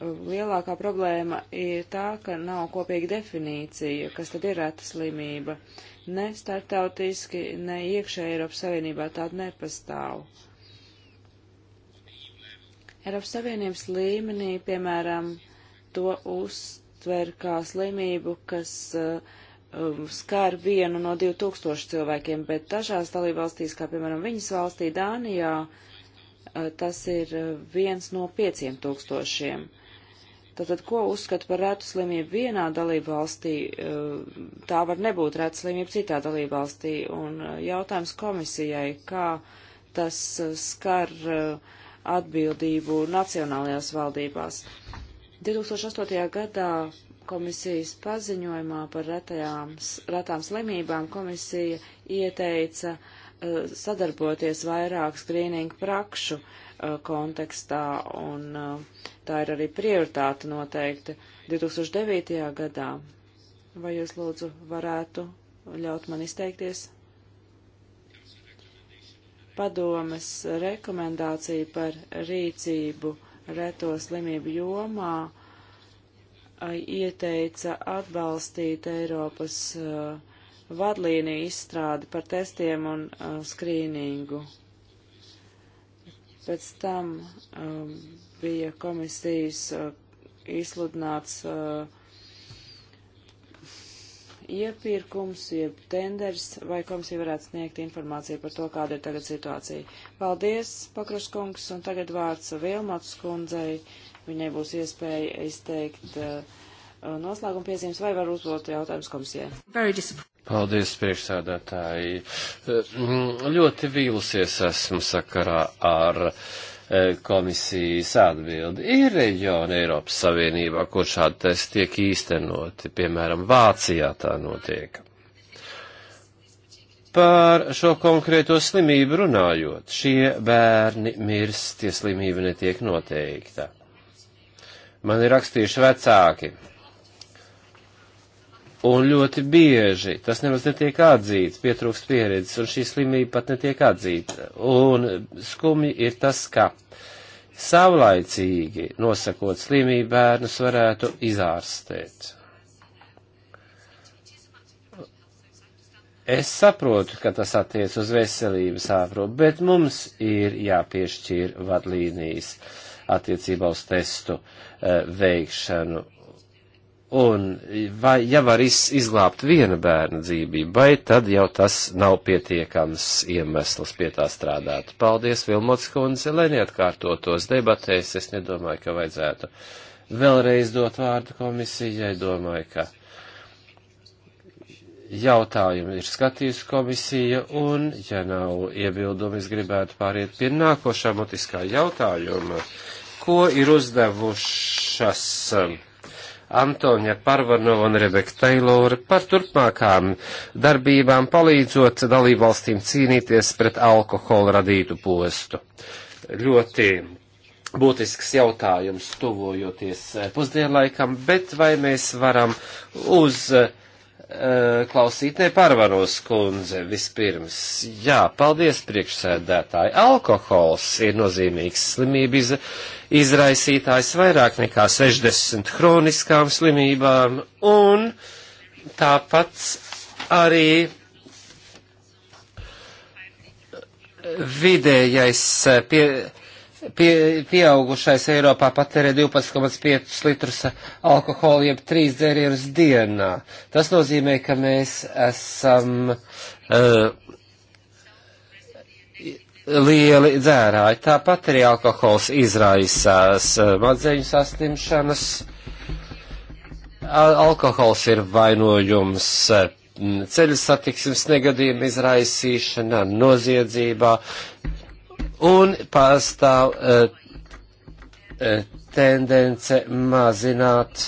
lielākā problēma ir tā, ka nav kopīga definīcija, kas tad ir reta slimība. Ne starptautiski, ne iekšē Eiropas Savienībā tāda nepastāv. Eiropas Savienības līmenī, piemēram, to uztver kā slimību, kas uh, um, skar vienu no 2000 cilvēkiem, bet dažās dalībvalstīs, kā piemēram viņas valstī Dānijā, uh, tas ir uh, viens no 5000. Tātad, ko uzskata par rētu slimību vienā dalību valstī, eh, tā var nebūt rētu slimība citā dalību valstī. Un eh, jautājums komisijai, kā tas eh, skar atbildību nacionālajās valdībās. 2008. gadā komisijas paziņojumā par retajām, retām slimībām komisija ieteica sadarboties vairāk skrīningu prakšu uh, Uh, kontekstā, un uh, tā ir arī prioritāte noteikti 2009. gadā. Vai jūs lūdzu varētu ļaut man izteikties? Padomes rekomendācija par rīcību reto slimību jomā uh, ieteica atbalstīt Eiropas uh, vadlīniju izstrādi par testiem un uh, skrīningu. Pēc tam um, bija komisijas uh, izsludināts uh, iepirkums, jeb tenders, vai komisija varētu sniegt informāciju par to, kāda ir tagad situācija. Paldies, Pakraskungs, un tagad vārds Vilmats kundzei. Viņai būs iespēja izteikt uh, Uh, noslēguma piezīmes vai var uzdot jautājumus komisijai? Paldies, priekšsēdētāji. Uh, mm, ļoti vīlusies esmu sakarā ar uh, komisijas atbildi. Ir reģioni Eiropas Savienībā, kur šādi testi tiek īstenoti, piemēram, Vācijā tā notiek. Par šo konkrēto slimību runājot, šie bērni mirst, ja slimība netiek noteikta. Man ir rakstījuši vecāki. Un ļoti bieži tas nemaz netiek atzīts, pietrūkst pieredzes, un šī slimība pat netiek atzīta. Un skumji ir tas, ka savlaicīgi nosakot slimību bērnus varētu izārstēt. Es saprotu, ka tas attiec uz veselības aprūpu, bet mums ir jāpiešķir vadlīnijas attiecībā uz testu eh, veikšanu Un vai ja var iz, izglābt viena bērna dzīvību, vai tad jau tas nav pietiekams iemesls pie tā strādāt. Paldies, Vilmots kundze, lai neatkārtotos debatēs, es nedomāju, ka vajadzētu vēlreiz dot vārdu komisijai, domāju, ka jautājumu ir skatījusi komisija, un, ja nav iebildumi, es gribētu pāriet pie nākošā mutiskā jautājuma, ko ir uzdevušas um, Antonija Parvanova un Rebeka Teilora par turpmākām darbībām palīdzot dalībvalstīm cīnīties pret alkohola radītu postu. Ļoti būtisks jautājums tuvojoties eh, pusdienlaikam, bet vai mēs varam uz uh, Eh, klausīt nepārvaros kundze vispirms. Jā, paldies priekšsēdētāji. Alkohols ir nozīmīgs slimību iz, izraisītājs vairāk nekā 60 hroniskām slimībām un tāpat arī vidējais eh, pie pie, pieaugušais Eiropā patērē 12,5 litrus alkohola jeb 3 dzērienus dienā. Tas nozīmē, ka mēs esam uh, lieli dzērāji. Tāpat arī alkohols izraisās uh, madzeņu saslimšanas. Al alkohols ir vainojums uh, ceļu satiksmes negadījuma izraisīšanā, noziedzībā, un pastāv e, e, tendence mazināt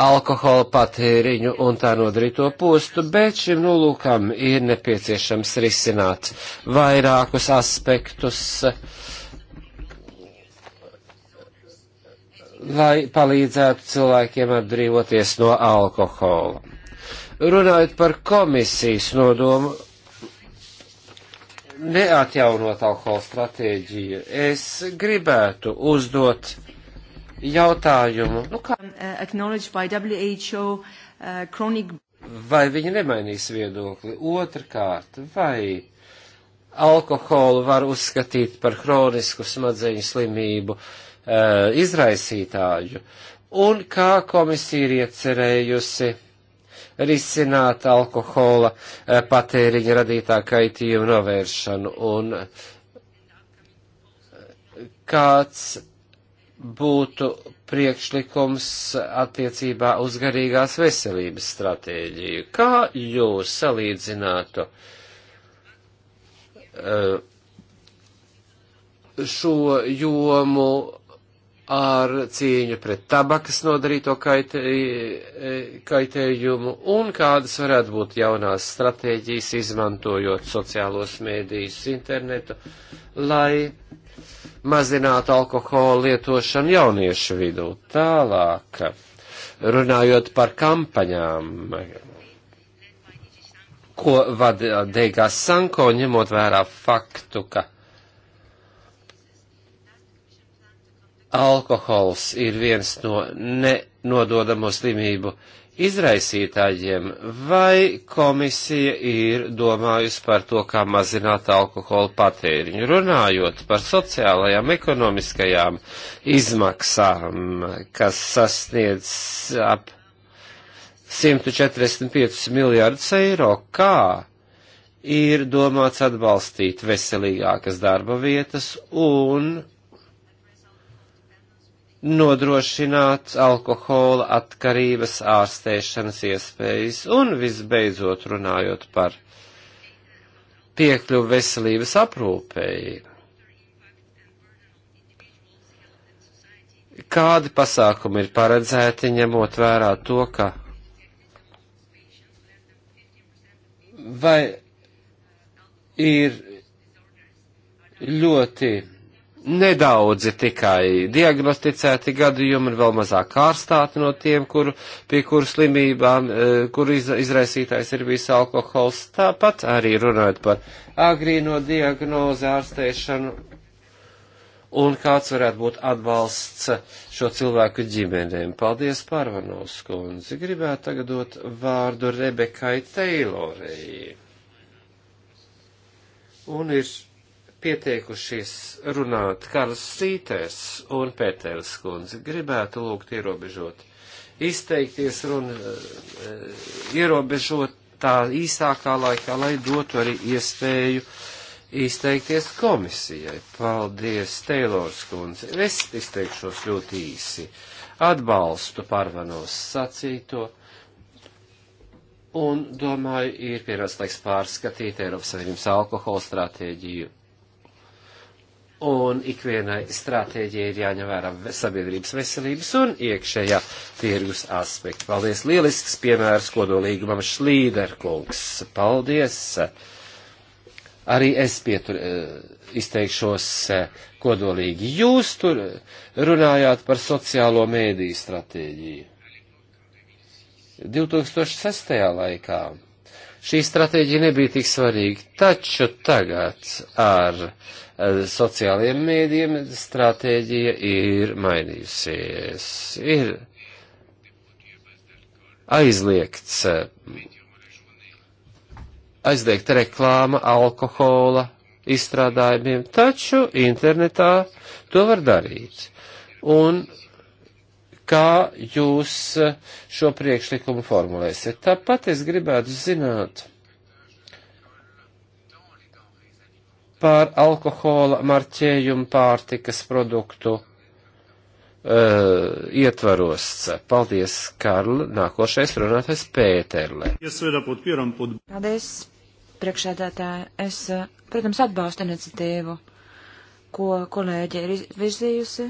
alkohola patēriņu un tā nodarīto postu, bet šim nolūkam ir nepieciešams risināt vairākus aspektus, lai palīdzētu cilvēkiem atbrīvoties no alkohola. Runājot par komisijas nodomu neatjaunot alkohola stratēģiju, es gribētu uzdot jautājumu, nu kā, um, uh, WHO, uh, chronic... vai viņi nemainīs viedokli. Otrkārt, vai alkoholu var uzskatīt par hronisku smadzeņu slimību uh, izraisītāju, un kā komisija ir iecerējusi risināt alkohola eh, patēriņa radītā kaitījuma novēršanu un eh, kāds būtu priekšlikums attiecībā uz garīgās veselības stratēģiju. Kā jūs salīdzinātu eh, šo jomu ar cīņu pret tabakas nodarīto kaitē, e, kaitējumu un kādas varētu būt jaunās stratēģijas, izmantojot sociālos mēdījus, internetu, lai mazinātu alkohola lietošanu jauniešu vidū. Tālāk, runājot par kampaņām, ko vada Degas Sanko, ņemot vērā faktu, ka alkohols ir viens no nenododamo slimību izraisītājiem, vai komisija ir domājusi par to, kā mazināt alkohola patēriņu, runājot par sociālajām, ekonomiskajām izmaksām, kas sasniedz ap 145 miljārdus eiro, kā ir domāts atbalstīt veselīgākas darba vietas un nodrošināt alkohola atkarības ārstēšanas iespējas un visbeidzot runājot par piekļuvu veselības aprūpēji. Kādi pasākumi ir paredzēti, ņemot vērā to, ka vai ir ļoti nedaudzi tikai diagnosticēti gadījumi un vēl mazāk kārstāti no tiem, kur, pie kuru slimībām, eh, kur iz, izraisītājs ir bijis alkohols. Tāpat arī runājot par agrīno diagnozi, ārstēšanu un kāds varētu būt atbalsts šo cilvēku ģimenēm. Paldies, Pārvanovs kundze. Gribētu tagad dot vārdu Rebekai Teilorei. Un ir pieteikušies runāt Karls Sīters un Pēters Kundze. Gribētu lūgt ierobežot, izteikties runa, eh, ierobežot tā īsākā laikā, lai dotu arī iespēju izteikties komisijai. Paldies, Teilors Kundze. Es izteikšos ļoti īsi. Atbalstu parvanos sacīto un domāju, ir pienācis laiks pārskatīt Eiropas Savienības alkohola stratēģiju un ikvienai stratēģijai ir jāņem vērā sabiedrības veselības un iekšējā tirgus aspekti. Paldies! Lielisks piemērs kodolīgumam Šlīderkungs. Paldies! Arī es pietur, eh, izteikšos eh, kodolīgi. Jūs tur runājāt par sociālo mēdīju stratēģiju. 2006. laikā šī stratēģija nebija tik svarīga. Taču tagad ar eh, sociālajiem mēdiem stratēģija ir mainījusies. Ir aizliegts, eh, aizliegta reklāma alkohola izstrādājumiem, taču internetā to var darīt. Un kā jūs eh, šo priekšlikumu formulēsiet. Tāpat es gribētu zināt par alkohola marķējumu pārtikas produktu uh, ietvaros. Paldies, Karl. Nākošais runātais Pēterle. Paldies, priekšēdētāji. Es, eh, protams, atbalstu iniciatīvu, ko kolēģi ir izvirzījusi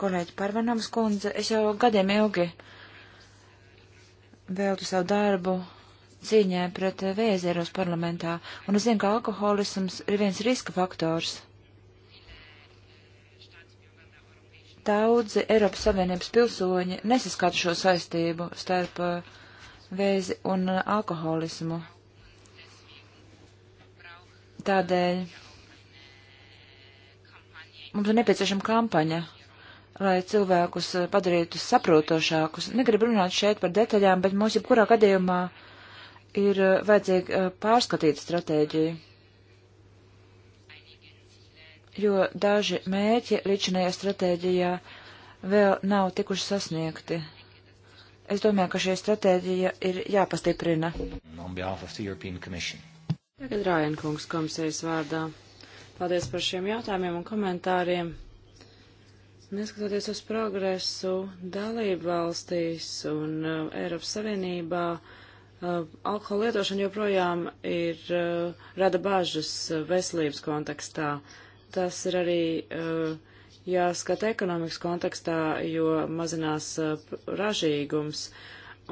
kolēģi Parvanams kundze, es jau gadiem ilgi veltu savu darbu cīņā pret vēzi Eiropas parlamentā, un es zinu, ka alkoholisms ir viens riska faktors. Daudzi Eiropas Savienības pilsoņi nesaskata šo saistību starp uh, vēzi un uh, alkoholismu. Tādēļ mums ir nepieciešama kampaņa, lai cilvēkus eh, padarītu saprotošākus. Negribu runāt šeit par detaļām, bet mums jebkurā gadījumā ir eh, vajadzīga eh, pārskatīt stratēģiju. Jo daži mērķi līdzinējā stratēģijā vēl nav tikuši sasniegti. Es domāju, ka šī stratēģija ir jāpastiprina. Tagad Rājankungs komisijas vārdā. Paldies par šiem jautājumiem un komentāriem. Neskatoties uz progresu dalību valstīs un uh, Eiropas Savienībā, uh, alkohola lietošana joprojām ir, uh, rada bažas uh, veselības kontekstā. Tas ir arī uh, jāskata ekonomikas kontekstā, jo mazinās uh, ražīgums.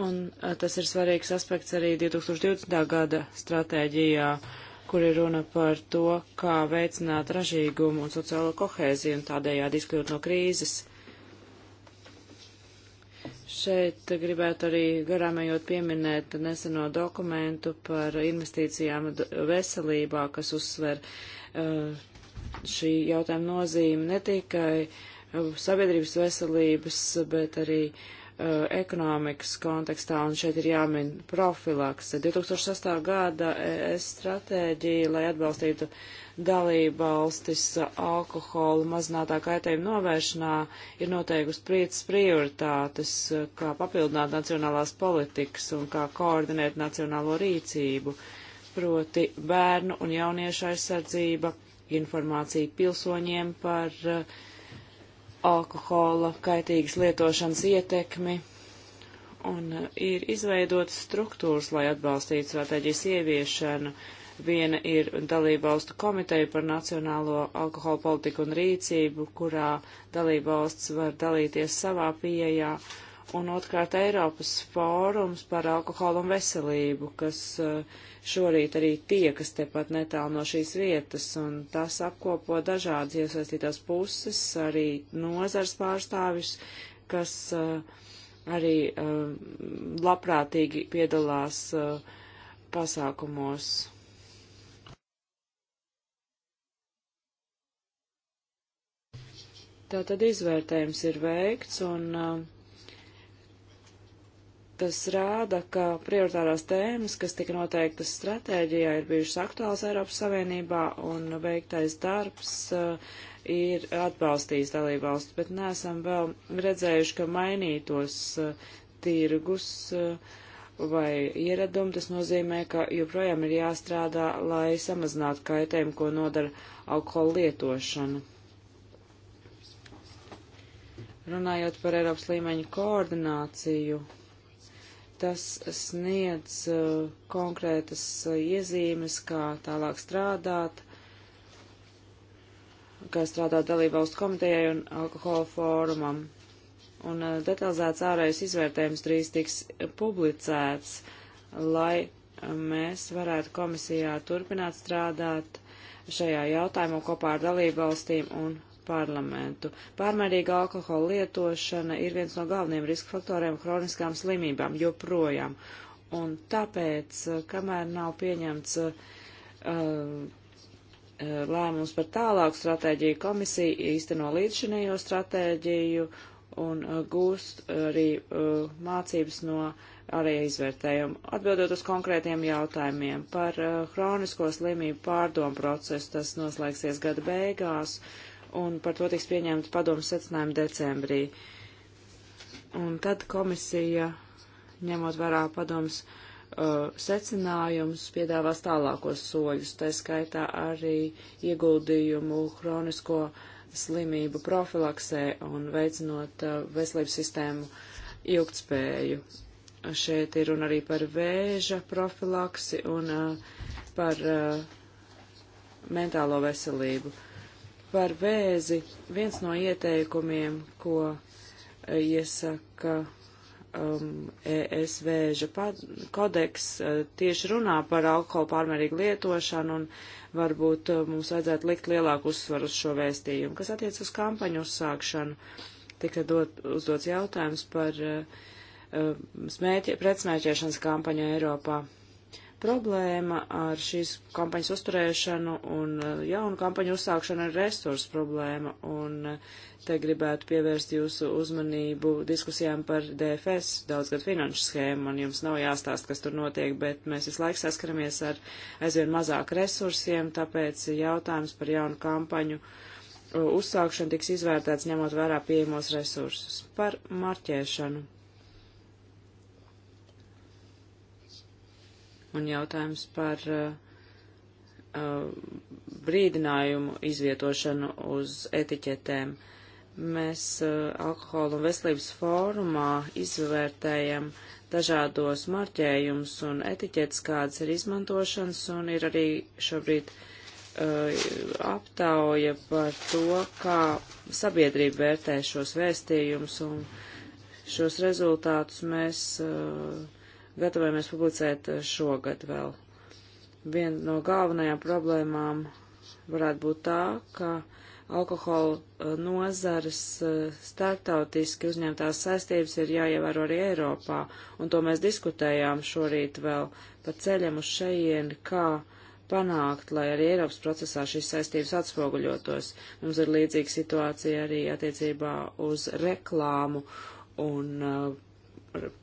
Un uh, tas ir svarīgs aspekts arī 2020. gada stratēģijā. Uh, kur ir runa par to, kā veicināt ražīgumu un sociālo kohēziju un tādējādi izkļūt no krīzes. Šeit gribētu arī garām ejot pieminēt neseno dokumentu par investīcijām veselībā, kas uzsver uh, šī jautājuma nozīme ne tikai uh, sabiedrības veselības, bet arī uh, Eh, ekonomikas kontekstā, un šeit ir jāmin profilakse. 2006. gada ES stratēģija, lai atbalstītu dalību valstis alkoholu mazinātā kaitējuma novēršanā, ir noteikusi priecas prioritātes, eh, kā papildināt nacionālās politikas un kā koordinēt nacionālo rīcību, proti bērnu un jauniešu aizsardzība, informācija pilsoņiem par uh, alkohola kaitīgas lietošanas ietekmi, un uh, ir izveidotas struktūras, lai atbalstītu stratēģijas ieviešanu. Viena ir dalībvalstu komiteja par nacionālo alkohola politiku un rīcību, kurā dalībvalsts var dalīties savā pieejā un otrkārt Eiropas fórums par alkoholu un veselību, kas eh, šorīt arī tiekas tepat netālu no šīs vietas, un tas apkopo dažādas iesaistītās puses, arī nozars pārstāvis, kas eh, arī eh, labprātīgi piedalās pasākumos. Tātad izvērtējums ir veikts, un uh, Tas rāda, ka prioritārās tēmas, kas tika noteiktas stratēģijā, ir bijušas aktuāls Eiropas Savienībā un veiktais darbs uh, ir atbalstījis dalībvalsts, bet neesam vēl redzējuši, ka mainītos uh, tirgus uh, vai ieradumi. Tas nozīmē, ka joprojām ir jāstrādā, lai samazinātu kaitējumu, ko nodara alkohola lietošana. Runājot par Eiropas līmeņa koordināciju, Tas sniedz uh, konkrētas uh, iezīmes, kā tālāk strādāt, kā strādāt dalībvalstu komitejai un alkohola fórumam. Un uh, detalizēts ārējais izvērtējums drīz tiks publicēts, lai uh, mēs varētu komisijā turpināt strādāt šajā jautājumā kopā ar dalībvalstīm un parlamentu. Pārmērīga alkohola lietošana ir viens no galvenajiem riska faktoriem kroniskām slimībām joprojām. Un tāpēc, eh, kamēr nav pieņemts uh, lēmums par tālāku stratēģiju, komisija īsteno līdzšinējo stratēģiju un uh, gūst arī uh, mācības no arī izvērtējumu. Atbildot uz konkrētiem jautājumiem par uh, hronisko slimību pārdomu procesu, tas noslēgsies gada beigās. Uh, un par to tiks pieņemta padomu secinājuma decembrī. Un tad komisija, ņemot vērā padomus uh, secinājumus, piedāvās tālākos soļus, tā skaitā arī ieguldījumu hronisko slimību profilaksē un veicinot uh, veselības sistēmu ilgtspēju. Šeit ir un arī par vēža profilaksi un uh, par uh, mentālo veselību. Uh, Par vēzi viens no ieteikumiem, ko e, iesaka um, ES vēža kodeks, e, tieši runā par alkohola pārmērīgu lietošanu un varbūt e, mums vajadzētu likt lielāku uzsvaru uz šo vēstījumu. Kas attiec uz kampaņu uzsākšanu, tika dot, uzdots jautājums par uh, smēķi, pretsmēķēšanas kampaņu Eiropā. Problēma ar šīs kampaņas uzturēšanu un eh, jaunu kampaņu uzsākšanu ir resursu problēma, un eh, te gribētu pievērst jūsu uzmanību diskusijām par DFS daudzgad finanšu schēmu, un jums nav jāstāst, kas tur notiek, bet mēs visu laiku saskaramies ar aizvien mazāk resursiem, tāpēc jautājums par jaunu kampaņu eh, uzsākšanu tiks izvērtēts ņemot vērā pieejamos resursus. Par marķēšanu un jautājums par uh, uh, brīdinājumu izvietošanu uz etiķetēm. Mēs uh, alkohola un veselības fórumā izvērtējam dažādos marķējumus un etiķetes, kādas ir izmantošanas, un ir arī šobrīd uh, aptauja par to, kā sabiedrība vērtē šos vēstījumus, un šos rezultātus mēs uh, gatavojamies publicēt eh, šogad vēl. Viena no galvenajām problēmām varētu būt tā, ka alkohola eh, nozares eh, startautiski uzņemtās saistības ir jāievēro arī Eiropā, un to mēs diskutējām šorīt vēl pa ceļam uz šejienu, kā panākt, lai arī Eiropas procesā šīs saistības atspoguļotos. Mums ir līdzīga situācija arī attiecībā uz reklāmu un uh,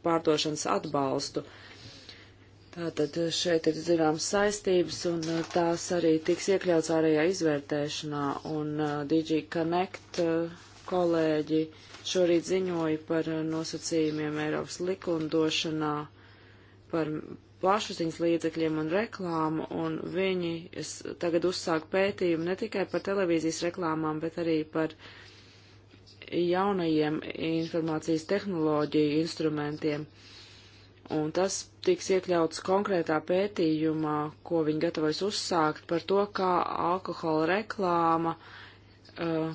pārdošanas atbalstu. Tātad šeit ir zināmas saistības, un uh, tās arī tiks iekļauts ārējā izvērtēšanā, un uh, DG Connect uh, kolēģi šorīt ziņoja par uh, nosacījumiem Eiropas likumdošanā par plašsaziņas līdzekļiem un reklāmu, un viņi tagad uzsāk pētījumu ne tikai par televīzijas reklāmām, bet arī par uh, jaunajiem informācijas tehnoloģiju instrumentiem. Un tas tiks iekļauts konkrētā pētījumā, ko viņi gatavojas uzsākt par to, kā alkohola reklāma uh,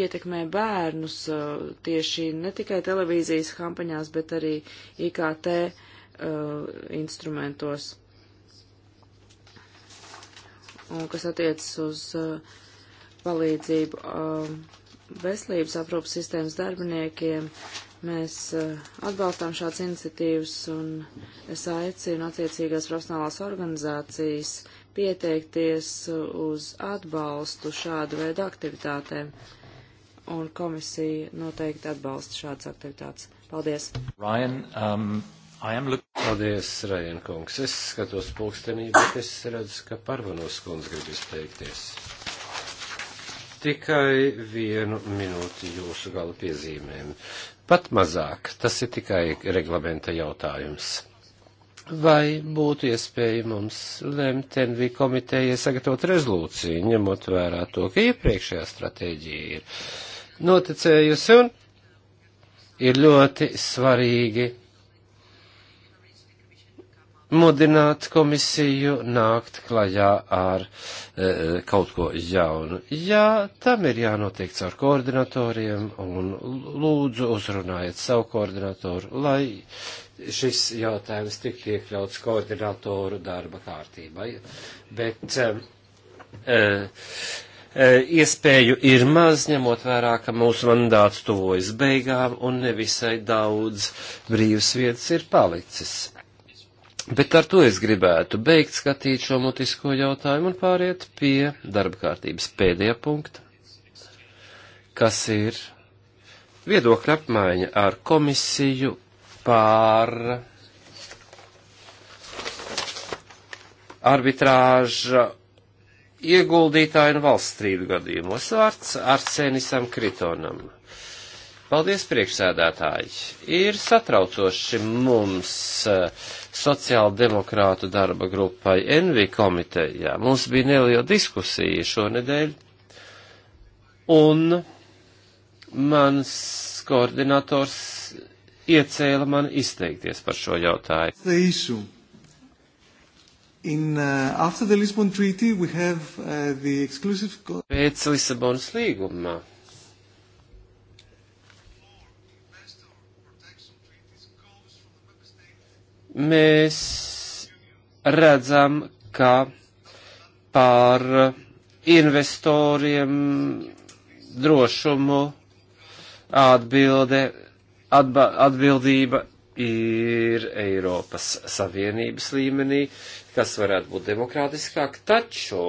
ietekmē bērnus uh, tieši ne tikai televīzijas kampaņās, bet arī IKT uh, instrumentos. Un kas attiecas uz uh, palīdzību. Uh, veselības aprūpas sistēmas darbiniekiem. Mēs eh, atbalstām šādas iniciatīvas un es aicinu attiecīgās profesionālās organizācijas pieteikties uz atbalstu šādu veidu aktivitātēm. Un komisija noteikti atbalsta šādas aktivitātes. Paldies! Ryan, um, look... Paldies, Rajan kungs. Es skatos pulkstenī, bet es redzu, ka Parvanos kungs grib izteikties tikai vienu minūti jūsu gala piezīmēm. Pat mazāk, tas ir tikai reglamenta jautājums. Vai būtu iespēja mums lemt NV komitejai sagatavot rezolūciju, ņemot vērā to, ka iepriekšējā stratēģija ir noticējusi un ir ļoti svarīgi mudināt komisiju nākt klajā ar e, kaut ko jaunu. Jā, tam ir jānotiek caur koordinatoriem un lūdzu uzrunājiet savu koordinatoru, lai šis jautājums tiktu iekļauts koordinatoru darba kārtībai. Bet e, e, e, iespēju ir maz, ņemot vērā, ka mūsu mandāts tuvojas beigām un nevisai daudz brīvas vietas ir palicis Bet ar to es gribētu beigt skatīt šo mutisko jautājumu un pāriet pie darba kārtības pēdējā punkta, kas ir viedokļa apmaiņa ar komisiju pār arbitrāža ieguldītāju un valsts strīdu gadījumos vārds Arsenisam Kritonam. Uh, Paldies, priekšsēdētāji. Ir satraucoši mums eh, sociāldemokrātu darba grupai Envi komitejā. Mums bija neliela diskusija šonedēļ, un mans koordinators iecēla man izteikties par šo jautājumu. In, uh, Treaty, have, uh, exclusive... Pēc Lisabonas līguma mēs redzam, ka par investoriem drošumu atbilde, atba, atbildība ir Eiropas Savienības līmenī, kas varētu būt demokrātiskāk, taču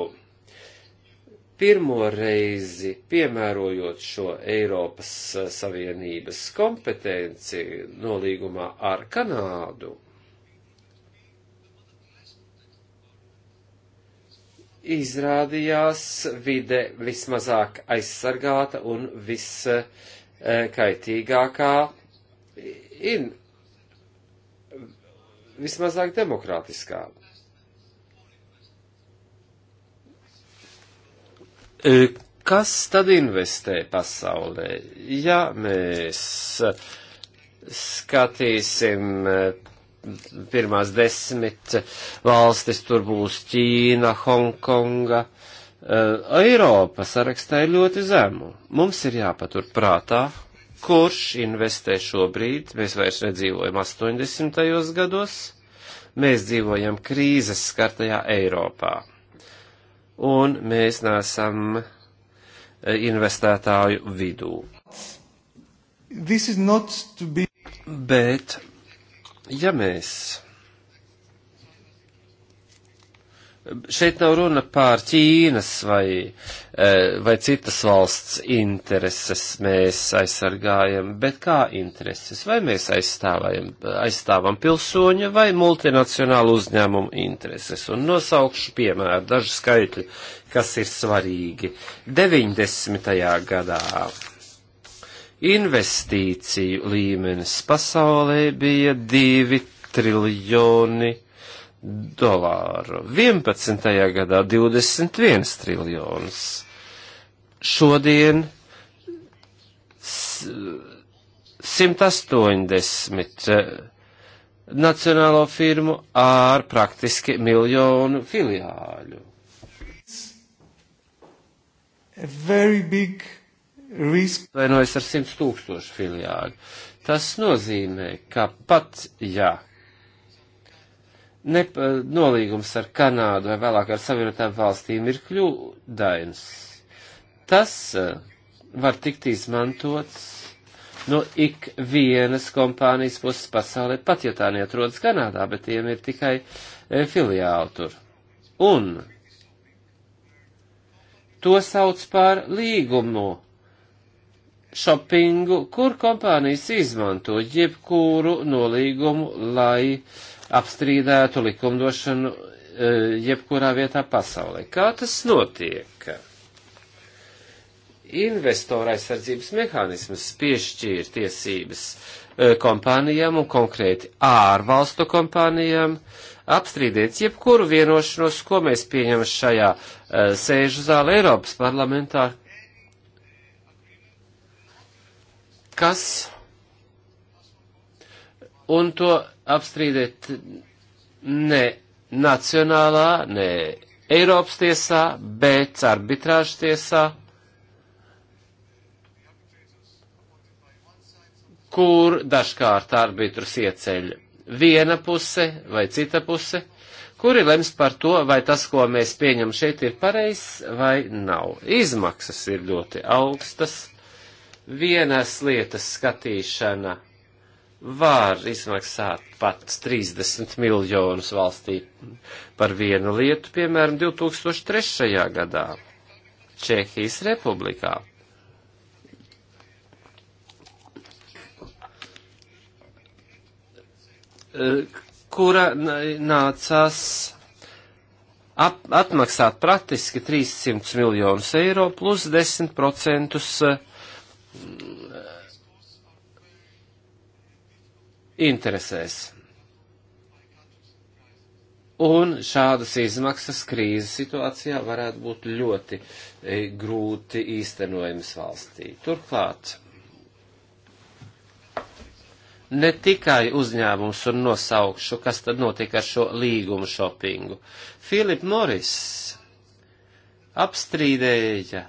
pirmo reizi piemērojot šo Eiropas Savienības kompetenci nolīgumā ar Kanādu, izrādījās vide vismazāk aizsargāta un viskaitīgākā in, vismazāk demokrātiskā. E, kas tad investē pasaulē? Ja mēs skatīsim e, pirmās desmit valstis, tur būs Ķīna, Hongkonga. Eh, Eiropa sarakstā ir ļoti zemu. Mums ir jāpatur prātā, kurš investē šobrīd. Mēs vairs nedzīvojam 80. gados, mēs dzīvojam krīzes skartajā Eiropā. Un mēs nesam eh, investētāju vidū. Be... Bet Ja mēs šeit nav runa pār Ķīnas vai, eh, vai citas valsts intereses mēs aizsargājam, bet kā intereses? Vai mēs aizstāvājam, aizstāvam pilsoņu vai multinacionālu uzņēmumu intereses? Un nosaukšu piemēru daži skaitļi, kas ir svarīgi. 90. gadā investīciju līmenis pasaulē bija 2 triljoni dolāru, 11. gadā 21 triljonus. Šodien 180 nacionālo firmu ar praktiski miljonu filiāļu. A very big risk. Vainojas ar 100 tūkstošu filiāļu. Tas nozīmē, ka pat, ja ne, nolīgums ar Kanādu vai vēlāk ar savienotām valstīm ir kļūdains, tas eh, var tikt izmantots no ik vienas kompānijas puses pasaulē, pat ja tā neatrodas Kanādā, bet tiem ir tikai eh, filiāli tur. Un to sauc par līgumu shoppingu, kur kompānijas izmanto jebkuru nolīgumu, lai apstrīdētu likumdošanu e, jebkurā vietā pasaulē. Kā tas notiek? Investora aizsardzības mehānisms piešķīr tiesības e, kompānijām un konkrēti ārvalstu kompānijām apstrīdēt jebkuru vienošanos, ko mēs pieņemam šajā e, sēžu zālē Eiropas parlamentā kas un to apstrīdēt ne nacionālā, ne Eiropas tiesā, bet arbitrāžu tiesā, kur dažkārt arbitrus ieceļ viena puse vai cita puse, kuri lems par to, vai tas, ko mēs pieņem šeit, ir pareizs vai nav. Izmaksas ir ļoti augstas vienas lietas skatīšana var izmaksāt pat 30 miljonus valstī par vienu lietu, piemēram, 2003. gadā Čehijas republikā. kura nācās ap, atmaksāt praktiski 300 miljonus eiro plus 10% interesēs. Un šādas izmaksas krīzes situācijā varētu būt ļoti e, grūti īstenojamas valstī. Turklāt ne tikai uzņēmums un nosaukšu, kas tad notika ar šo līgumu šopingu. Filip Moris apstrīdēja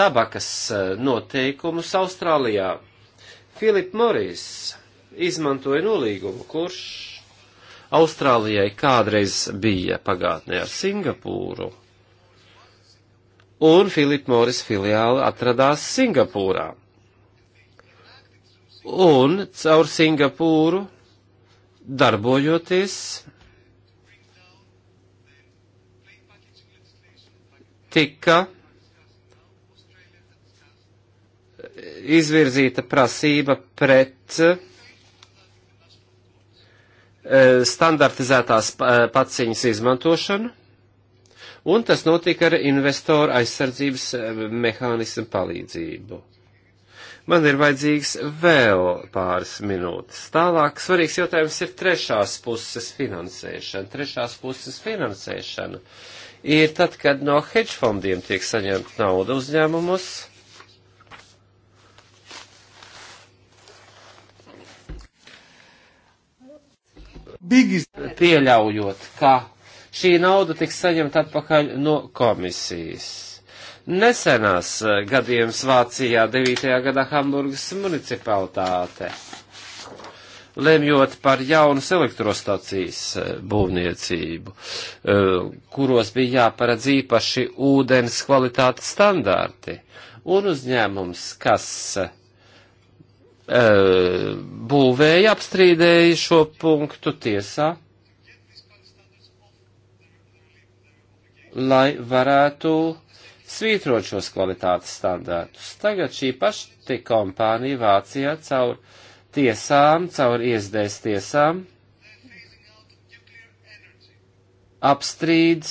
tabakas eh, noteikumus Austrālijā. Filip Morijs izmantoja nolīgumu, kurš Austrālijai kādreiz bija pagātnē ar Singapūru, un Filip Moris filiāli atradās Singapūrā. Un caur Singapūru darbojoties tika izvirzīta prasība pret eh, standartizētās eh, paciņas izmantošanu, un tas notika ar investoru aizsardzības eh, mehānismu palīdzību. Man ir vajadzīgs vēl pāris minūtes. Tālāk svarīgs jautājums ir trešās puses finansēšana. Trešās puses finansēšana ir tad, kad no hedge fondiem tiek saņemta nauda uzņēmumus pieļaujot, ka šī nauda tiks saņemta atpakaļ no komisijas. Nesenās eh, gadījums Vācijā 9. gadā Hamburgas municipalitāte, lemjot par jaunas elektrostacijas eh, būvniecību, eh, kuros bija jāparedz īpaši ūdens kvalitātes standarti, un uzņēmums, kas Eh, būvēja apstrīdēja šo punktu tiesā, lai varētu svītrot šos kvalitātes standārtus. Tagad šī paša te kompānija Vācijā caur tiesām, caur iesdēs tiesām apstrīd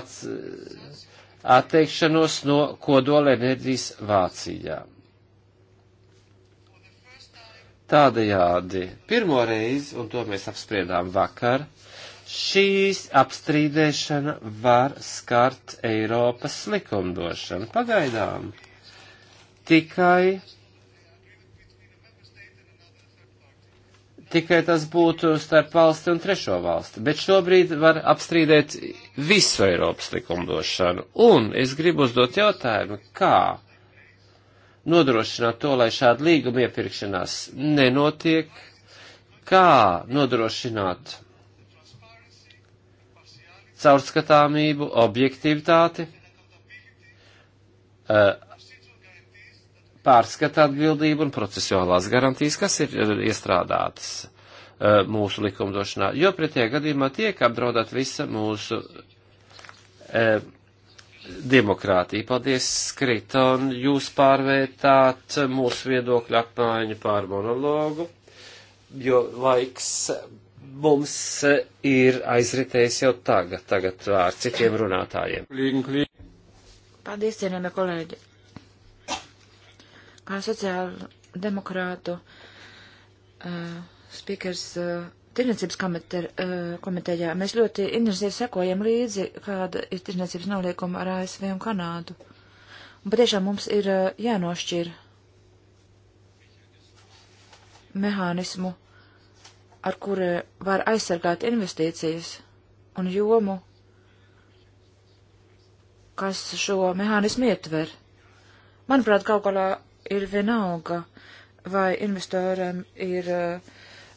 at, atteikšanos no kodola enerģijas Vācijā. Tādējādi pirmo reizi, un to mēs apspriedām vakar, šīs apstrīdēšana var skart Eiropas likumdošanu. Pagaidām tikai, tikai tas būtu starp valsti un trešo valsti, bet šobrīd var apstrīdēt visu Eiropas likumdošanu. Un es gribu uzdot jautājumu, kā? nodrošināt to, lai šāda līguma iepirkšanās nenotiek, kā nodrošināt caurskatāmību, objektivitāti, eh, pārskata atbildību un procesuālās garantijas, kas ir eh, iestrādātas eh, mūsu likumdošanā, jo pretie gadījumā tiek apdraudēt visa mūsu demokrātija. Paldies, Skriton, jūs pārvērtāt mūsu viedokļu apmaiņu pār monologu, jo laiks mums ir aizritējis jau tagad, tagad ar citiem runātājiem. Paldies, cienījamie kolēģi. Kā sociāla demokrātu uh, eh, spīkers uh, eh, Tirniecības uh, komitejā mēs ļoti intensīvi sekojam līdzi, kāda ir tirniecības noliekuma ar ASV un Kanādu. Un patiešām mums ir uh, jānošķir mehānismu, ar kuru var aizsargāt investīcijas un jomu, kas šo mehānismu ietver. Manuprāt, kaut kādā ir vienalga, vai investoram ir uh,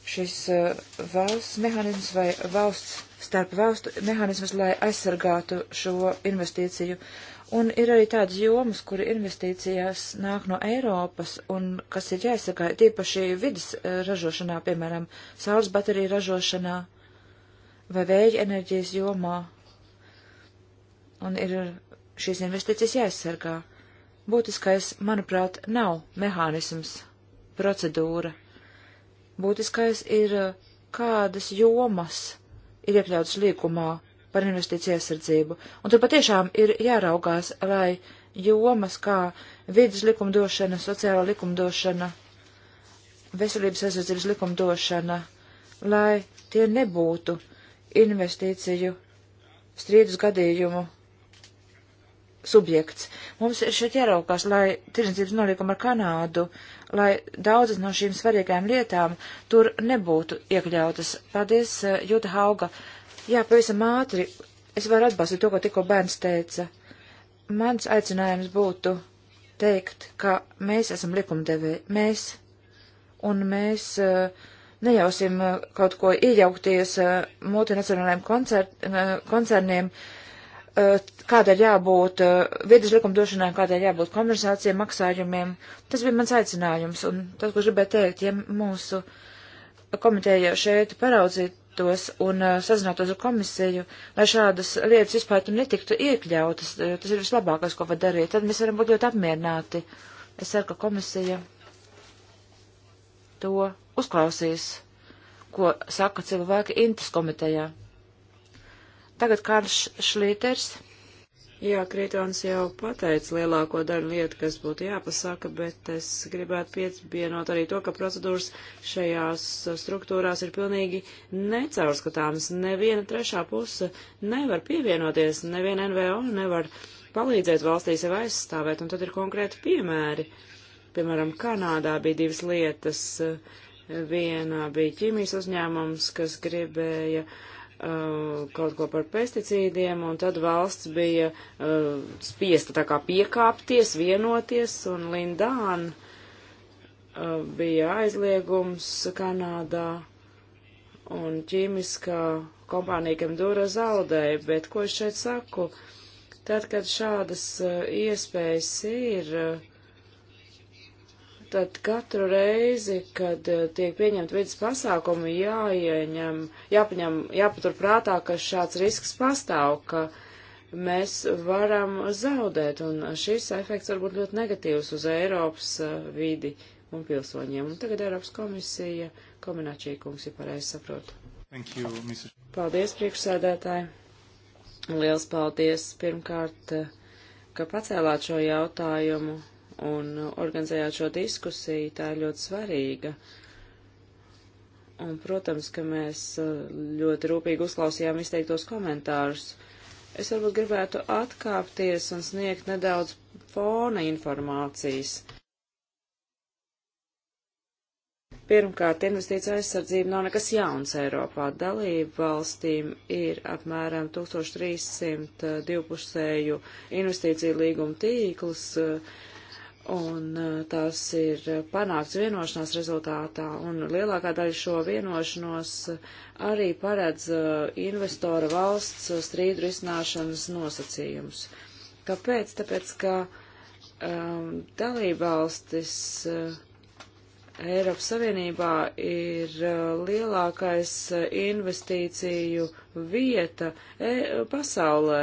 šis eh, valsts mehānisms vai valsts starp valstu mehānisms, lai aizsargātu šo investīciju. Un ir arī tādas jomas, kur investīcijās nāk no Eiropas un kas ir jāizsargā, tīpaši vidas eh, ražošanā, piemēram, saules bateriju ražošanā vai vēja enerģijas jomā. Un ir šīs investīcijas jāizsargā. Būtiskais, manuprāt, nav mehānisms, procedūra Būtiskais ir, eh, kādas jomas ir iekļautas līkumā par investīciju aizsardzību. Un tur patiešām ir jāraugās, lai jomas kā vidas likumdošana, sociāla likumdošana, veselības aizsardzības likumdošana, lai tie nebūtu investīciju strīdus gadījumu subjekts. Mums ir šeit jāraukās, lai tirdzniecības nolīguma ar Kanādu, lai daudzas no šīm svarīgām lietām tur nebūtu iekļautas. Paldies, eh, Jūta Hauga. Jā, pavisam ātri. Es varu atbalstīt to, ko tikko bērns teica. Mans aicinājums būtu teikt, ka mēs esam likumdevēji. Mēs. Un mēs. Uh, nejausim eh, kaut ko iejaukties multinacionālajiem koncerniem, Eh, kādēļ jābūt eh, vidas likumdošanai, kādēļ jābūt kompensācijai maksājumiem. Tas bija mans aicinājums, un tas, ko gribēju teikt, ja mūsu komiteja šeit paraudzītos un eh, sazinātos ar komisiju, lai šādas lietas vispār netiktu iekļautas, tas ir vislabākais, ko var darīt, tad mēs varam būt ļoti apmierināti. Es ceru, ka komisija to uzklausīs, ko saka cilvēki Intas komitejā. Tagad Kārls Šlīters. Jā, Kritons jau pateica lielāko daļu lietu, kas būtu jāpasaka, bet es gribētu pietbienot arī to, ka procedūras šajās struktūrās ir pilnīgi necaurskatāmas. Neviena trešā puse nevar pievienoties, neviena NVO nevar palīdzēt valstī sev aizstāvēt, un tad ir konkrēti piemēri. Piemēram, Kanādā bija divas lietas. Viena bija ķīmijas uzņēmums, kas gribēja uh, Uh, kaut ko par pesticīdiem, un tad valsts bija uh, spiesta tā kā piekāpties, vienoties, un Lindān uh, bija aizliegums Kanādā, un ķīmiskā kompānija Kemdura zaudēja, bet ko es šeit saku? Tad, kad šādas uh, iespējas ir, uh, tad katru reizi, kad eh, tiek pieņemta vidas pasākumi, jāieņem, jāpaņem, jāpatur prātā, ka šāds risks pastāv, ka mēs varam zaudēt, un šis efekts var būt ļoti negatīvs uz Eiropas eh, vidi un pilsoņiem. Un tagad Eiropas komisija, Komināčī kungs, ja pareizi saprotu. Thank you, Mr. Paldies, priekšsēdētāji. Liels paldies pirmkārt, eh, ka pacēlāt šo jautājumu un organizējāt šo diskusiju, tā ir ļoti svarīga. Un, protams, ka mēs uh, ļoti rūpīgi uzklausījām izteiktos komentārus. Es varbūt gribētu atkāpties un sniegt nedaudz fona informācijas. Pirmkārt, investīcija aizsardzība nav nekas jauns Eiropā. Dalību valstīm ir apmēram 1300 divpusēju investīciju līgumu tīklus, uh, un eh, tās ir panākts vienošanās rezultātā, un lielākā daļa šo vienošanos eh, arī paredz eh, investora valsts strīdu risināšanas nosacījumus. Kāpēc? Tāpēc, ka um, dalībvalstis uh, Eiropas Savienībā ir uh, lielākais investīciju vieta e pasaulē.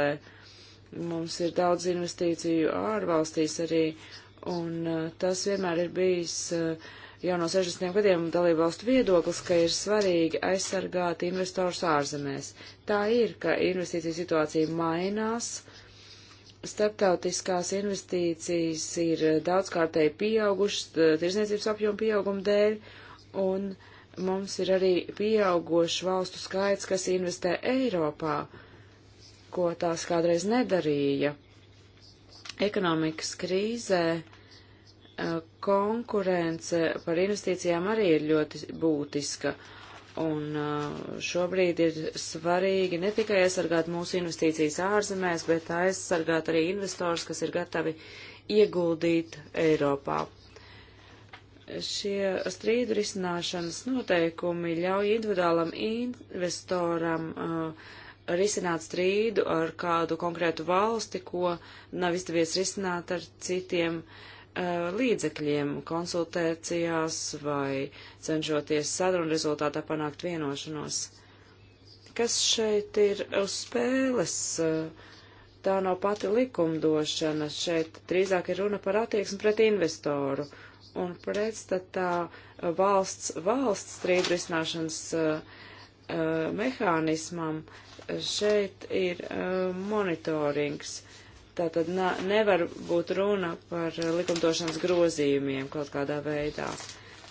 Mums ir daudz investīciju ārvalstīs arī, uh, Un uh, tas vienmēr ir bijis uh, jau no 60 gadiem dalībvalstu viedoklis, ka ir svarīgi aizsargāt investors ārzemēs. Tā ir, ka investīcija situācija mainās. Starptautiskās investīcijas ir uh, daudzkārtēji pieaugušas, tirzniecības apjoma pieauguma dēļ, un mums ir arī pieaugošs valstu skaits, kas investē Eiropā, ko tās kādreiz nedarīja ekonomikas krīzē eh, konkurence par investīcijām arī ir ļoti būtiska. Un eh, šobrīd ir svarīgi ne tikai aizsargāt mūsu investīcijas ārzemēs, bet aizsargāt arī investors, kas ir gatavi ieguldīt Eiropā. Šie strīdu risināšanas noteikumi ļauj individuālam investoram uh, risināt strīdu ar kādu konkrētu valsti, ko nav izdevies risināt ar citiem uh, līdzekļiem, konsultācijās vai cenšoties sarunu rezultātā panākt vienošanos. Kas šeit ir uz spēles? Uh, tā nav pati likumdošana. Šeit drīzāk ir runa par attieksmi pret investoru un pretstatā valsts, valsts strīdu risināšanas uh, uh, mehānismam eh, šeit ir uh, monitorings. Tātad na, nevar būt runa par likumdošanas grozījumiem kaut kādā veidā.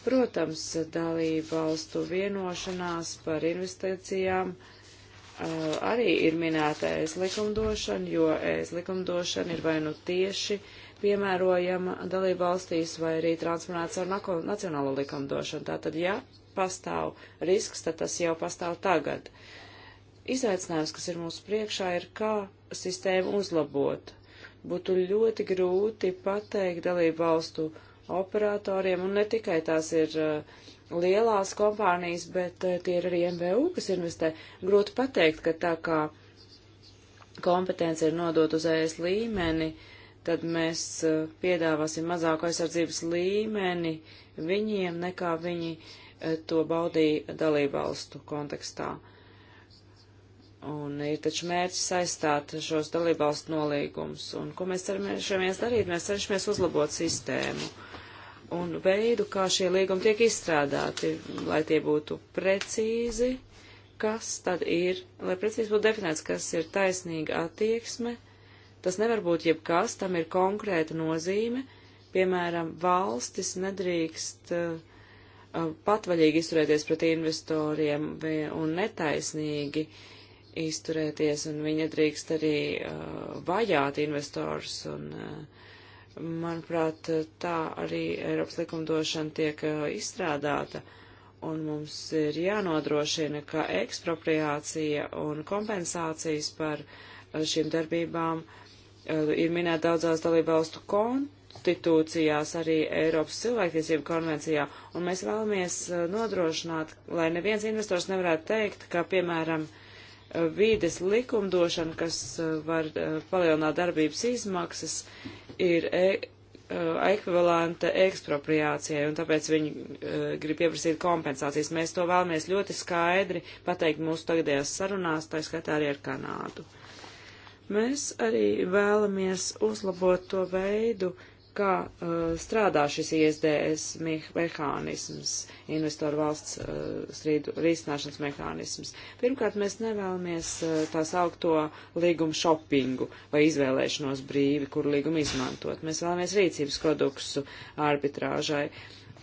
Protams, dalība valstu vienošanās par investīcijām uh, arī ir minēta ēs likumdošana, jo ēs likumdošana ir vai nu tieši piemērojama dalība valstīs vai arī transformēta ar nacionālo likumdošanu. Tātad, ja pastāv risks, tad tas jau pastāv tagad. Izaicinājums, kas ir mūsu priekšā, ir kā sistēmu uzlabot. Būtu ļoti grūti pateikt dalību valstu operatoriem, un ne tikai tās ir uh, lielās kompānijas, bet uh, tie ir arī MVU, kas investē. Grūti pateikt, ka tā kā kompetence ir nodot uz ES līmeni, tad mēs uh, piedāvāsim mazāku aizsardzības līmeni viņiem, nekā viņi uh, Eh, to baudīja dalībvalstu kontekstā. Un ir taču mērķis saistāt šos dalībvalstu nolīgumus. Un ko mēs cenšamies darīt? Mēs cenšamies uzlabot sistēmu un veidu, kā šie līgumi tiek izstrādāti, lai tie būtu precīzi, kas tad ir, lai precīzi būtu definēts, kas ir taisnīga attieksme. Tas nevar būt jebkas, tam ir konkrēta nozīme. Piemēram, valstis nedrīkst uh, Uh, patvaļīgi izturēties pret investoriem un netaisnīgi izturēties, un viņa drīkst arī uh, vajāt investors. Un, uh, manuprāt, tā arī Eiropas likumdošana tiek uh, izstrādāta, un mums ir jānodrošina, ka ekspropriācija un kompensācijas par uh, šīm darbībām uh, ir minēta daudzās dalībvalstu kon konstitūcijās, arī Eiropas cilvēktiesību konvencijā, un mēs vēlamies uh, nodrošināt, lai neviens investors nevarētu teikt, ka, piemēram, uh, vīdes likumdošana, kas uh, var palielināt darbības izmaksas, ir e ekvivalenta ekspropriācijai, un tāpēc viņi uh, grib pieprasīt kompensācijas. Mēs to vēlamies ļoti skaidri pateikt mūsu tagadējās sarunās, tā skatā arī ar Kanādu. Mēs arī vēlamies uzlabot to veidu, uh, kā uh, strādā šis ISDS mehānisms, investoru valsts uh, strīdu risināšanas mehānisms. Pirmkārt, mēs nevēlamies uh, tā saukto līgumu šopingu vai izvēlēšanos brīvi, kur līgumu izmantot. Mēs vēlamies rīcības kodeksu arbitrāžai,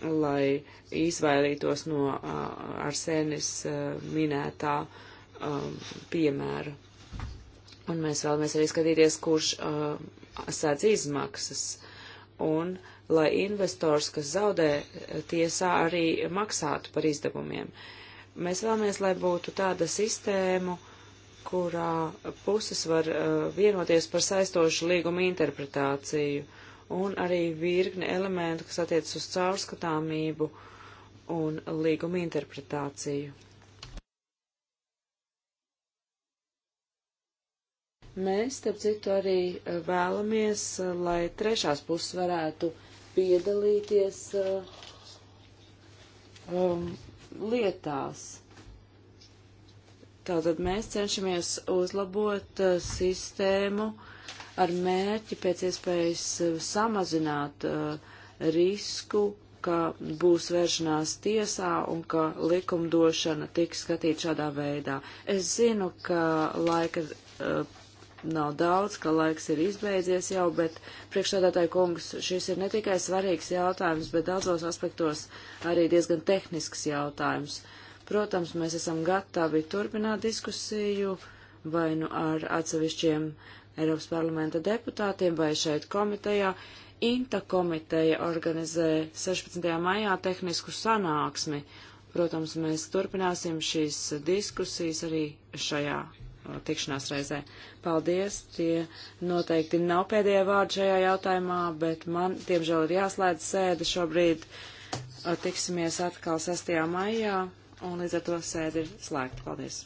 lai izvairītos no uh, Arsenis uh, minētā um, piemēra. Un mēs vēlamies arī skatīties, kurš uh, sēdz izmaksas. Uh, un lai investors, kas zaudē eh, tiesā, arī maksātu par izdevumiem. Mēs vēlamies, lai būtu tāda sistēma, kurā puses var eh, vienoties par saistošu līguma interpretāciju un arī virkni elementu, kas attiec uz caurskatāmību un līguma interpretāciju. Mēs, starp citu, arī e, vēlamies, e, lai trešās puses varētu piedalīties e, um, lietās. Tātad mēs cenšamies uzlabot uh, sistēmu ar mērķi pēc iespējas uh, samazināt uh, risku, ka būs vēršanās tiesā un ka likumdošana tiks skatīt šādā veidā. Es zinu, ka laika nav daudz, ka laiks ir izbeidzies jau, bet priekšsādātāja kungs, šis ir ne tikai svarīgs jautājums, bet daudzos aspektos arī diezgan tehnisks jautājums. Protams, mēs esam gatavi turpināt diskusiju vai nu ar atsevišķiem Eiropas parlamenta deputātiem vai šeit komitejā. Inta komiteja organizē 16. maijā tehnisku sanāksmi. Protams, mēs turpināsim šīs diskusijas arī šajā Uh, tikšanās reizē. Paldies, tie noteikti nav pēdējie vārdi šajā jautājumā, bet man, diemžēl, ir jāslēdz sēde šobrīd. Uh, tiksimies atkal 6. maijā, un līdz ar to sēde ir slēgta. Paldies!